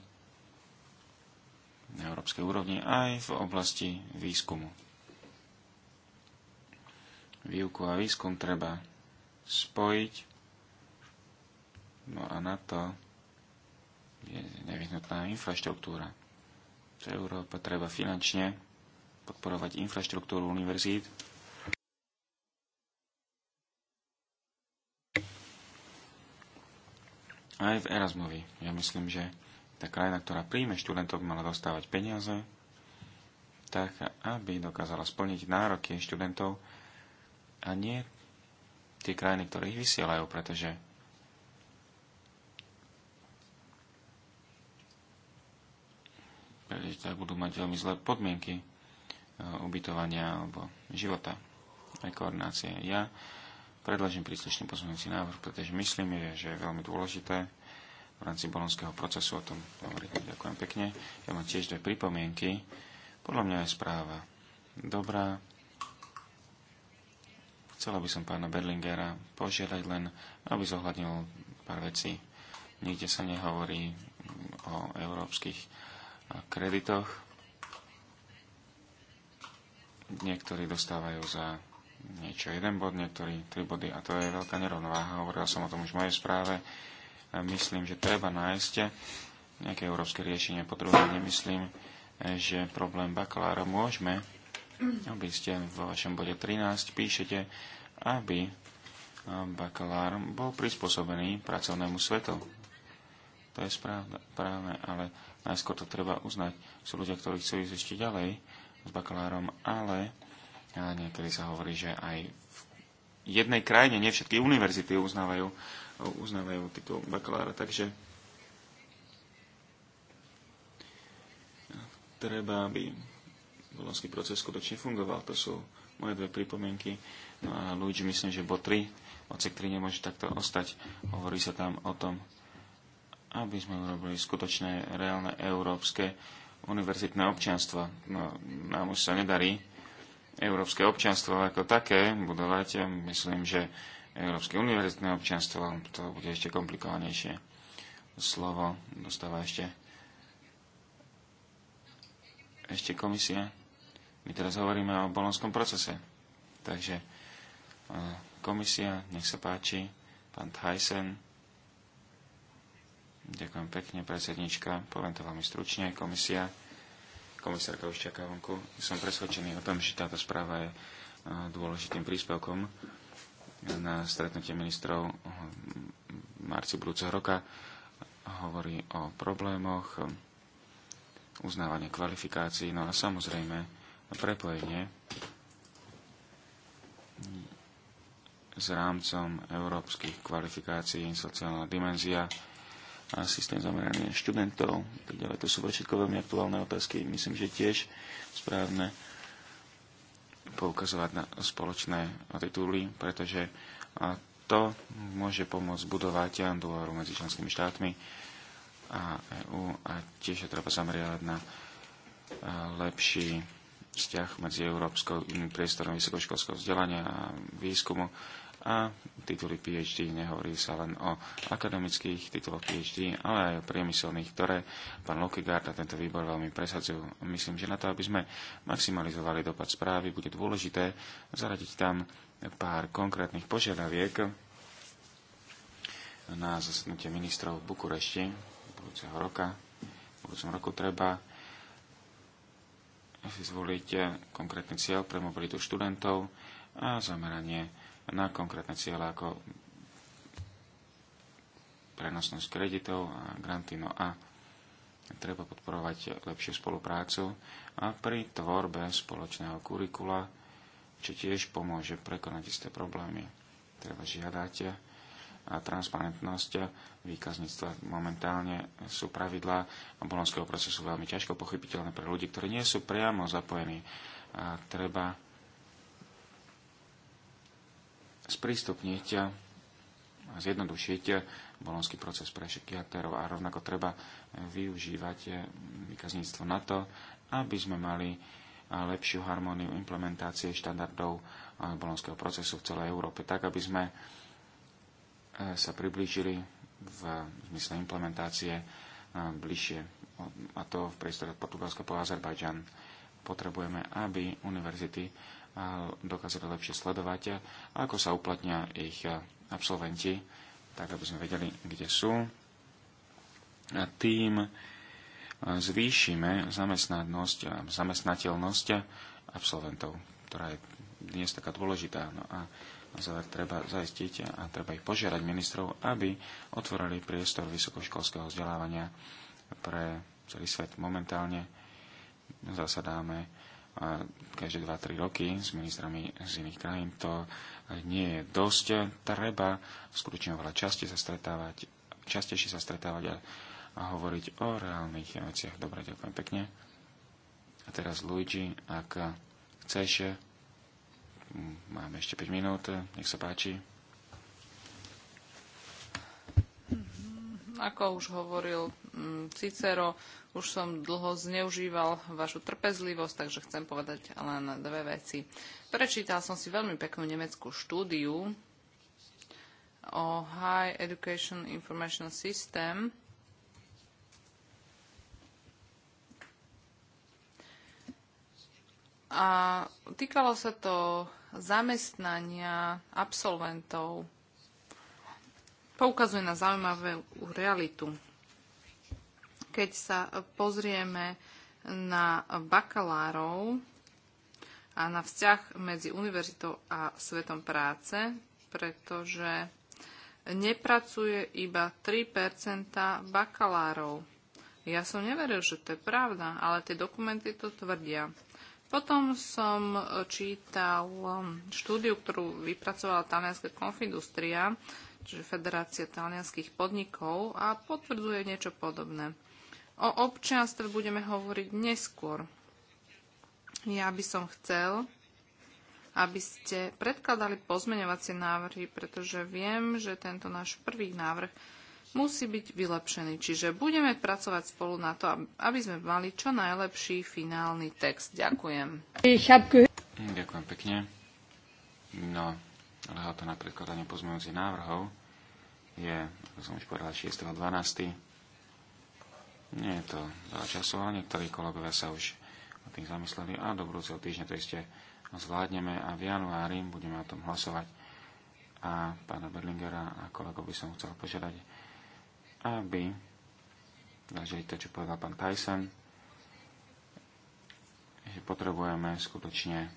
na európskej úrovni aj v oblasti výskumu. Výuku a výskum treba spojiť No a na to je nevyhnutná infraštruktúra. V Európe treba finančne podporovať infraštruktúru univerzít, aj v Erasmovi. Ja myslím, že tá krajina, ktorá príjme študentov, mala dostávať peniaze, tak aby dokázala splniť nároky študentov a nie tie krajiny, ktoré ich vysielajú, pretože ktorí tak budú mať veľmi zlé podmienky e, ubytovania alebo života aj koordinácie. Ja predložím príslušný pozmeňujúci návrh, pretože myslím, že je veľmi dôležité v rámci bolonského procesu o tom hovoriť. Ďakujem pekne. Ja mám tiež dve pripomienky. Podľa mňa je správa dobrá. Chcela by som pána Berlingera požiadať len, aby zohľadnil pár vecí. Nikde sa nehovorí o európskych a kreditoch. Niektorí dostávajú za niečo jeden bod, niektorí tri body a to je veľká nerovnováha. Hovoril som o tom už v mojej správe. Myslím, že treba nájsť nejaké európske riešenie. Po druhé, nemyslím, že problém bakalára môžeme, aby ste vo vašom bode 13 píšete, aby bakalár bol prispôsobený pracovnému svetu. To je správne, ale Najskôr to treba uznať. Sú ľudia, ktorí chcú ísť ešte ďalej s bakalárom, ale niekedy sa hovorí, že aj v jednej krajine nie všetky univerzity uznávajú, uznávajú titul bakalára, takže treba, aby bolonský proces skutočne fungoval. To sú moje dve pripomienky. No a Luigi, myslím, že bod 3, odsek 3 nemôže takto ostať. Hovorí sa tam o tom, aby sme urobili skutočné, reálne európske univerzitné občianstva. No, nám už sa nedarí európske občianstvo ako také budovať. Myslím, že európske univerzitné občianstvo, to bude ešte komplikovanejšie. Slovo dostáva ešte ešte komisia. My teraz hovoríme o bolonskom procese. Takže eh, komisia, nech sa páči, pán Tyson Ďakujem pekne, predsednička. Poviem to veľmi stručne. Komisia, komisárka už čaká vonku. Som presvedčený o tom, že táto správa je e, dôležitým príspevkom na stretnutie ministrov e, v marci budúceho roka. Hovorí o problémoch, uznávanie kvalifikácií, no a samozrejme prepojenie s rámcom európskych kvalifikácií, sociálna dimenzia, a systém zameraný na študentov. Tak ďalej. To sú všetko veľmi aktuálne otázky. Myslím, že tiež správne poukazovať na spoločné tituly, pretože to môže pomôcť budovať dôveru medzi členskými štátmi a EÚ a tiež sa treba zameriavať na lepší vzťah medzi európskou priestorom vysokoškolského vzdelania a výskumu a tituly PhD nehovorí sa len o akademických tituloch PhD, ale aj o priemyselných, ktoré pán Lockigard a tento výbor veľmi presadzujú. Myslím, že na to, aby sme maximalizovali dopad správy, bude dôležité zaradiť tam pár konkrétnych požiadaviek na zasadnutie ministrov v Bukurešti budúceho roka. V budúcom roku treba si zvoliť konkrétny cieľ pre mobilitu študentov a zameranie na konkrétne cieľe ako prenosnosť kreditov a granty, no a treba podporovať lepšiu spoluprácu a pri tvorbe spoločného kurikula, čo tiež pomôže prekonať isté problémy. Treba žiadať a transparentnosť výkazníctva momentálne sú pravidlá bolonského procesu veľmi ťažko pochybiteľné pre ľudí, ktorí nie sú priamo zapojení. A treba sprístupniť a zjednodušiť bolonský proces pre všetkých aktérov a rovnako treba využívať výkazníctvo na to, aby sme mali lepšiu harmóniu implementácie štandardov bolonského procesu v celej Európe, tak aby sme eh, sa priblížili v zmysle implementácie eh, bližšie, a to v priestore Portugalska po Azerbajdžan. Potrebujeme, aby univerzity dokázali lepšie sledovať, ako sa uplatnia ich absolventi, tak aby sme vedeli, kde sú. A tým zvýšime zamestnanosť a zamestnateľnosť absolventov, ktorá je dnes taká dôležitá. No a záver treba zaistiť a treba ich požiadať ministrov, aby otvorili priestor vysokoškolského vzdelávania pre celý svet. Momentálne zasadáme každé 2-3 roky s ministrami z iných krajín. To nie je dosť. Treba skutočne oveľa časte sa stretávať, častejšie sa stretávať a, a hovoriť o reálnych veciach. Dobre, ďakujem pekne. A teraz Luigi, ak chceš, mm, máme ešte 5 minút, nech sa páči. Ako už hovoril mm, Cicero, už som dlho zneužíval vašu trpezlivosť, takže chcem povedať len dve veci. Prečítal som si veľmi peknú nemeckú štúdiu o High Education Information System, A týkalo sa to zamestnania absolventov poukazuje na zaujímavú realitu. Keď sa pozrieme na bakalárov a na vzťah medzi univerzitou a svetom práce, pretože nepracuje iba 3 bakalárov. Ja som neveril, že to je pravda, ale tie dokumenty to tvrdia. Potom som čítal štúdiu, ktorú vypracovala talianská konfindustria, čiže Federácia talianských podnikov a potvrdzuje niečo podobné. O občianstve budeme hovoriť neskôr. Ja by som chcel, aby ste predkladali pozmeňovacie návrhy, pretože viem, že tento náš prvý návrh musí byť vylepšený. Čiže budeme pracovať spolu na to, aby sme mali čo najlepší finálny text. Ďakujem. Hm, ďakujem pekne. No, to na predkladanie pozmeňujúcich návrhov je, ako som už povedal, 6.12. Nie je to veľa času, ale niektorí kolegovia sa už o tým zamysleli a do budúceho týždňa to ešte zvládneme a v januári budeme o tom hlasovať. A pána Berlingera a kolegov by som chcel požiadať, aby zažili to, čo povedal pán Tyson, že potrebujeme skutočne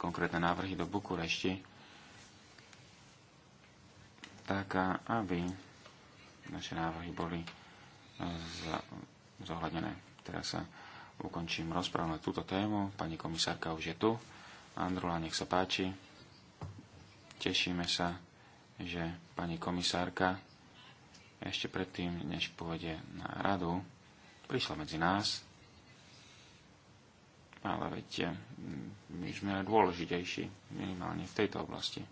konkrétne návrhy do Bukurešti, tak aby naše návrhy boli e, zohľadené. Teraz sa ukončím rozprávu na túto tému. Pani komisárka už je tu. Andrula, nech sa páči. Tešíme sa, že pani komisárka ešte predtým, než pôjde na radu, prišla medzi nás. Ale viete, mm, my sme dôležitejší, minimálne v tejto oblasti.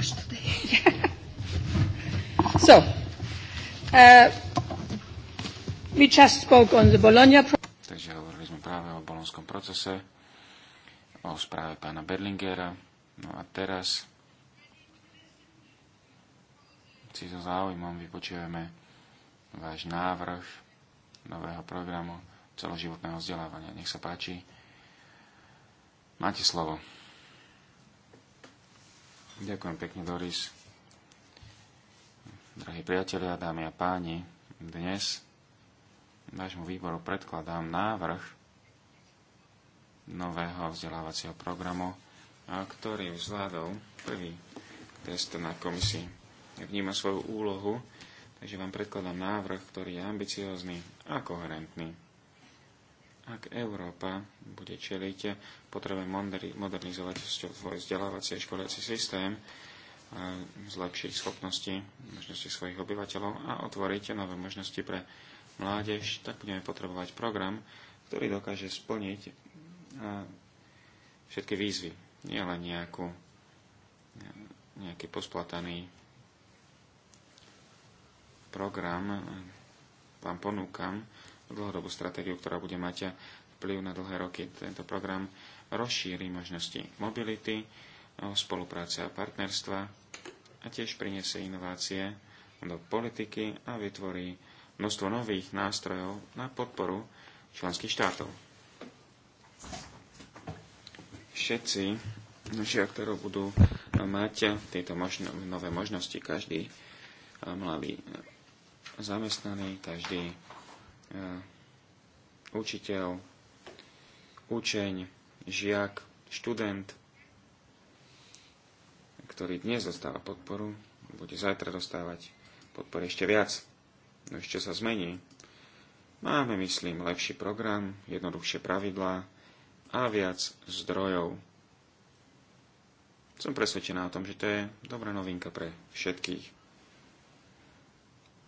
harsh today. so, uh, we just spoke on the Bologna Takže hovorili sme práve o bolonskom procese, o správe pána Berlingera. No a teraz si so záujmom vypočujeme váš návrh nového programu celoživotného vzdelávania. Nech sa páči. Máte slovo. Ďakujem pekne, Doris. Drahí priatelia, dámy a páni, dnes vášmu výboru predkladám návrh nového vzdelávacieho programu, ktorý vzhľadol prvý test na komisii. Vníma svoju úlohu, takže vám predkladám návrh, ktorý je ambiciózny a koherentný. Ak Európa bude čeliť potrebe modernizovať svoj vzdelávací a školiaci systém, zlepšiť schopnosti, možnosti svojich obyvateľov a otvoriť nové možnosti pre mládež, tak budeme potrebovať program, ktorý dokáže splniť všetky výzvy. Nie len nejakú, nejaký posplataný program vám ponúkam, dlhodobú stratégiu, ktorá bude mať vplyv na dlhé roky. Tento program rozšíri možnosti mobility, spolupráce a partnerstva a tiež priniesie inovácie do politiky a vytvorí množstvo nových nástrojov na podporu členských štátov. Všetci naši aktérov budú mať tieto možno, nové možnosti. Každý mladý zamestnaný, každý Eh, učiteľ, učeň, žiak, študent, ktorý dnes dostáva podporu, bude zajtra dostávať podporu ešte viac. No ešte sa zmení. Máme, myslím, lepší program, jednoduchšie pravidlá a viac zdrojov. Som presvedčená o tom, že to je dobrá novinka pre všetkých.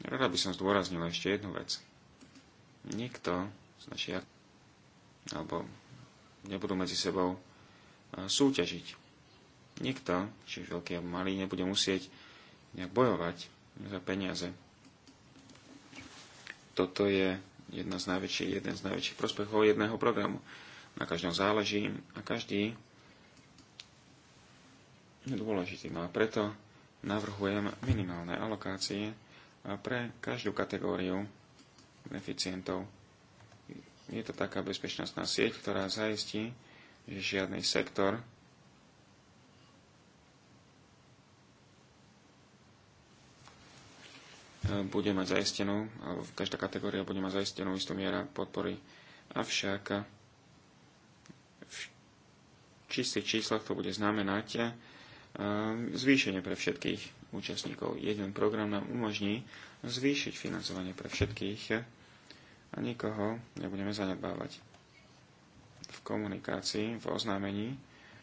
Rada by som zdôraznila ešte jednu vec nikto z našich alebo nebudú medzi sebou súťažiť. Nikto, či veľký alebo malý, nebude musieť nejak bojovať za peniaze. Toto je jedna z najväčších, jeden z najväčších prospechov jedného programu. Na každom záleží a každý je dôležitý. No a preto navrhujem minimálne alokácie pre každú kategóriu beneficientov. Je to taká bezpečnostná sieť, ktorá zaistí, že žiadny sektor bude mať zaistenú, alebo každá kategória bude mať zaistenú istú miera podpory. Avšak v čistých číslach to bude znamenať eh, zvýšenie pre všetkých účastníkov. Jeden program nám umožní zvýšiť financovanie pre všetkých eh, a nikoho nebudeme zanedbávať. V komunikácii, v oznámení,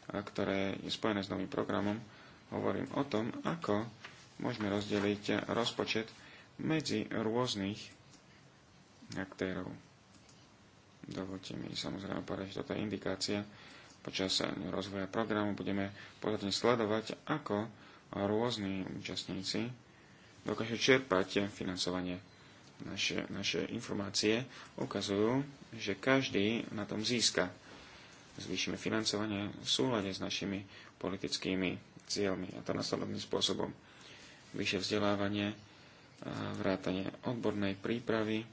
ktoré je spojené s novým programom, hovorím o tom, ako môžeme rozdeliť rozpočet medzi rôznych aktérov. Dovolte mi samozrejme povedať, že toto je indikácia. Počas rozvoja programu budeme pozorne sledovať, ako rôzni účastníci dokážu čerpať financovanie naše, naše informácie ukazujú, že každý na tom získa. Zvýšime financovanie v súlade s našimi politickými cieľmi a to následovným spôsobom. Vyššie vzdelávanie vrátanie odbornej prípravy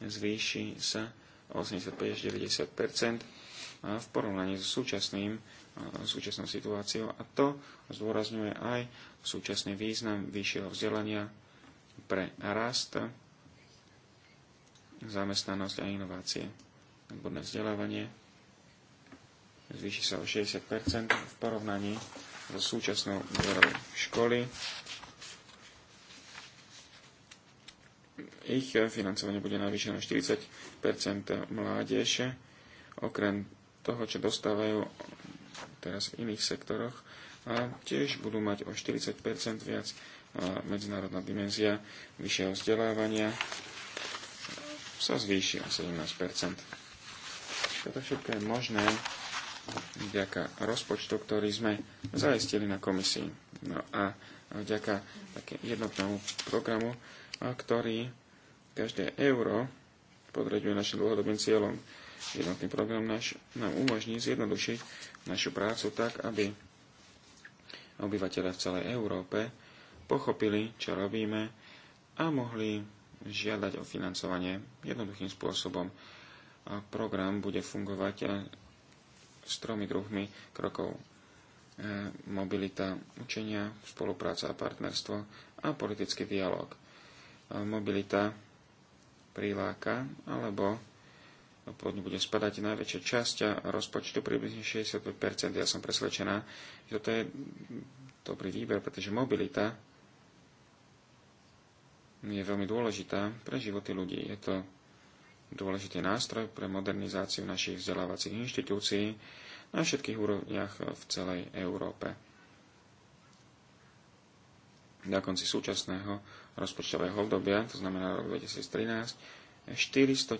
zvýši sa 85 90 v porovnaní so súčasným, súčasnou situáciou a to zdôrazňuje aj súčasný význam vyššieho vzdelania pre rast, zamestnanosť a inovácie. Odborné vzdelávanie zvýši sa o 60 v porovnaní so súčasnou úrovňou školy. Ich financovanie bude navýšené o 40 mládež, okrem toho, čo dostávajú teraz v iných sektoroch, a tiež budú mať o 40 viac medzinárodná dimenzia vyššieho vzdelávania sa zvýši o 17 Toto všetko je možné vďaka rozpočtu, ktorý sme zaistili na komisii. No a vďaka jednotnému programu, ktorý každé euro podreďuje našim dlhodobým cieľom. Jednotný program náš, nám umožní zjednodušiť našu prácu tak, aby obyvateľe v celej Európe pochopili, čo robíme a mohli žiadať o financovanie jednoduchým spôsobom. A program bude fungovať e, s tromi druhmi krokov. E, mobilita učenia, spolupráca a partnerstvo a politický dialog. E, mobilita priláka alebo pod ňu bude spadať najväčšia časť rozpočtu, približne 65%. Ja som presvedčená, že to je dobrý výber, pretože mobilita je veľmi dôležitá pre životy ľudí. Je to dôležitý nástroj pre modernizáciu našich vzdelávacích inštitúcií na všetkých úrovniach v celej Európe. Na konci súčasného rozpočtového obdobia, to znamená rok 2013, 400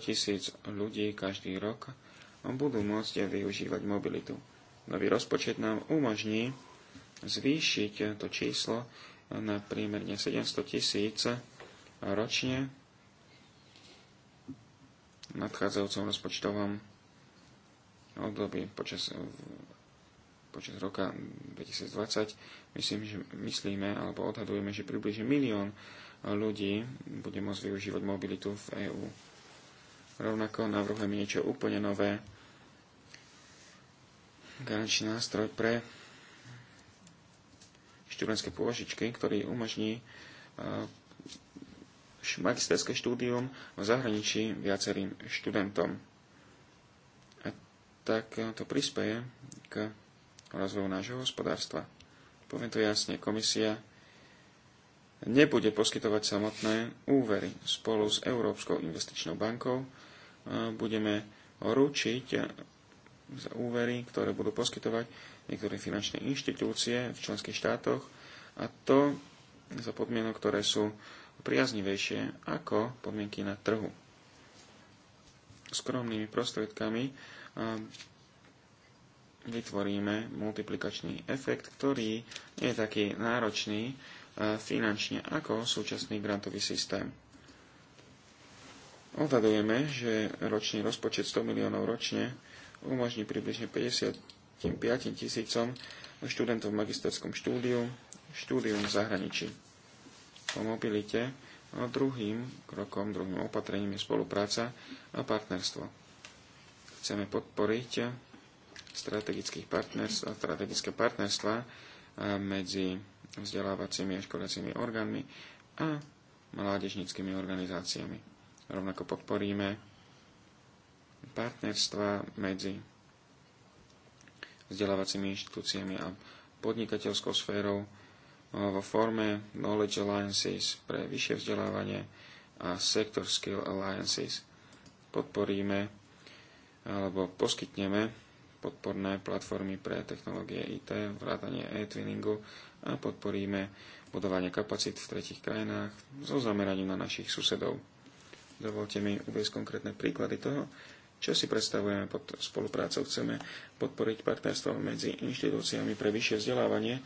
tisíc ľudí každý rok budú môcť využívať mobilitu. Nový rozpočet nám umožní zvýšiť to číslo na prímerne 700 tisíc ročne v nadchádzajúcom rozpočtovom období počas, počas roka 2020 myslím, že myslíme alebo odhadujeme, že približne milión ľudí bude môcť využívať mobilitu v EÚ. Rovnako navrhujeme niečo úplne nové, garančný nástroj pre študentské pôžičky, ktorý umožní magisterské štúdium v zahraničí viacerým študentom. A tak to prispieje k rozvoju nášho hospodárstva. Poviem to jasne, komisia nebude poskytovať samotné úvery. Spolu s Európskou investičnou bankou e, budeme ručiť za úvery, ktoré budú poskytovať niektoré finančné inštitúcie v členských štátoch a to za podmienok, ktoré sú priaznivejšie ako podmienky na trhu. Skromnými prostriedkami vytvoríme multiplikačný efekt, ktorý nie je taký náročný finančne ako súčasný grantový systém. Odhadujeme, že ročný rozpočet 100 miliónov ročne umožní približne 55 tisícom študentov v magisterskom štúdiu štúdium v zahraničí o mobilite, a druhým krokom, druhým opatrením je spolupráca a partnerstvo. Chceme podporiť strategických partnerstva, strategické partnerstva medzi vzdelávacími a školacími orgánmi a mládežnickými organizáciami. Rovnako podporíme partnerstva medzi vzdelávacími inštitúciami a podnikateľskou sférou, vo forme Knowledge Alliances pre vyššie vzdelávanie a Sector Skill Alliances. Podporíme alebo poskytneme podporné platformy pre technológie IT, vrátanie e-twinningu a podporíme budovanie kapacít v tretich krajinách so zameraním na našich susedov. Dovolte mi uvieť konkrétne príklady toho, čo si predstavujeme pod spoluprácou? Chceme podporiť partnerstvo medzi inštitúciami pre vyššie vzdelávanie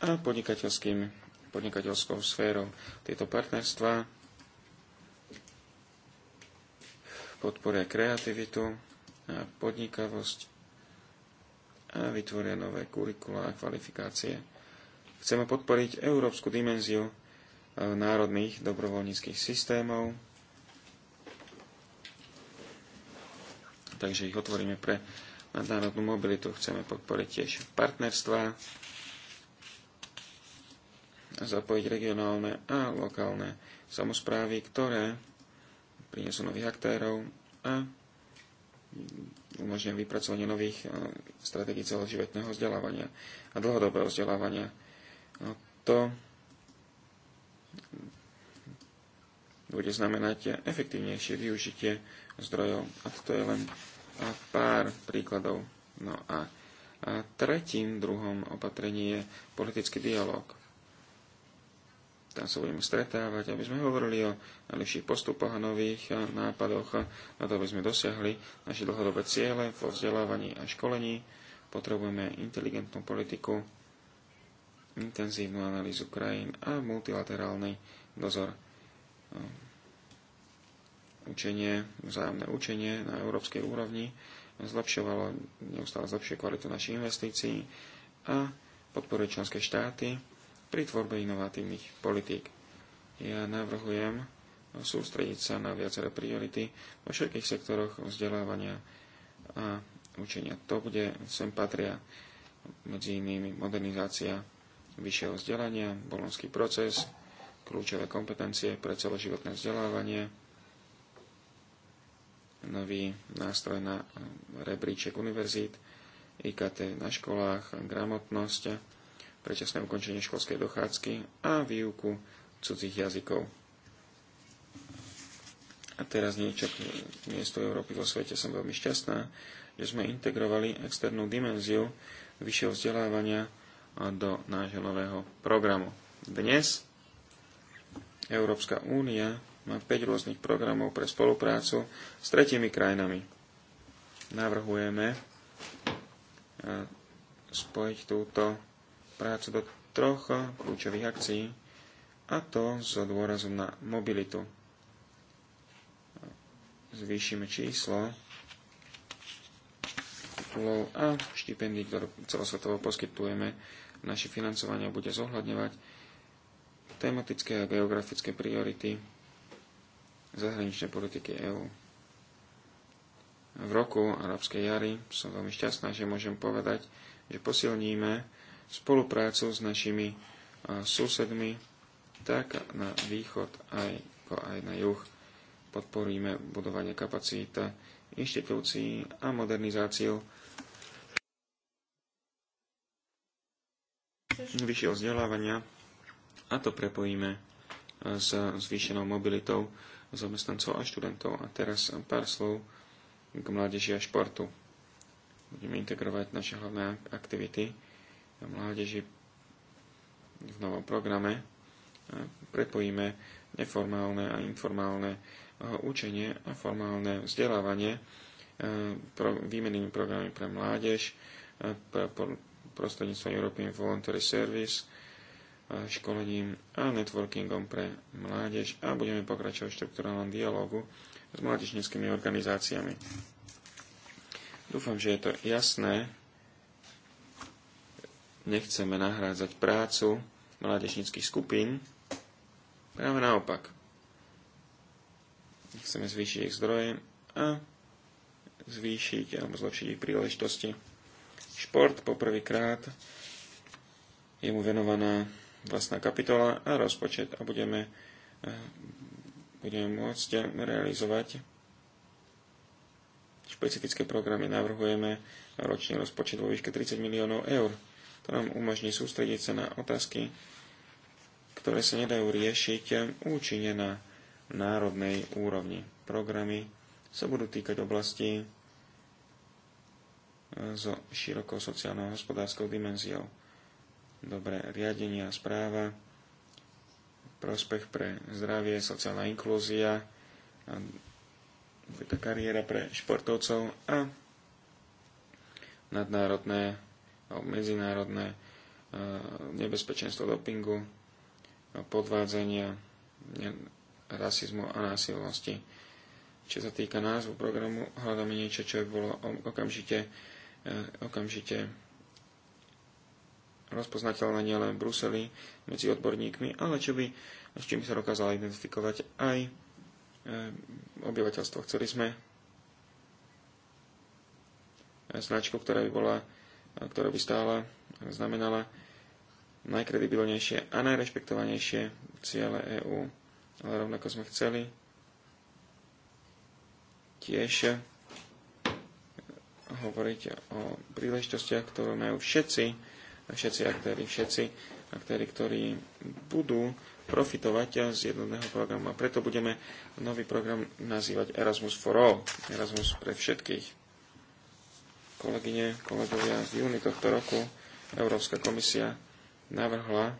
a podnikateľským, podnikateľskou sférou. Tieto partnerstva podporia kreativitu a podnikavosť a vytvoria nové kurikula a kvalifikácie. Chceme podporiť európsku dimenziu eh, národných dobrovoľníckých systémov, takže ich otvoríme pre nadnárodnú mobilitu. Chceme podporiť tiež partnerstva, zapojiť regionálne a lokálne samozprávy, ktoré prinesú nových aktérov a umožňujem vypracovanie nových e, stratégií celoživotného vzdelávania a dlhodobého vzdelávania. To bude znamenať efektívnejšie využitie zdrojov a toto je len pár príkladov. No a, tretím druhom opatrení je politický dialog. Tam sa budeme stretávať, aby sme hovorili o najlepších postupoch a nových nápadoch, na to, aby sme dosiahli naše dlhodobé ciele vo vzdelávaní a školení. Potrebujeme inteligentnú politiku, intenzívnu analýzu krajín a multilaterálny dozor učenie, vzájomné učenie na európskej úrovni zlepšovalo neustále zlepšie kvalitu našich investícií a podporuje členské štáty pri tvorbe inovatívnych politík. Ja navrhujem sústrediť sa na viaceré priority vo všetkých sektoroch vzdelávania a učenia. To bude, sem patria medzi inými modernizácia vyššieho vzdelania, bolonský proces, kľúčové kompetencie pre celoživotné vzdelávanie, nový nástroj na rebríček univerzít, IKT na školách, gramotnosť, predčasné ukončenie školskej dochádzky a výuku cudzích jazykov. A teraz niečo k miestu Európy vo svete. Som veľmi šťastná, že sme integrovali externú dimenziu vyššieho vzdelávania do nášho nového programu. Dnes Európska únia Mám 5 rôznych programov pre spoluprácu s tretími krajinami. Navrhujeme e, spojiť túto prácu do troch kľúčových akcií, a to s so dôrazom na mobilitu. Zvýšime číslo titulov a štipendií, ktoré celosvetovo poskytujeme. Naše financovanie bude zohľadňovať tematické a geografické priority zahraničnej politiky EÚ. V roku arabskej jary som veľmi šťastná, že môžem povedať, že posilníme spoluprácu s našimi susedmi tak na východ aj, ako aj na juh. Podporíme budovanie kapacít inštitúcií a modernizáciu vyššieho vzdelávania a to prepojíme s zvýšenou mobilitou zamestnancov a študentov. A teraz pár slov k mládeži a športu. Budeme integrovať naše hlavné aktivity a mládeži v novom programe. Prepojíme neformálne a informálne e, učenie a formálne vzdelávanie e, výmenými programy pre mládež, e, prostredníctvom European Voluntary Service, školením a networkingom pre mládež a budeme pokračovať v štruktúrnom dialogu s mládežnickými organizáciami. Dúfam, že je to jasné. Nechceme nahrádzať prácu mládežnických skupín. Práve naopak. Chceme zvýšiť ich zdroje a zvýšiť alebo zlepšiť ich príležitosti. Šport poprvýkrát je mu venovaná vlastná kapitola a rozpočet a budeme, e, budeme môcť realizovať špecifické programy. Navrhujeme ročný rozpočet vo výške 30 miliónov eur. To nám umožní sústrediť sa na otázky, ktoré sa nedajú riešiť účinne na národnej úrovni. Programy sa budú týkať oblasti e, so širokou sociálnou hospodárskou dimenziou dobré riadenie a správa, prospech pre zdravie, sociálna inklúzia, a kariéra pre športovcov a nadnárodné alebo medzinárodné nebezpečenstvo dopingu, podvádzania, rasizmu a násilnosti. Čo sa týka názvu programu, hľadáme niečo, čo by bolo okamžite, e, okamžite rozpoznateľné nielen v Bruseli medzi odborníkmi, ale čo by, s čím by sa dokázala identifikovať aj e, obyvateľstvo. Chceli sme e, značku, ktorá by bola, e, ktorá by stála, znamenala najkredibilnejšie a najrešpektovanejšie ciele EÚ, ale rovnako sme chceli tiež e, hovoriť o príležitostiach, ktoré majú všetci všetci aktéry, všetci aktéry, ktorí budú profitovať z jednotného programu. A preto budeme nový program nazývať Erasmus for All, Erasmus pre všetkých. Kolegyne, kolegovia, v júni tohto roku Európska komisia navrhla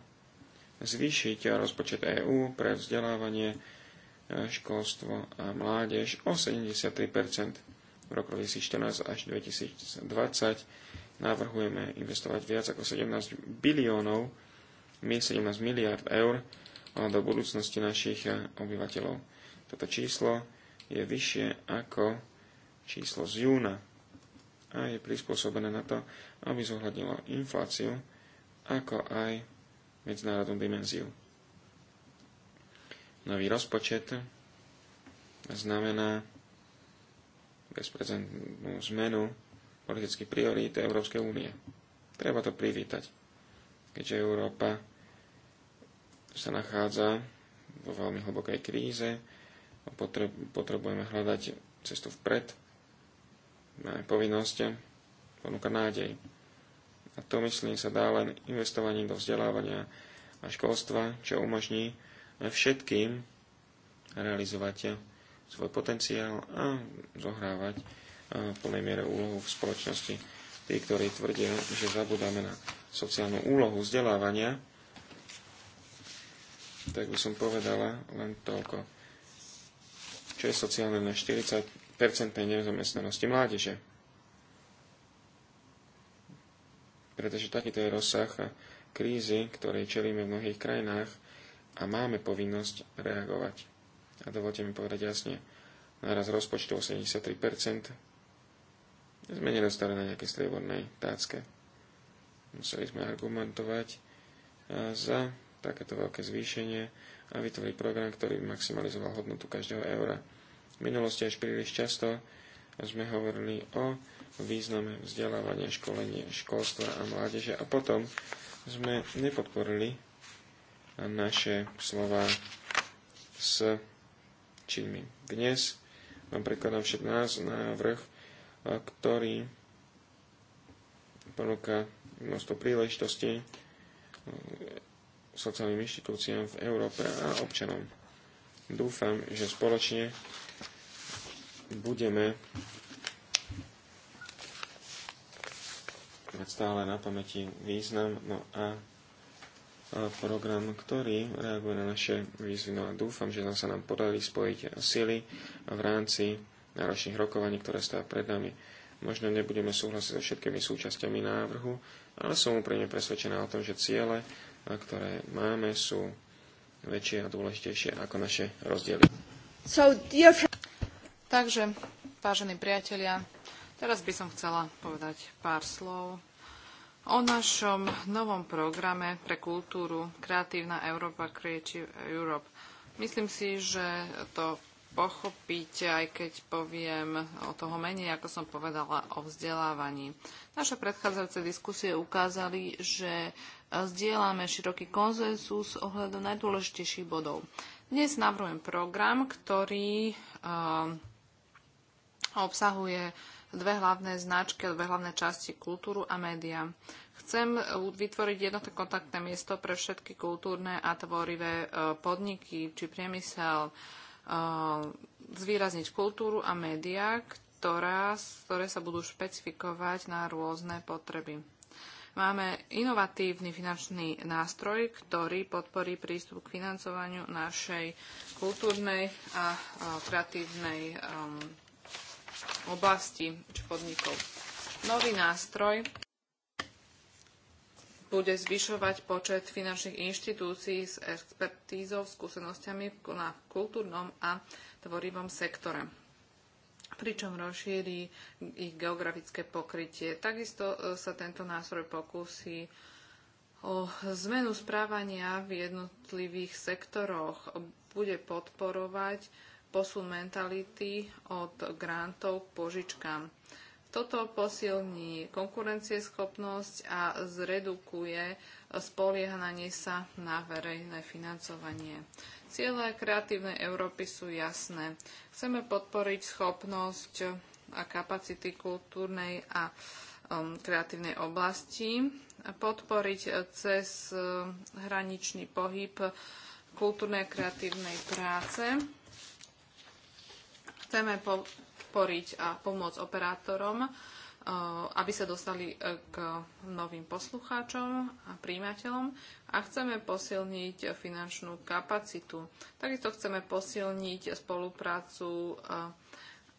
zvýšiť rozpočet EÚ pre vzdelávanie, eh, školstvo a mládež o 73 v roku 2014 až 2020 Navrhujeme investovať viac ako 17 biliónov, 17 miliard eur do budúcnosti našich e, obyvateľov. Toto číslo je vyššie ako číslo z júna a je prispôsobené na to, aby zohľadnilo infláciu, ako aj medzinárodnú dimenziu. Nový rozpočet znamená bezprecedentnú zmenu politických priorít Európskej únie. Treba to privítať, keďže Európa sa nachádza vo veľmi hlbokej kríze a potrebujeme hľadať cestu vpred. Máme povinnosť ponúka nádej. A to, myslím, sa dá len investovaním do vzdelávania a školstva, čo umožní všetkým realizovať svoj potenciál a zohrávať v plnej miere úlohu v spoločnosti. Tí, ktorí tvrdia, že zabudáme na sociálnu úlohu vzdelávania, tak by som povedala len toľko. Čo je sociálne na 40% nezamestnanosti mládeže? Pretože takýto je rozsah krízy, ktorej čelíme v mnohých krajinách a máme povinnosť reagovať. A dovolte mi povedať jasne, naraz rozpočtu 83%, sme nedostali na nejaké striebornej tácke. Museli sme argumentovať e, za takéto veľké zvýšenie a vytvoriť program, ktorý by maximalizoval hodnotu každého eura. V minulosti až príliš často sme hovorili o význame vzdelávania, školenie, školstva a mládeže a potom sme nepodporili naše slova s činmi. Dnes vám prekladám 17 návrh ktorý ponúka množstvo príležitostí e, sociálnym inštitúciám v Európe a občanom. Dúfam, že spoločne budeme mať stále na pamäti význam no a program, ktorý reaguje na naše výzvy. No a dúfam, že sa nám podarí spojiť sily v rámci náročných rokovaní, ktoré stá pred nami. Možno nebudeme súhlasiť so všetkými súčasťami návrhu, ale som úplne presvedčená o tom, že ciele, ktoré máme, sú väčšie a dôležitejšie ako naše rozdiely. So, dear... Takže, vážení priatelia, teraz by som chcela povedať pár slov o našom novom programe pre kultúru Kreatívna Európa, Creative Europe. Myslím si, že to pochopiť, aj keď poviem o toho menej, ako som povedala, o vzdelávaní. Naše predchádzajúce diskusie ukázali, že zdieľame široký konzensus ohľadom najdôležitejších bodov. Dnes navrhujem program, ktorý eh, obsahuje dve hlavné značky, a dve hlavné časti kultúru a média. Chcem vytvoriť jednotné kontaktné miesto pre všetky kultúrne a tvorivé eh, podniky či priemysel, zvýrazniť kultúru a médiá, ktorá, ktoré sa budú špecifikovať na rôzne potreby. Máme inovatívny finančný nástroj, ktorý podporí prístup k financovaniu našej kultúrnej a kreatívnej um, oblasti či podnikov. Nový nástroj bude zvyšovať počet finančných inštitúcií s expertízou, skúsenosťami na kultúrnom a tvorivom sektore pričom rozšíri ich geografické pokrytie. Takisto e, sa tento nástroj pokusí o zmenu správania v jednotlivých sektoroch. Bude podporovať posun mentality od grantov k požičkám. Toto posilní konkurencieschopnosť a zredukuje spoliehanie sa na verejné financovanie. Ciele kreatívnej Európy sú jasné. Chceme podporiť schopnosť a kapacity kultúrnej a um, kreatívnej oblasti, podporiť cez um, hraničný pohyb kultúrnej a kreatívnej práce. Chceme po podporiť a pomôcť operátorom, e, aby sa dostali e, k novým poslucháčom a príjimateľom a chceme posilniť finančnú kapacitu. Takisto chceme posilniť spoluprácu, e,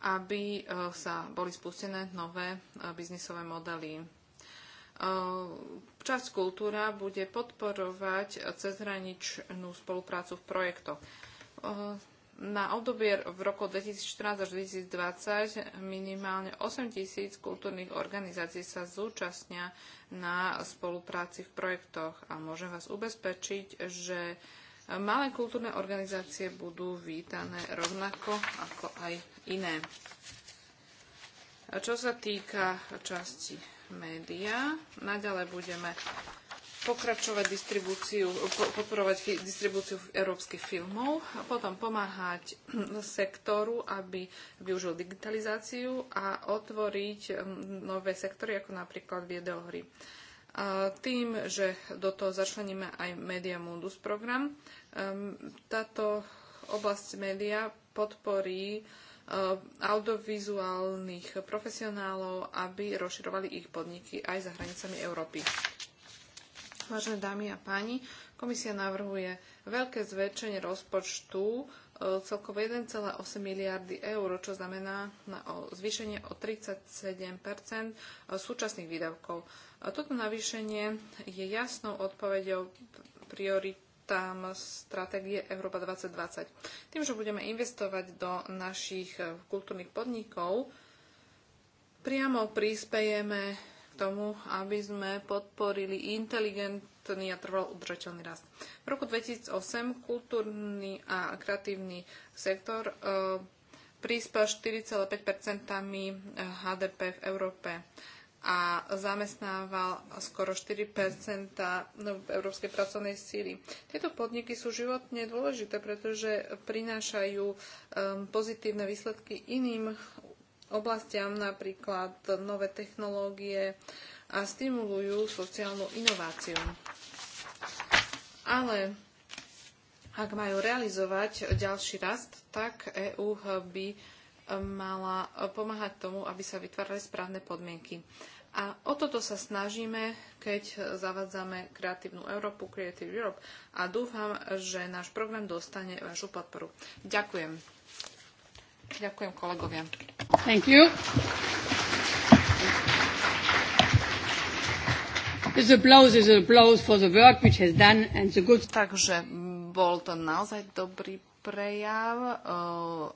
aby sa boli spustené nové biznisové modely. Časť kultúra bude podporovať cezhraničnú spoluprácu v projektoch na obdobie v roku 2014 až 2020 minimálne 8 tisíc kultúrnych organizácií sa zúčastnia na spolupráci v projektoch a môžem vás ubezpečiť, že malé kultúrne organizácie budú vítané rovnako ako aj iné. Čo sa týka časti média, naďalej budeme pokračovať distribúciu, podporovať distribúciu európskych filmov a potom pomáhať sektoru, aby využil digitalizáciu a otvoriť mm, nové sektory, ako napríklad videohry. A tým, že do toho začleníme aj Media Mundus program, táto oblasť média podporí e, audiovizuálnych profesionálov, aby rozširovali ich podniky aj za hranicami Európy. Vážené dámy a páni, komisia navrhuje veľké zväčšenie rozpočtu e, celkovo 1,8 miliardy eur, čo znamená na zvýšenie o 37 e, súčasných výdavkov. Toto navýšenie je jasnou odpoveďou prioritám stratégie Európa 2020. Tým, že budeme investovať do našich e, kultúrnych podnikov, priamo prispejeme k tomu, aby sme podporili inteligentný a trvalo udržateľný rast. V roku 2008 kultúrny a kreatívny sektor e, prispel 4,5 e, HDP v Európe a zamestnával skoro 4 no, v európskej pracovnej síly. Tieto podniky sú životne dôležité, pretože prinášajú e, pozitívne výsledky iným oblastiam, napríklad nové technológie a stimulujú sociálnu inováciu. Ale ak majú realizovať ďalší rast, tak EÚ by mala pomáhať tomu, aby sa vytvárali správne podmienky. A o toto sa snažíme, keď zavádzame Kreatívnu Európu, Creative Europe a dúfam, že náš program dostane vašu podporu. Ďakujem. Ďakujem kolegovia. Thank you. This applause is an applause for the work which has done and the good... Takže bol to naozaj dobrý prejav eh,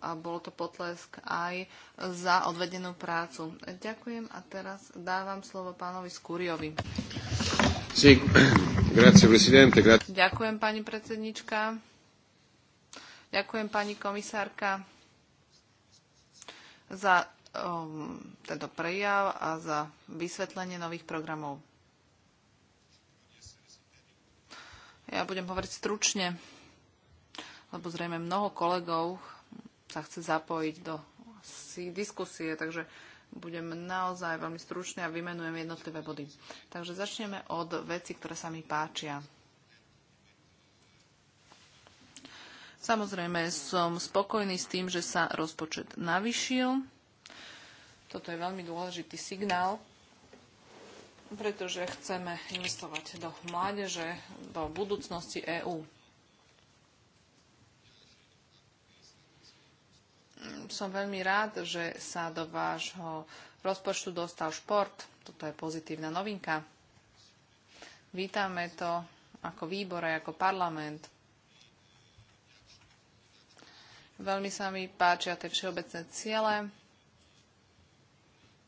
a bol to potlesk aj za odvedenú prácu. Ďakujem a teraz dávam slovo pánovi Skúriovi. Sí. Grazie, Grazie. Ďakujem pani predsednička. Ďakujem pani komisárka za um, tento prejav a za vysvetlenie nových programov. Ja budem hovoriť stručne, lebo zrejme mnoho kolegov sa chce zapojiť do diskusie, takže budem naozaj veľmi stručne a vymenujem jednotlivé body. Takže začneme od veci, ktoré sa mi páčia. Samozrejme som spokojný s tým, že sa rozpočet navyšil. Toto je veľmi dôležitý signál, pretože chceme investovať do mládeže, do budúcnosti EÚ. Som veľmi rád, že sa do vášho rozpočtu dostal šport. Toto je pozitívna novinka. Vítame to ako výbor a ako parlament. Veľmi sa mi páčia tie všeobecné ciele.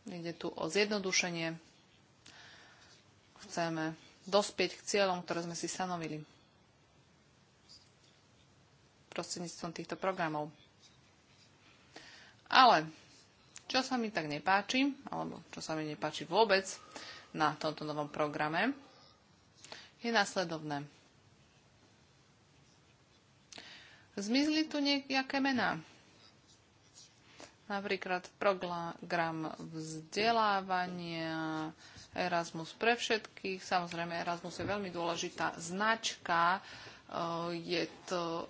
Ide tu o zjednodušenie. Chceme dospieť k cieľom, ktoré sme si stanovili prostredníctvom týchto programov. Ale čo sa mi tak nepáči, alebo čo sa mi nepáči vôbec na tomto novom programe, je následovné. Zmizli tu nejaké mená. Napríklad program vzdelávania, Erasmus pre všetkých. Samozrejme, Erasmus je veľmi dôležitá značka. E, je to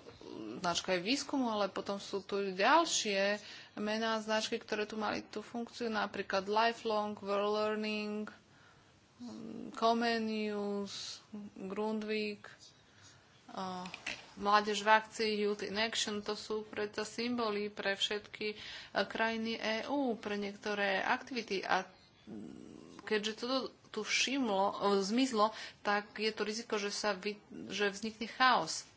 značka je výskumu, ale potom sú tu ďalšie mená značky, ktoré tu mali tú funkciu, napríklad Lifelong, World Learning, Comenius, Grundvik, e, Mládež v akcii, Youth in Action, to sú predsa symboly pre všetky eh, krajiny EÚ, pre niektoré aktivity. A keďže toto tu všimlo, eh, zmizlo, tak je to riziko, že, sa vy, že vznikne chaos.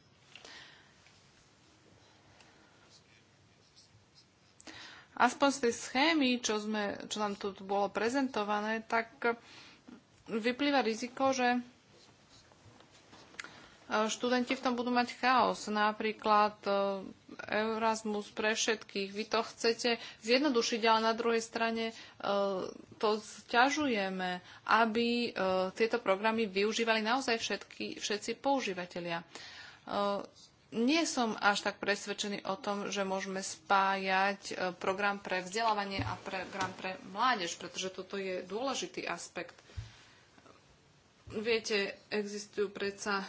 Aspoň z tej schémy, čo, sme, čo nám tu bolo prezentované, tak eh, vyplýva riziko, že študenti v tom budú mať chaos. Napríklad e, Erasmus pre všetkých. Vy to chcete zjednodušiť, ale na druhej strane e, to zťažujeme, aby e, tieto programy využívali naozaj všetky, všetci používateľia. Nie som až tak presvedčený o tom, že môžeme spájať program pre vzdelávanie a program pre mládež, pretože toto je dôležitý aspekt. Viete, existujú predsa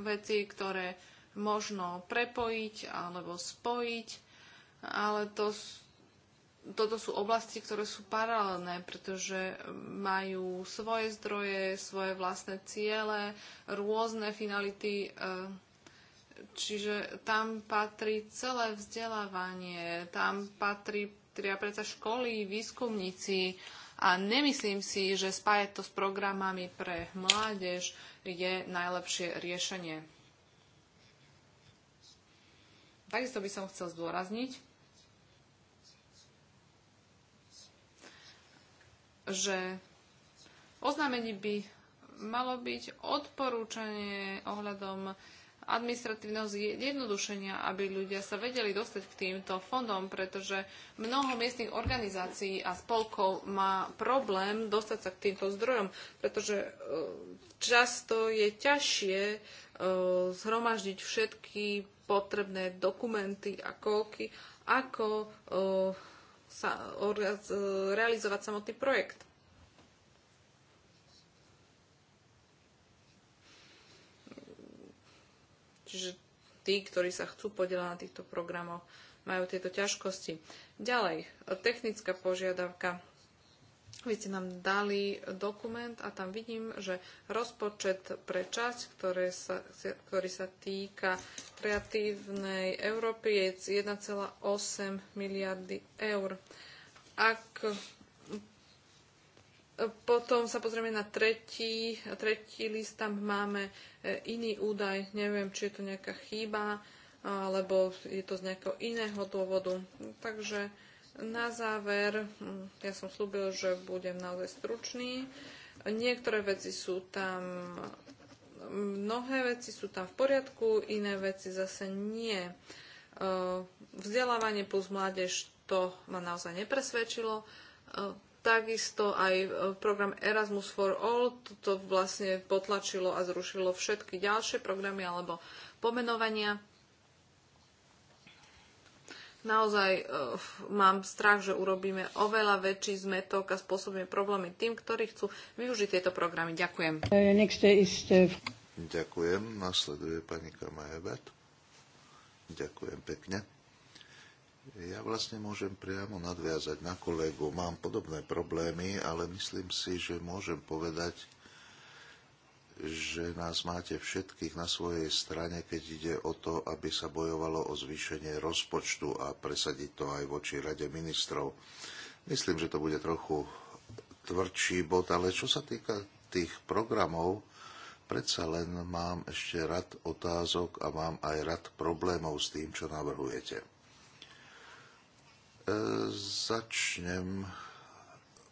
veci, ktoré možno prepojiť alebo spojiť, ale to, toto sú oblasti, ktoré sú paralelné, pretože majú svoje zdroje, svoje vlastné ciele, rôzne finality. E, čiže tam patrí celé vzdelávanie, tam patrí teda predsa školy, výskumníci, a nemyslím si, že spájať to s programami pre mládež je najlepšie riešenie. Takisto by som chcel zdôrazniť, že oznámení by malo byť odporúčanie ohľadom administratívneho zjednodušenia, aby ľudia sa vedeli dostať k týmto fondom, pretože mnoho miestnych organizácií a spolkov má problém dostať sa k týmto zdrojom, pretože e, často je ťažšie e, zhromaždiť všetky potrebné dokumenty a kolky, ako e, sa, realizovať samotný projekt. Čiže tí, ktorí sa chcú podielať na týchto programoch, majú tieto ťažkosti. Ďalej, technická požiadavka. Vy ste nám dali dokument a tam vidím, že rozpočet pre časť, ktoré sa, ktorý sa týka kreatívnej Európy, je 1,8 miliardy eur. Ak potom sa pozrieme na tretí, tretí list, tam máme e, iný údaj, neviem, či je to nejaká chyba, alebo je to z nejakého iného dôvodu. Takže na záver, hm, ja som slúbil, že budem naozaj stručný. Niektoré veci sú tam, mnohé veci sú tam v poriadku, iné veci zase nie. E, vzdelávanie plus mládež, to ma naozaj nepresvedčilo e, Takisto aj e, program Erasmus for All toto vlastne potlačilo a zrušilo všetky ďalšie programy alebo pomenovania. Naozaj uh, mám strach, že urobíme oveľa väčší zmetok a spôsobíme problémy tým, ktorí chcú využiť tieto programy. Ďakujem. E, Ďakujem. Nasleduje pani Kamajebet. Ďakujem pekne. Ja vlastne môžem priamo nadviazať na kolegu. Mám podobné problémy, ale myslím si, že môžem povedať, že nás máte všetkých na svojej strane, keď ide o to, aby sa bojovalo o zvýšenie rozpočtu a presadiť to aj voči Rade ministrov. Myslím, že to bude trochu tvrdší bod, ale čo sa týka tých programov, predsa len mám ešte rad otázok a mám aj rad problémov s tým, čo navrhujete začnem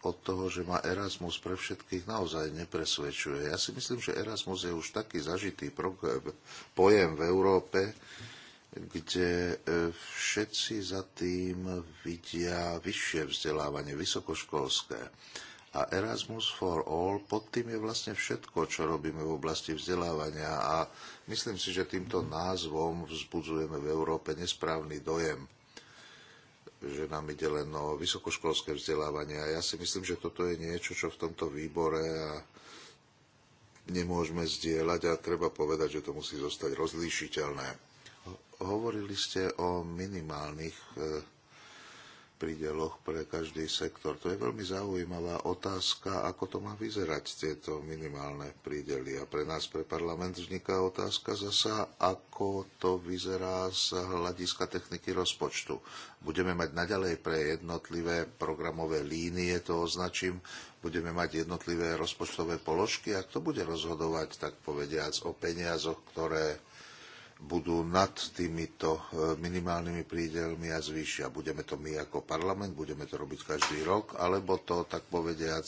od toho, že ma Erasmus pre všetkých naozaj nepresvedčuje. Ja si myslím, že Erasmus je už taký zažitý pojem v Európe, kde e, všetci za tým vidia vyššie vzdelávanie, vysokoškolské. A Erasmus for All, pod tým je vlastne všetko, čo robíme v oblasti vzdelávania a myslím si, že týmto názvom vzbudzujeme v Európe nesprávny dojem že nám ide len o vysokoškolské vzdelávanie. A ja si myslím, že toto je niečo, čo v tomto výbore a nemôžeme zdieľať a treba povedať, že to musí zostať rozlíšiteľné. Hovorili ste o minimálnych e, prídeloch pre každý sektor. To je veľmi zaujímavá otázka, ako to má vyzerať tieto minimálne prídely. A pre nás, pre parlament, vzniká otázka zasa, ako to vyzerá z hľadiska techniky rozpočtu. Budeme mať naďalej pre jednotlivé programové línie, to označím, budeme mať jednotlivé rozpočtové položky a kto bude rozhodovať, tak povediac, o peniazoch, ktoré budú nad týmito e, minimálnymi prídelmi a zvýšia. Budeme to my ako parlament, budeme to robiť každý rok, alebo to, tak povediac,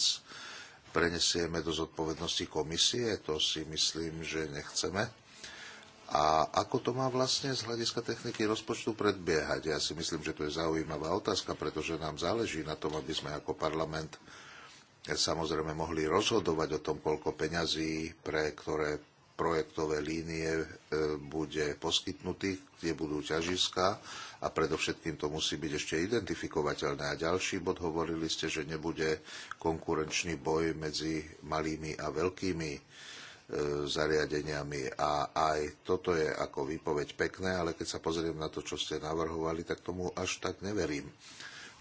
prenesieme do zodpovednosti komisie, to si myslím, že nechceme. A ako to má vlastne z hľadiska techniky rozpočtu predbiehať? Ja si myslím, že to je zaujímavá otázka, pretože nám záleží na tom, aby sme ako parlament e, samozrejme mohli rozhodovať o tom, koľko peňazí pre ktoré projektové línie e, bude poskytnutých, kde budú ťažiska a predovšetkým to musí byť ešte identifikovateľné. A ďalší bod hovorili ste, že nebude konkurenčný boj medzi malými a veľkými e, zariadeniami a aj toto je ako výpoveď pekné, ale keď sa pozriem na to, čo ste navrhovali, tak tomu až tak neverím.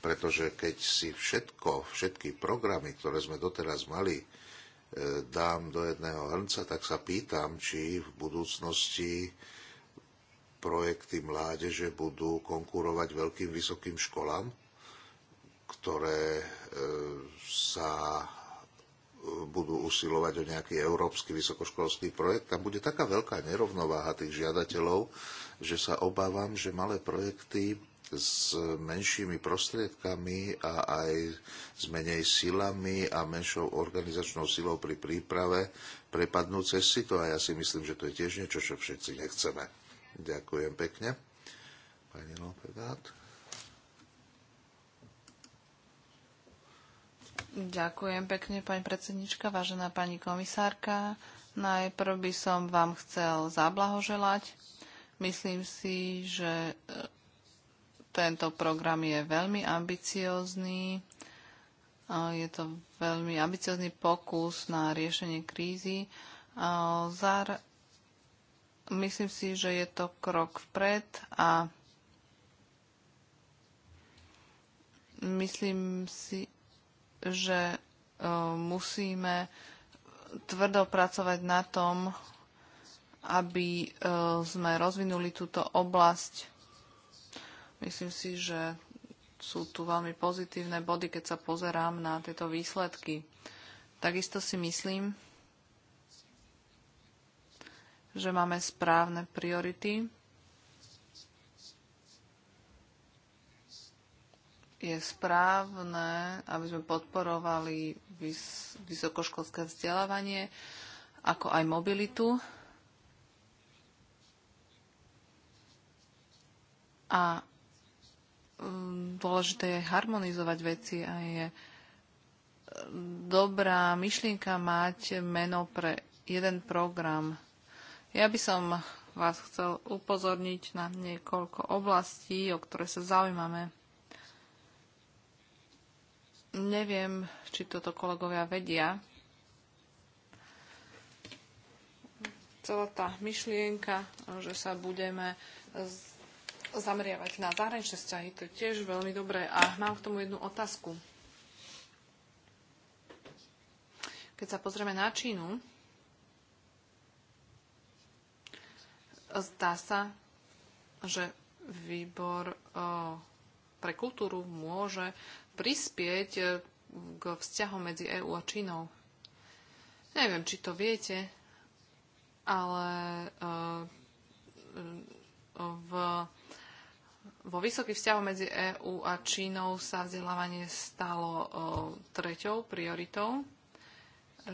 Pretože keď si všetko, všetky programy, ktoré sme doteraz mali, E, dám do jedného hrnca, tak sa pýtam, či v budúcnosti projekty mládeže budú konkurovať veľkým vysokým školám, ktoré e, sa e, budú usilovať o nejaký európsky vysokoškolský projekt. Tam bude taká veľká nerovnováha tých žiadateľov, že sa obávam, že malé projekty s menšími prostriedkami a aj s menej silami a menšou organizačnou silou pri príprave prepadnú cez si to a ja si myslím, že to je tiež niečo, čo všetci nechceme. Ďakujem pekne. Pani Lopedát. Ďakujem pekne, pani predsednička, vážená pani komisárka. Najprv by som vám chcel zablahoželať Myslím si, že tento program je veľmi ambiciózny. Je to veľmi ambiciózny pokus na riešenie krízy. Zar Myslím si, že je to krok vpred a myslím si, že e, musíme tvrdo pracovať na tom, aby e, sme rozvinuli túto oblasť Myslím si, že sú tu veľmi pozitívne body, keď sa pozerám na tieto výsledky. Takisto si myslím, že máme správne priority. Je správne, aby sme podporovali vysokoškolské vzdelávanie, ako aj mobilitu. A Ehm, dôležité je harmonizovať veci a je ehm, dobrá myšlienka mať meno pre jeden program. Ja by som vás chcel upozorniť na niekoľko oblastí, o ktoré sa zaujímame. Neviem, či toto kolegovia vedia. Celá tá myšlienka, že sa budeme zameriavať na zahraničné vzťahy, to je tiež veľmi dobré. A mám k tomu jednu otázku. Keď sa pozrieme na Čínu, zdá sa, že výbor pre kultúru môže prispieť e, k vzťahom medzi EÚ a Čínou. Neviem, či to viete, ale e, e, v vo vysokých vzťahoch medzi EÚ a Čínou sa vzdelávanie stalo treťou prioritou,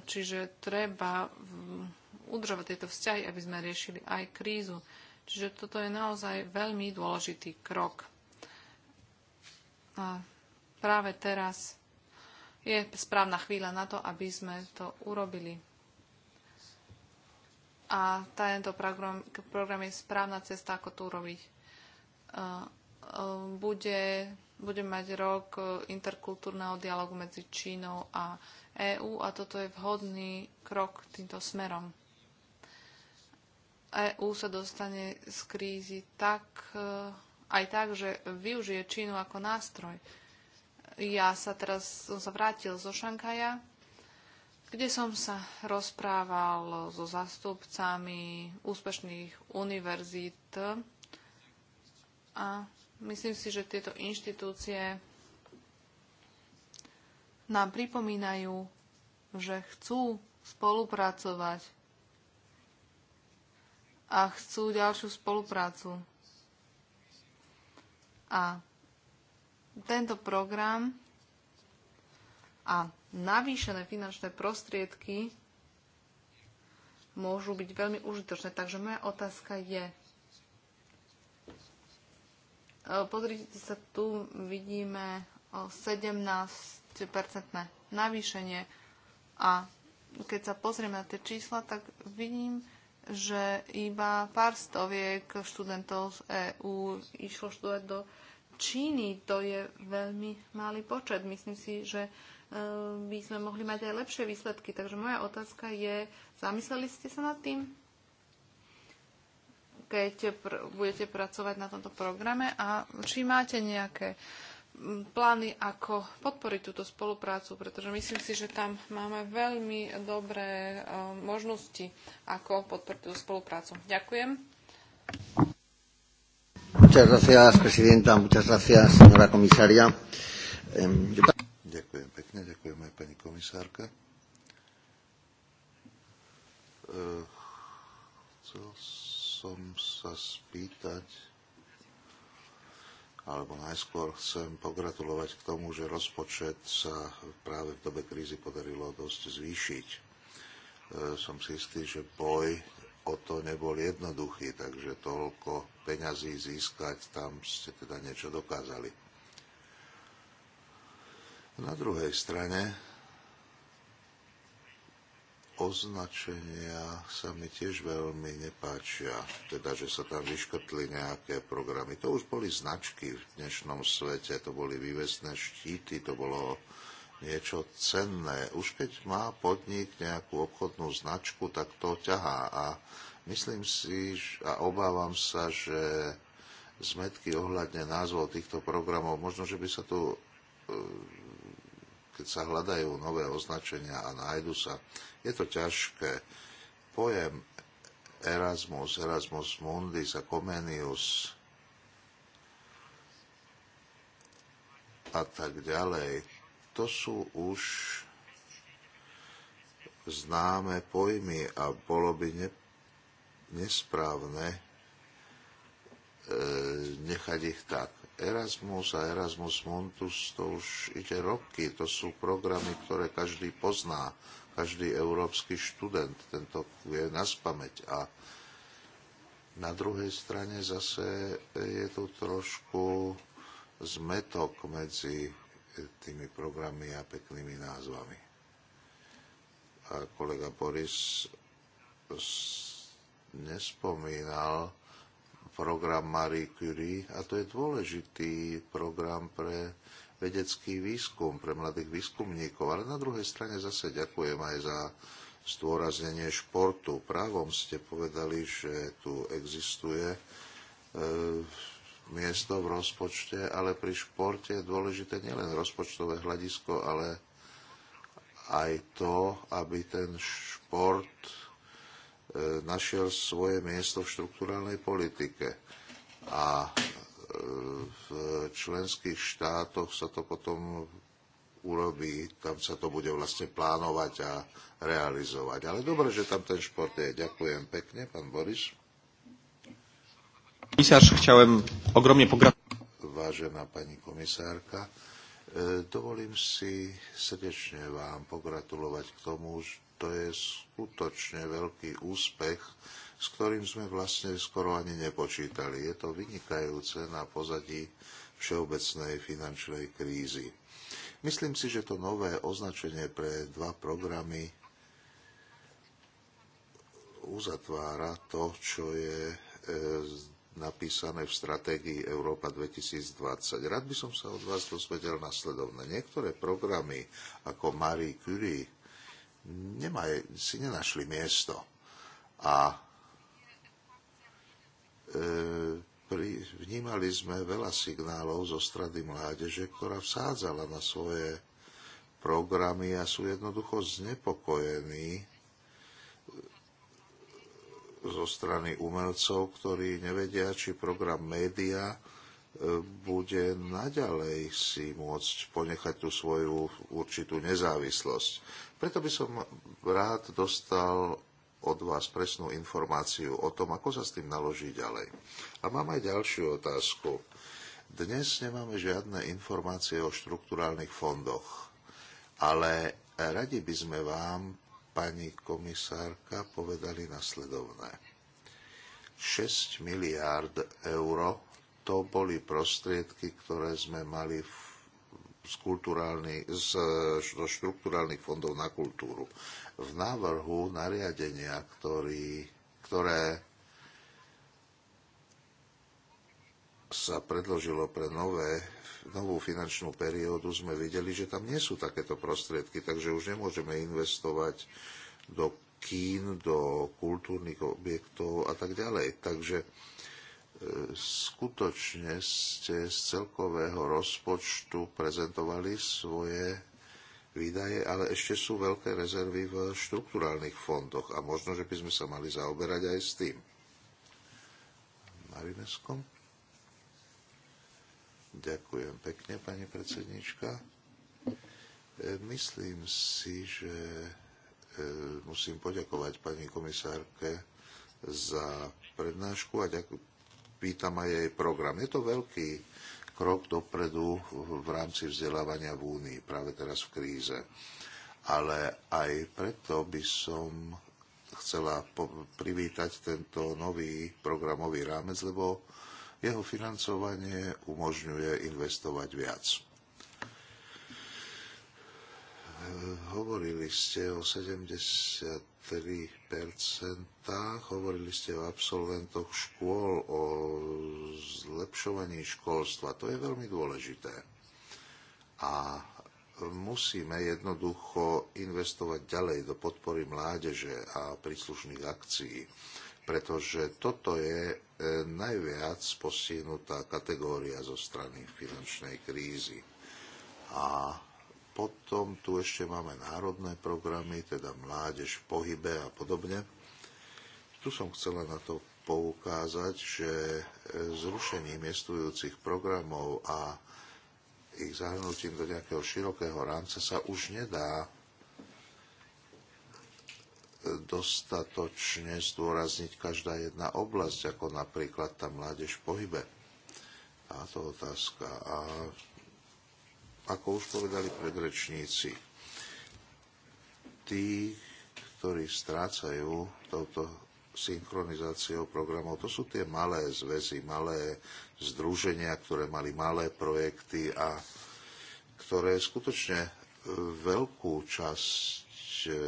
čiže treba mm, udržovať tieto vzťahy, aby sme riešili aj krízu. Čiže toto je naozaj veľmi dôležitý krok. A práve teraz je správna chvíľa na to, aby sme to urobili. A tento program, program je správna cesta, ako to urobiť Ehm, bude, bude mať rok e, interkultúrneho dialogu medzi Čínou a EÚ a toto je vhodný krok týmto smerom. EÚ sa dostane z krízy tak, e, aj tak, že využije Čínu ako nástroj. Ja sa teraz som sa vrátil zo Šankaja, kde som sa rozprával so zastupcami úspešných univerzít a Myslím si, že tieto inštitúcie nám pripomínajú, že chcú spolupracovať a chcú ďalšiu spoluprácu. A tento program a navýšené finančné prostriedky môžu byť veľmi užitočné. Takže moja otázka je, Eh, pozrite sa, tu vidíme 17-percentné navýšenie a keď sa pozrieme na tie čísla, tak vidím, že iba pár stoviek študentov z EÚ išlo študovať do Číny. To je veľmi malý počet. Myslím si, že eh, by sme mohli mať aj lepšie výsledky. Takže moja otázka je, zamysleli ste sa nad tým? keď pr- budete pracovať na tomto programe a či máte nejaké plány, ako podporiť túto spoluprácu, pretože myslím si, že tam máme veľmi dobré uh, možnosti, ako podporiť túto spoluprácu. Ďakujem. Muchas gracias, presidenta. Muchas gracias, señora comisaria. Ďakujem pekne, ďakujem aj pani komisárka. E, chcel som sa spýtať, alebo najskôr chcem pogratulovať k tomu, že rozpočet sa práve v dobe krízy podarilo dosť zvýšiť. E, som si istý, že boj o to nebol jednoduchý, takže toľko peňazí získať, tam ste teda niečo dokázali. Na druhej strane označenia sa mi tiež veľmi nepáčia. Teda, že sa tam vyškrtli nejaké programy. To už boli značky v dnešnom svete, to boli vývesné štíty, to bolo niečo cenné. Už keď má podnik nejakú obchodnú značku, tak to ťahá. A myslím si a obávam sa, že zmetky ohľadne názvov týchto programov, možno, že by sa tu e, keď sa hľadajú nové označenia a nájdu sa. Je to ťažké. Pojem Erasmus, Erasmus Mundis a Comenius a tak ďalej, to sú už známe pojmy a bolo by ne, nesprávne e, nechať ich tak Erasmus a Erasmus Montus, to už ide roky. To sú programy, ktoré každý pozná, každý európsky študent, tento je na spameť. A na druhej strane zase je tu trošku zmetok medzi tými programy a peknými názvami. A kolega Boris nespomínal, program Marie Curie a to je dôležitý program pre vedecký výskum, pre mladých výskumníkov. Ale na druhej strane zase ďakujem aj za zdôraznenie športu. Právom ste povedali, že tu existuje e, miesto v rozpočte, ale pri športe je dôležité nielen rozpočtové hľadisko, ale aj to, aby ten šport E, našiel svoje miesto v štrukturálnej politike. A e, v členských štátoch sa to potom urobí, tam sa to bude vlastne plánovať a realizovať. Ale dobre, že tam ten šport je. Ďakujem pekne, pán Boris. Komisarz, chcem ogromne pogratulovať. Vážená pani komisárka, e, dovolím si srdečne vám pogratulovať k tomu, to je skutočne veľký úspech, s ktorým sme vlastne skoro ani nepočítali. Je to vynikajúce na pozadí všeobecnej finančnej krízy. Myslím si, že to nové označenie pre dva programy uzatvára to, čo je e, napísané v stratégii Európa 2020. Rád by som sa od vás dozvedel nasledovne. Niektoré programy ako Marie Curie nemaj, si nenašli miesto. A e, pri, vnímali sme veľa signálov zo strady mládeže, ktorá vsádzala na svoje programy a sú jednoducho znepokojení e, zo strany umelcov, ktorí nevedia, či program média e, bude naďalej si môcť ponechať tú svoju určitú nezávislosť. Preto by som rád dostal od vás presnú informáciu o tom, ako sa s tým naloží ďalej. A mám aj ďalšiu otázku. Dnes nemáme žiadne informácie o štruktúrálnych fondoch, ale radi by sme vám, pani komisárka, povedali nasledovné. 6 miliárd eur to boli prostriedky, ktoré sme mali v z, z zo štruktúrálnych fondov na kultúru. V návrhu nariadenia, ktorý, ktoré sa predložilo pre nové, novú finančnú periódu, sme videli, že tam nie sú takéto prostriedky, takže už nemôžeme investovať do kín, do kultúrnych objektov a tak ďalej. Takže skutočne ste z celkového rozpočtu prezentovali svoje výdaje, ale ešte sú veľké rezervy v štruktúrálnych fondoch a možno, že by sme sa mali zaoberať aj s tým. Marineskom? Ďakujem pekne, pani predsednička. E, myslím si, že e, musím poďakovať pani komisárke za prednášku a ďakujem vítam aj jej program. Je to veľký krok dopredu v rámci vzdelávania v Únii, práve teraz v kríze. Ale aj preto by som chcela privítať tento nový programový rámec, lebo jeho financovanie umožňuje investovať viac. Hovorili ste o 73%, hovorili ste o absolventoch škôl, o zlepšovaní školstva. To je veľmi dôležité. A musíme jednoducho investovať ďalej do podpory mládeže a príslušných akcií, pretože toto je e, najviac postihnutá kategória zo strany finančnej krízy. A potom tu ešte máme národné programy, teda mládež v pohybe a podobne. Tu som chcela na to poukázať, že e, zrušením miestujúcich programov a ich zahrnutím do nejakého širokého rámca sa už nedá e, dostatočne zdôrazniť každá jedna oblasť, ako napríklad tá mládež v pohybe. A to otázka. A ako už povedali predrečníci, tí, ktorí strácajú touto synchronizáciou programov, to sú tie malé zväzy, malé združenia, ktoré mali malé projekty a ktoré skutočne e, veľkú časť e,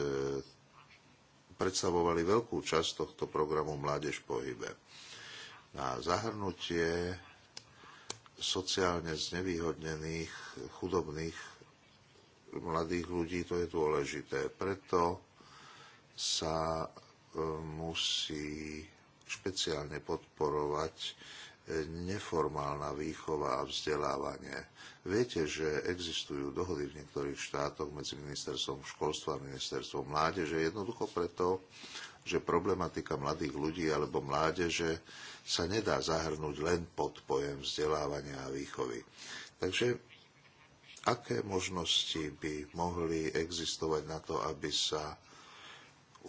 predstavovali veľkú časť tohto programu Mládež v pohybe. Na zahrnutie sociálne znevýhodnených, chudobných mladých ľudí, to je dôležité. Preto sa e, musí špeciálne podporovať e, neformálna výchova a vzdelávanie. Viete, že existujú dohody v niektorých štátoch medzi ministerstvom školstva a ministerstvom mládeže, jednoducho preto, že problematika mladých ľudí alebo mládeže sa nedá zahrnúť len pod pojem vzdelávania a výchovy. Takže aké možnosti by mohli existovať na to, aby sa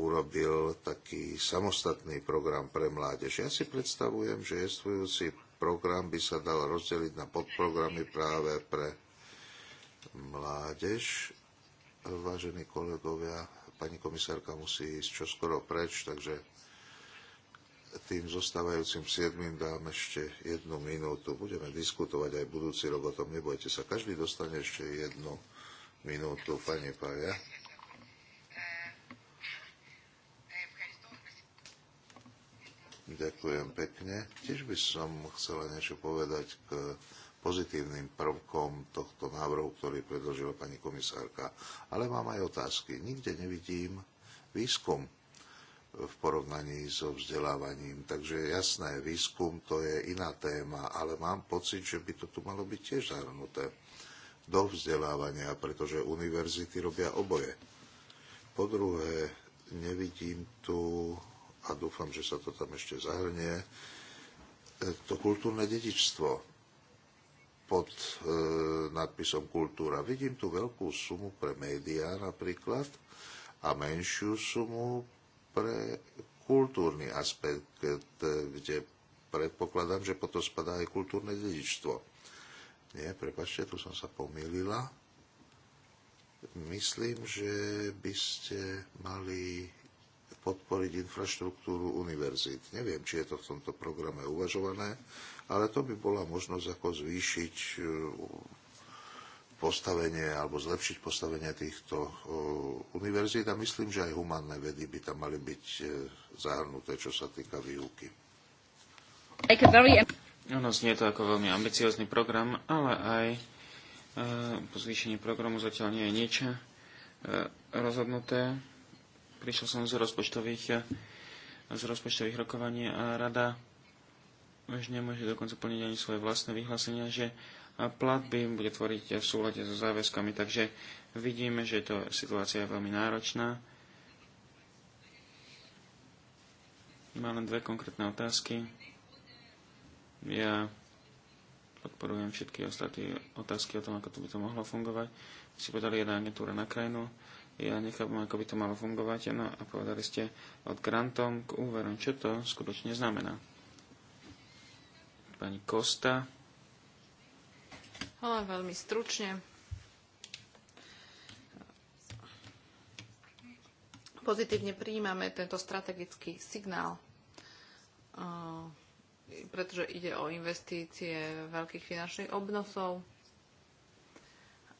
urobil taký samostatný program pre mládež. Ja si predstavujem, že existujúci program by sa dal rozdeliť na podprogramy práve pre mládež. Vážení kolegovia, pani komisárka musí ísť čoskoro preč, takže tým zostávajúcim siedmým dám ešte jednu minútu. Budeme diskutovať aj budúci rok o tom, nebojte sa. Každý dostane ešte jednu minútu, pani pája. Ďakujem pekne. Tiež by som chcela niečo povedať k pozitívnym prvkom tohto návrhu, ktorý predložila pani komisárka. Ale mám aj otázky. Nikde nevidím výskum v porovnaní so vzdelávaním. Takže jasné, výskum to je iná téma, ale mám pocit, že by to tu malo byť tiež zahrnuté do vzdelávania, pretože univerzity robia oboje. Po druhé, nevidím tu, a dúfam, že sa to tam ešte zahrnie, to kultúrne dedičstvo pod e, nadpisom kultúra. Vidím tu veľkú sumu pre médiá napríklad a menšiu sumu pre kultúrny aspekt, e, kde predpokladám, že potom spadá aj kultúrne dedičstvo. Nie, prepačte, tu som sa pomýlila. Myslím, že by ste mali podporiť infraštruktúru univerzít. Neviem, či je to v tomto programe uvažované, ale to by bola možnosť ako zvýšiť e, postavenie alebo zlepšiť postavenie týchto univerzít a myslím, že aj humánne vedy by tam mali byť e, zahrnuté, čo sa týka výuky. Ono znie to ako veľmi ambiciózny program, ale aj e, po zvýšení programu zatiaľ nie je nič e, rozhodnuté. Prišiel som z rozpočtových, z rozpočtových rokovaní a rada už nemôže dokonca plniť ani svoje vlastné vyhlásenia, že platby, bude tvoriť v súlade so záväzkami. Takže vidíme, že to situácia je veľmi náročná. Mám len dve konkrétne otázky. Ja podporujem všetky ostatné otázky o tom, ako to by to mohlo fungovať. Vy si podali jedna agentúra na krajinu. Ja nechápem, ako by to malo fungovať. No a povedali ste od grantom k úverom. Čo to skutočne znamená? Pani Kosta veľmi stručne. Pozitívne prijímame tento strategický signál, eh, pretože ide o investície veľkých finančných obnosov,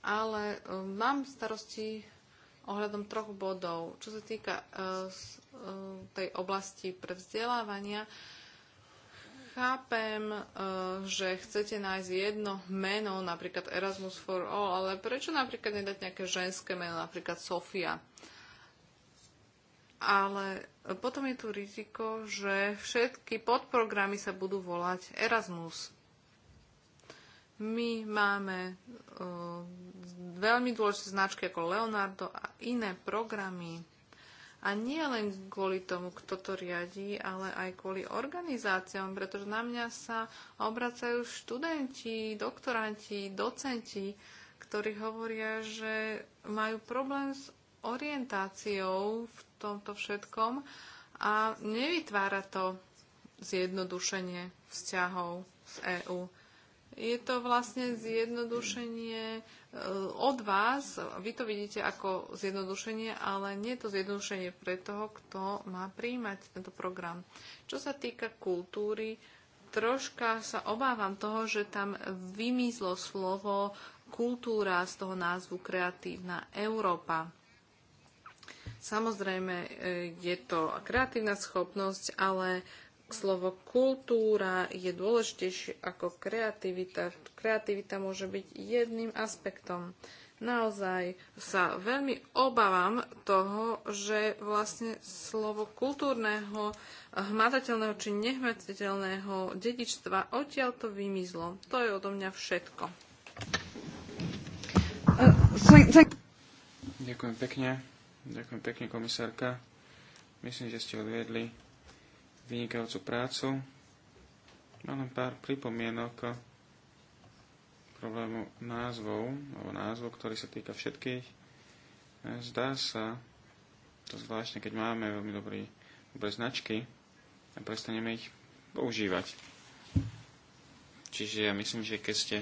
ale eh, mám starosti ohľadom troch bodov. Čo sa týka eh, tej oblasti pre vzdelávania, Chápem, eh, že chcete nájsť jedno meno, napríklad Erasmus for All, ale prečo napríklad nedať nejaké ženské meno, napríklad Sofia? Ale potom je tu riziko, že všetky podprogramy sa budú volať Erasmus. My máme eh, veľmi dôležité značky ako Leonardo a iné programy, a nie len kvôli tomu, kto to riadí, ale aj kvôli organizáciám, pretože na mňa sa obracajú študenti, doktoranti, docenti, ktorí hovoria, že majú problém s orientáciou v tomto všetkom a nevytvára to zjednodušenie vzťahov z EÚ je to vlastne zjednodušenie e, od vás. Vy to vidíte ako zjednodušenie, ale nie je to zjednodušenie pre toho, kto má príjmať tento program. Čo sa týka kultúry, troška sa obávam toho, že tam vymizlo slovo kultúra z toho názvu Kreatívna Európa. Samozrejme, e, je to kreatívna schopnosť, ale slovo kultúra je dôležitejšie ako kreativita. Kreativita môže byť jedným aspektom. Naozaj sa veľmi obávam toho, že vlastne slovo kultúrneho, hmatateľného či nehmatateľného dedičstva odtiaľ to vymizlo. To je odo mňa všetko. Ďakujem pekne. Ďakujem pekne, komisárka. Myslím, že ste odviedli vynikajúcu prácu. Mám no, len pár pripomienok problému názvov, alebo názvu, ktorý sa týka všetkých. Zdá sa, to zvláštne, keď máme veľmi dobrý, dobré značky a prestaneme ich používať. Čiže ja myslím, že keď ste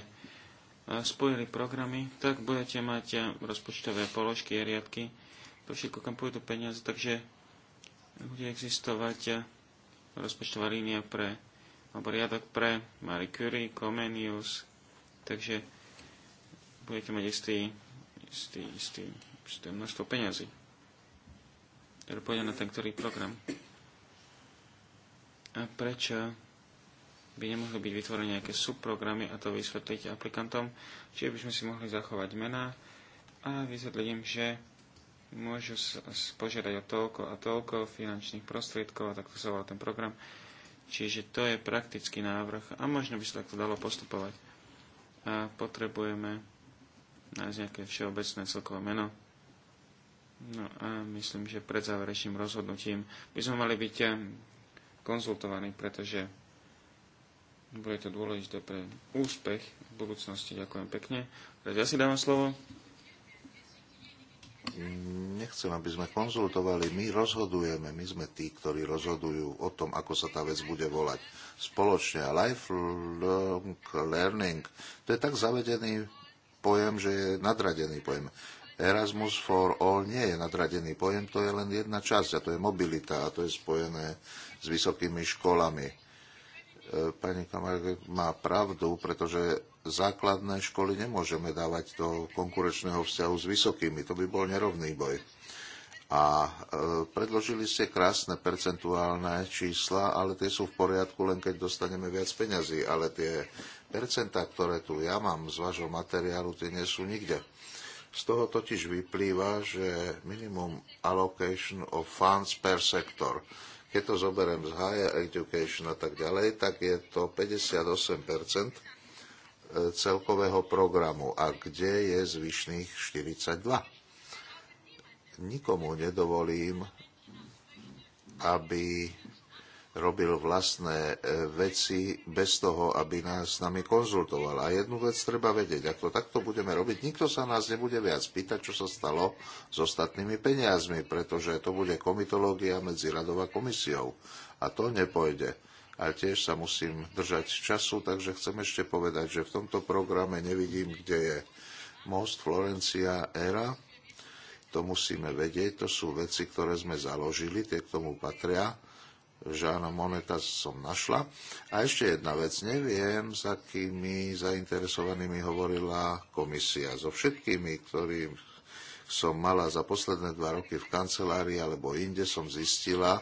spojili programy, tak budete mať rozpočtové položky a riadky. To všetko, kam pôjdu peniaze, takže bude existovať rozpočtová línia pre, alebo riadok pre Marie Curie, Comenius, takže budete mať istý, istý, istý, istý množstvo peňazí, ktoré pôjde na ten ktorý program. A prečo by nemohli byť vytvorené nejaké subprogramy a to vysvetliť aplikantom, čiže by sme si mohli zachovať mená a vysvetliť im, že môžu požiadať o toľko a toľko finančných prostriedkov a takto sa volá ten program. Čiže to je praktický návrh a možno by sa takto dalo postupovať. A potrebujeme nájsť nejaké všeobecné celkové meno. No a myslím, že pred záverečným rozhodnutím by sme mali byť eh, konzultovaní, pretože bude to dôležité pre úspech v budúcnosti. Ďakujem pekne. Teraz ja si dávam slovo nechcem, aby sme konzultovali. My rozhodujeme, my sme tí, ktorí rozhodujú o tom, ako sa tá vec bude volať spoločne. A lifelong learning, to je tak zavedený pojem, že je nadradený pojem. Erasmus for all nie je nadradený pojem, to je len jedna časť a to je mobilita a to je spojené s vysokými školami. E, pani Kamarek, má pravdu, pretože základné školy nemôžeme dávať do konkurenčného vzťahu s vysokými. To by bol nerovný boj. A e, predložili ste krásne percentuálne čísla, ale tie sú v poriadku, len keď dostaneme viac peňazí. Ale tie percentá, ktoré tu ja mám z vášho materiálu, tie nie sú nikde. Z toho totiž vyplýva, že minimum allocation of funds per sector, keď to zoberiem z higher education a tak ďalej, tak je to 58 celkového programu a kde je zvyšných 42. Nikomu nedovolím, aby robil vlastné e, veci bez toho, aby nás s nami konzultoval. A jednu vec treba vedieť, ak to takto budeme robiť, nikto sa nás nebude viac pýtať, čo sa stalo s ostatnými peniazmi, pretože to bude komitológia medzi radová komisiou. A to nepojde ale tiež sa musím držať času, takže chcem ešte povedať, že v tomto programe nevidím, kde je most Florencia Era. To musíme vedieť, to sú veci, ktoré sme založili, tie k tomu patria. Žána Moneta som našla. A ešte jedna vec, neviem, s akými zainteresovanými hovorila komisia. So všetkými, ktorým som mala za posledné dva roky v kancelárii alebo inde, som zistila,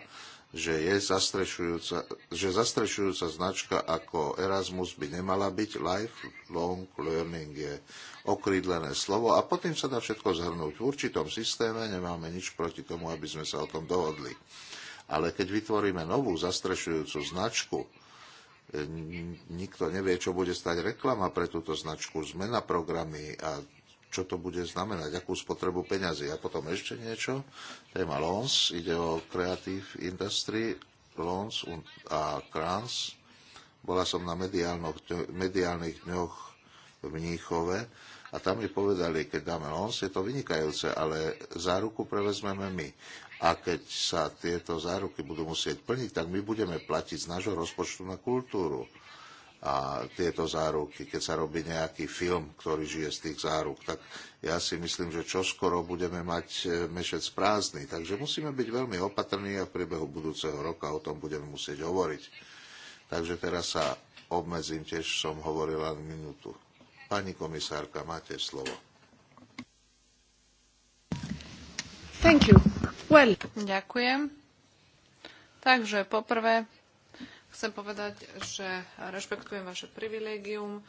že, je zastrešujúca, že zastrešujúca značka ako Erasmus by nemala byť. Lifelong learning je okrídlené slovo a potom sa dá všetko zhrnúť. V určitom systéme nemáme nič proti tomu, aby sme sa o tom dohodli. Ale keď vytvoríme novú zastrešujúcu značku, nikto nevie, čo bude stať reklama pre túto značku, zmena programy a čo to bude znamenať, akú spotrebu peňazí. A potom ešte niečo, téma Lons, ide o Creative Industry, Lons a Kranz. Bola som na mediálnych dňoch v Mníchove a tam mi povedali, keď dáme Lons, je to vynikajúce, ale záruku prevezmeme my. A keď sa tieto záruky budú musieť plniť, tak my budeme platiť z nášho rozpočtu na kultúru a tieto záruky, keď sa robí nejaký film, ktorý žije z tých záruk, tak ja si myslím, že čoskoro budeme mať e, mešec prázdny. Takže musíme byť veľmi opatrní a v priebehu budúceho roka o tom budeme musieť hovoriť. Takže teraz sa obmedzím, tiež som hovorila minútu. Pani komisárka, máte slovo. Thank you. Well. Ďakujem. Takže poprvé Chcem povedať, že rešpektujem vaše privilégium.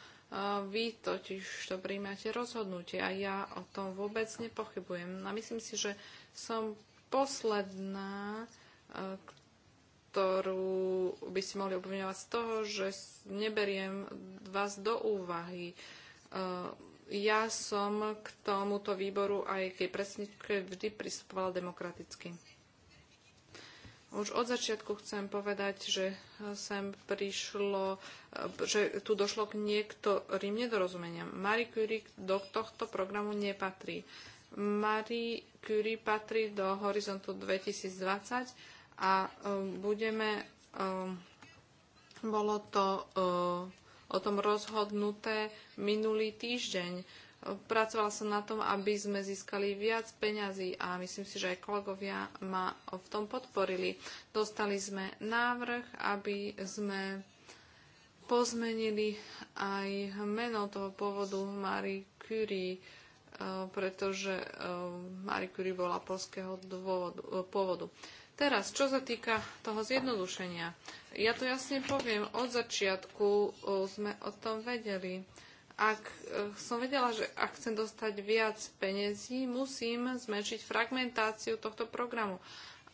Vy totiž to príjmate rozhodnutie a ja o tom vôbec nepochybujem. A myslím si, že som posledná, e, ktorú by ste mohli obviňovať z toho, že neberiem vás do úvahy. E, ja som k tomuto výboru aj keď presne vždy pristupovala demokraticky. Už od začiatku chcem povedať, že sem prišlo, že tu došlo k niektorým nedorozumeniam. Marie Curie do tohto programu nepatrí. Marie Curie patrí do horizontu 2020 a um, budeme, um, bolo to uh, o tom rozhodnuté minulý týždeň Pracovala som na tom, aby sme získali viac peňazí a myslím si, že aj kolegovia ma v tom podporili. Dostali sme návrh, aby sme pozmenili aj meno toho pôvodu Marie Curie, e, pretože e, Marie Curie bola polského dôvodu, e, pôvodu. Teraz, čo sa týka toho zjednodušenia. Ja to jasne poviem, od začiatku sme o tom vedeli ak e, som vedela, že ak chcem dostať viac peniazí, musím zmenšiť fragmentáciu tohto programu.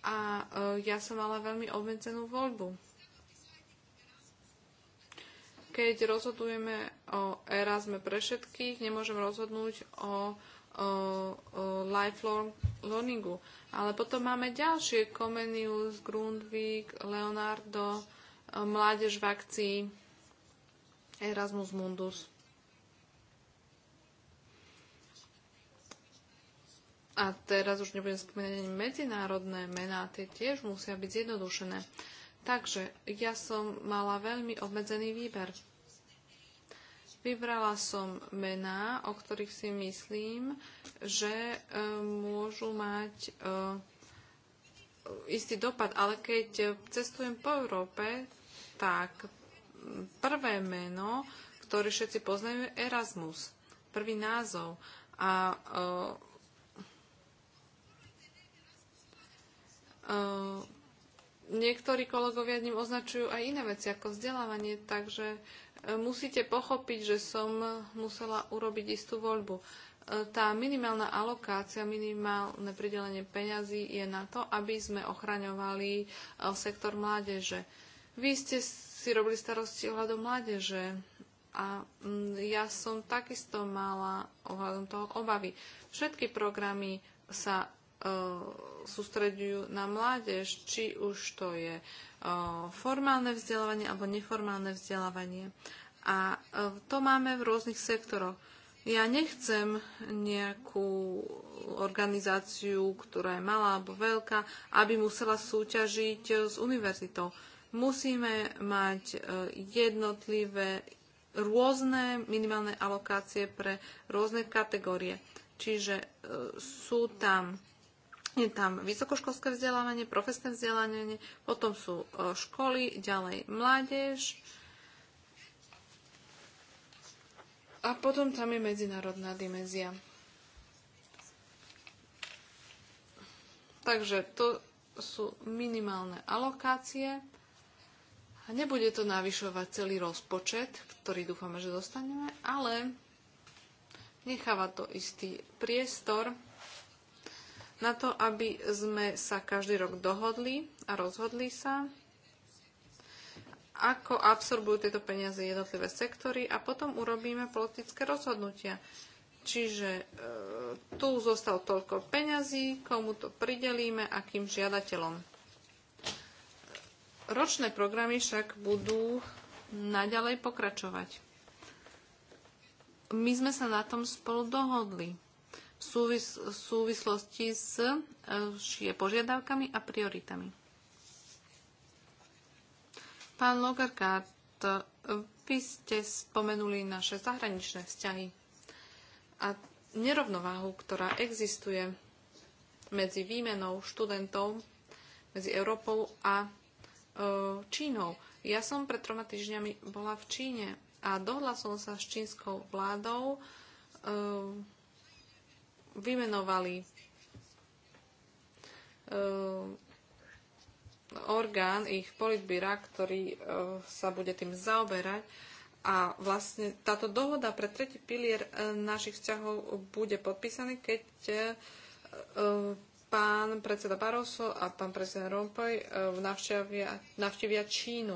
A e, ja som mala veľmi obmedzenú voľbu. Keď rozhodujeme o Erasme pre všetkých, nemôžem rozhodnúť o, o, o lifelong learningu. Ale potom máme ďalšie, Comenius, Grundvik, Leonardo, e, Mládež v akcii, Erasmus Mundus. A teraz už nebudem spomínať ani medzinárodné mená, tie tiež musia byť zjednodušené. Takže ja som mala veľmi obmedzený výber. Vybrala som mená, o ktorých si myslím, že e, môžu mať e, istý dopad, ale keď cestujem po Európe, tak prvé meno, ktoré všetci poznajú, je Erasmus. Prvý názov. A e, Ehm, niektorí kolegovia ním označujú aj iné veci ako vzdelávanie, takže e, musíte pochopiť, že som musela urobiť istú voľbu. E, tá minimálna alokácia, minimálne pridelenie peňazí je na to, aby sme ochraňovali e, sektor mládeže. Vy ste si robili starosti ohľadom mládeže a mm, ja som takisto mala ohľadom toho obavy. Všetky programy sa Eh, sústredujú na mládež, či už to je eh, formálne vzdelávanie alebo neformálne vzdelávanie. A eh, to máme v rôznych sektoroch. Ja nechcem nejakú organizáciu, ktorá je malá alebo veľká, aby musela súťažiť s univerzitou. Musíme mať jednotlivé rôzne minimálne alokácie pre rôzne kategórie. Čiže sú tam je tam vysokoškolské vzdelávanie, profesné vzdelávanie, potom sú e, školy, ďalej mládež a potom tam je medzinárodná dimenzia. Takže to sú minimálne alokácie a nebude to navyšovať celý rozpočet, ktorý dúfame, že dostaneme, ale necháva to istý priestor na to, aby sme sa každý rok dohodli a rozhodli sa, ako absorbujú tieto peniaze jednotlivé sektory a potom urobíme politické rozhodnutia. Čiže e, tu zostal toľko peňazí, komu to pridelíme, akým žiadateľom. Ročné programy však budú naďalej pokračovať. My sme sa na tom spolu dohodli v, súvislosti s šie požiadavkami a prioritami. Pán Logarkart, e, vy ste spomenuli naše zahraničné vzťahy a nerovnováhu, ktorá existuje medzi výmenou študentov, medzi Európou a e, Čínou. Ja som pred troma týždňami bola v Číne a dohla som sa s čínskou vládou e, vymenovali e, orgán, ich politbíra, ktorý e, sa bude tým zaoberať. A vlastne táto dohoda pre tretí pilier e, našich vzťahov bude podpísaný, keď pán predseda Barroso a pán predseda Rompuy navštívia, navštívia Čínu.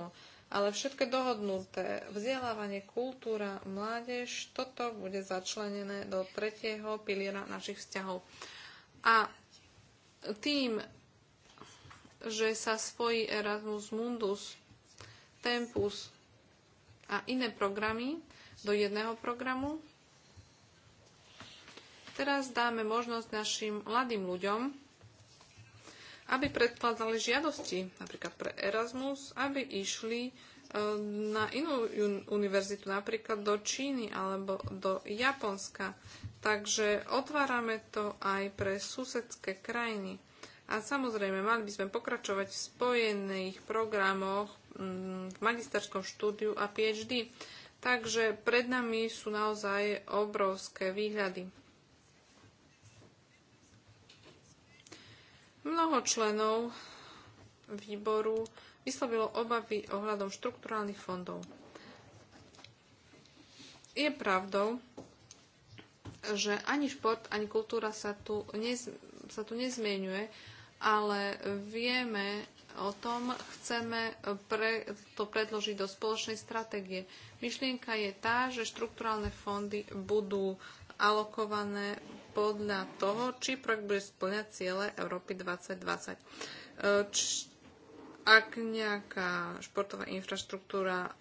Ale všetko dohodnuté, vzdelávanie, kultúra, mládež, toto bude začlenené do tretieho piliera našich vzťahov. A tým, že sa spojí Erasmus Mundus, Tempus a iné programy do jedného programu, teraz dáme možnosť našim mladým ľuďom aby predkladali žiadosti, napríklad pre Erasmus, aby išli e, na inú univerzitu, napríklad do Číny alebo do Japonska. Takže otvárame to aj pre susedské krajiny. A samozrejme, mali by sme pokračovať v spojených programoch mm, v magisterskom štúdiu a PhD. Takže pred nami sú naozaj obrovské výhľady. Mnoho členov výboru vyslovilo obavy ohľadom štrukturálnych fondov. Je pravdou, že ani šport, ani kultúra sa tu, nez, sa tu nezmienuje, ale vieme o tom, chceme pre, to predložiť do spoločnej stratégie. Myšlienka je tá, že štrukturálne fondy budú alokované podľa toho, či projekt bude splňať ciele Európy 2020. E, ak nejaká športová infraštruktúra e,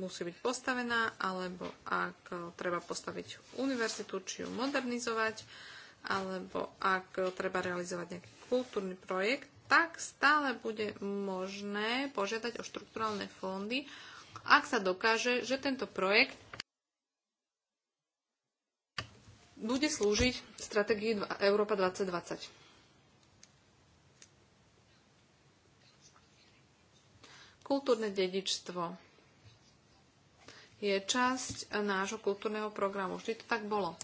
musí byť postavená, alebo ak e, treba postaviť univerzitu, či ju modernizovať, alebo ak treba realizovať nejaký kultúrny projekt, tak stále bude možné požiadať o štrukturálne fondy, ak sa dokáže, že tento projekt bude slúžiť stratégii Európa 2020. Kultúrne dedičstvo je časť nášho kultúrneho programu. Vždy to tak bolo.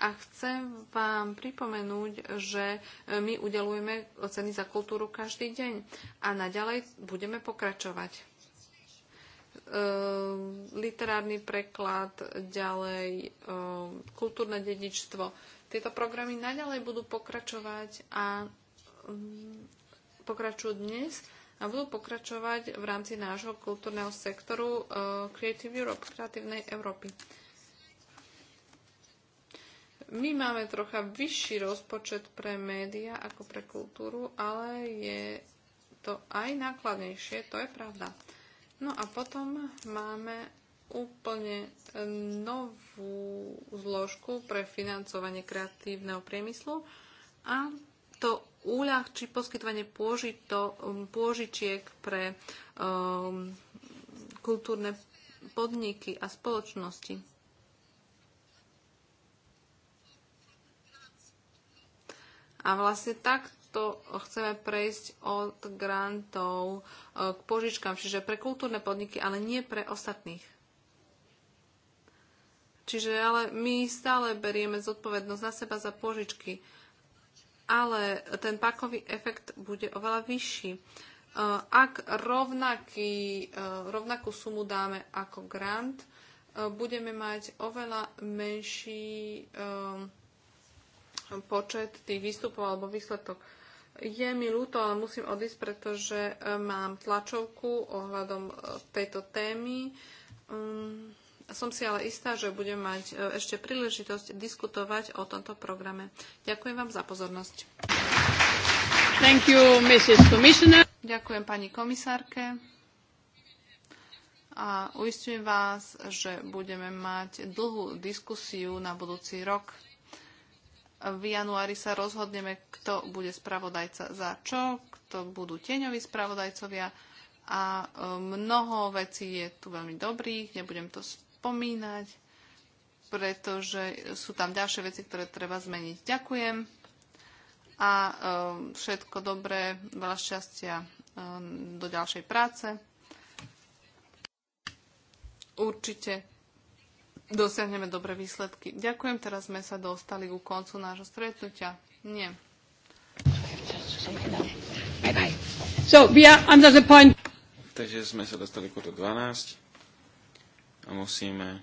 A chcem vám pripomenúť, že my udelujeme ceny za kultúru každý deň a naďalej budeme pokračovať. Ehm, literárny preklad, ďalej ehm, kultúrne dedičstvo. Tieto programy naďalej budú pokračovať a mm, pokračujú dnes a budú pokračovať v rámci nášho kultúrneho sektoru ehm, Creative Europe, Kreatívnej Európy. My máme trocha vyšší rozpočet pre média ako pre kultúru, ale je to aj nákladnejšie, to je pravda. No a potom máme úplne novú zložku pre financovanie kreatívneho priemyslu a to uľahčí poskytovanie pôžito, um, pôžičiek pre um, kultúrne podniky a spoločnosti. A vlastne takto to chceme prejsť od grantov e, k požičkám, čiže pre kultúrne podniky, ale nie pre ostatných. Čiže ale my stále berieme zodpovednosť na seba za požičky, ale ten pakový efekt bude oveľa vyšší. E, ak rovnaký, e, rovnakú sumu dáme ako grant, budeme mať oveľa menší počet tých výstupov alebo výsledok. Je mi ľúto, ale musím odísť, pretože e, mám tlačovku ohľadom e, tejto témy. Mm, som si ale istá, že budem mať e, ešte príležitosť diskutovať o tomto programe. Ďakujem vám za pozornosť. Thank you, Mrs. Commissioner. Ďakujem pani komisárke a uistujem vás, že budeme mať dlhú diskusiu na budúci rok v januári sa rozhodneme, kto bude spravodajca za čo, kto budú tieňoví spravodajcovia a e, mnoho vecí je tu veľmi dobrých, nebudem to spomínať, pretože sú tam ďalšie veci, ktoré treba zmeniť. Ďakujem a e, všetko dobré, veľa šťastia e, do ďalšej práce. Určite dosiahneme dobré výsledky. Ďakujem, teraz sme sa dostali ku koncu nášho stretnutia. Nie. So, we are under the point. Takže sme sa dostali ku 12 a musíme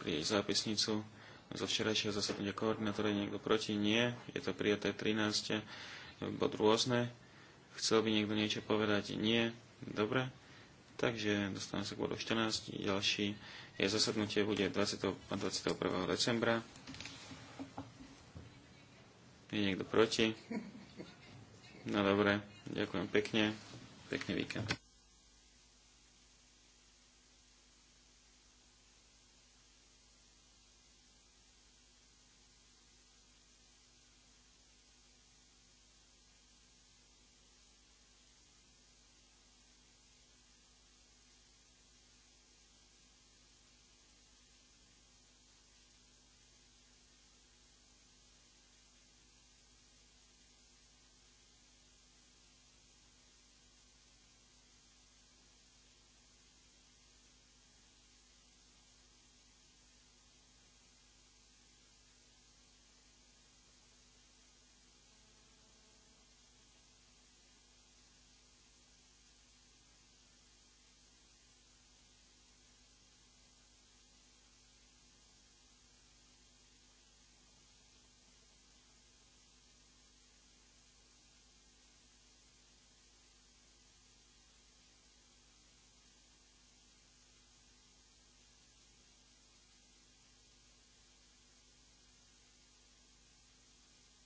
prieť zápisnicu zo včerajšieho zasadnutia koordinátora. Je niekto proti? Nie. Je to prijaté 13. Bod rôzne. Chcel by niekto niečo povedať? Nie. Dobre. Takže dostaneme sa k bodu 14. Ďalší je zasadnutie bude 20, 21. decembra. Je niekto proti? No dobre, ďakujem pekne. Pekný víkend.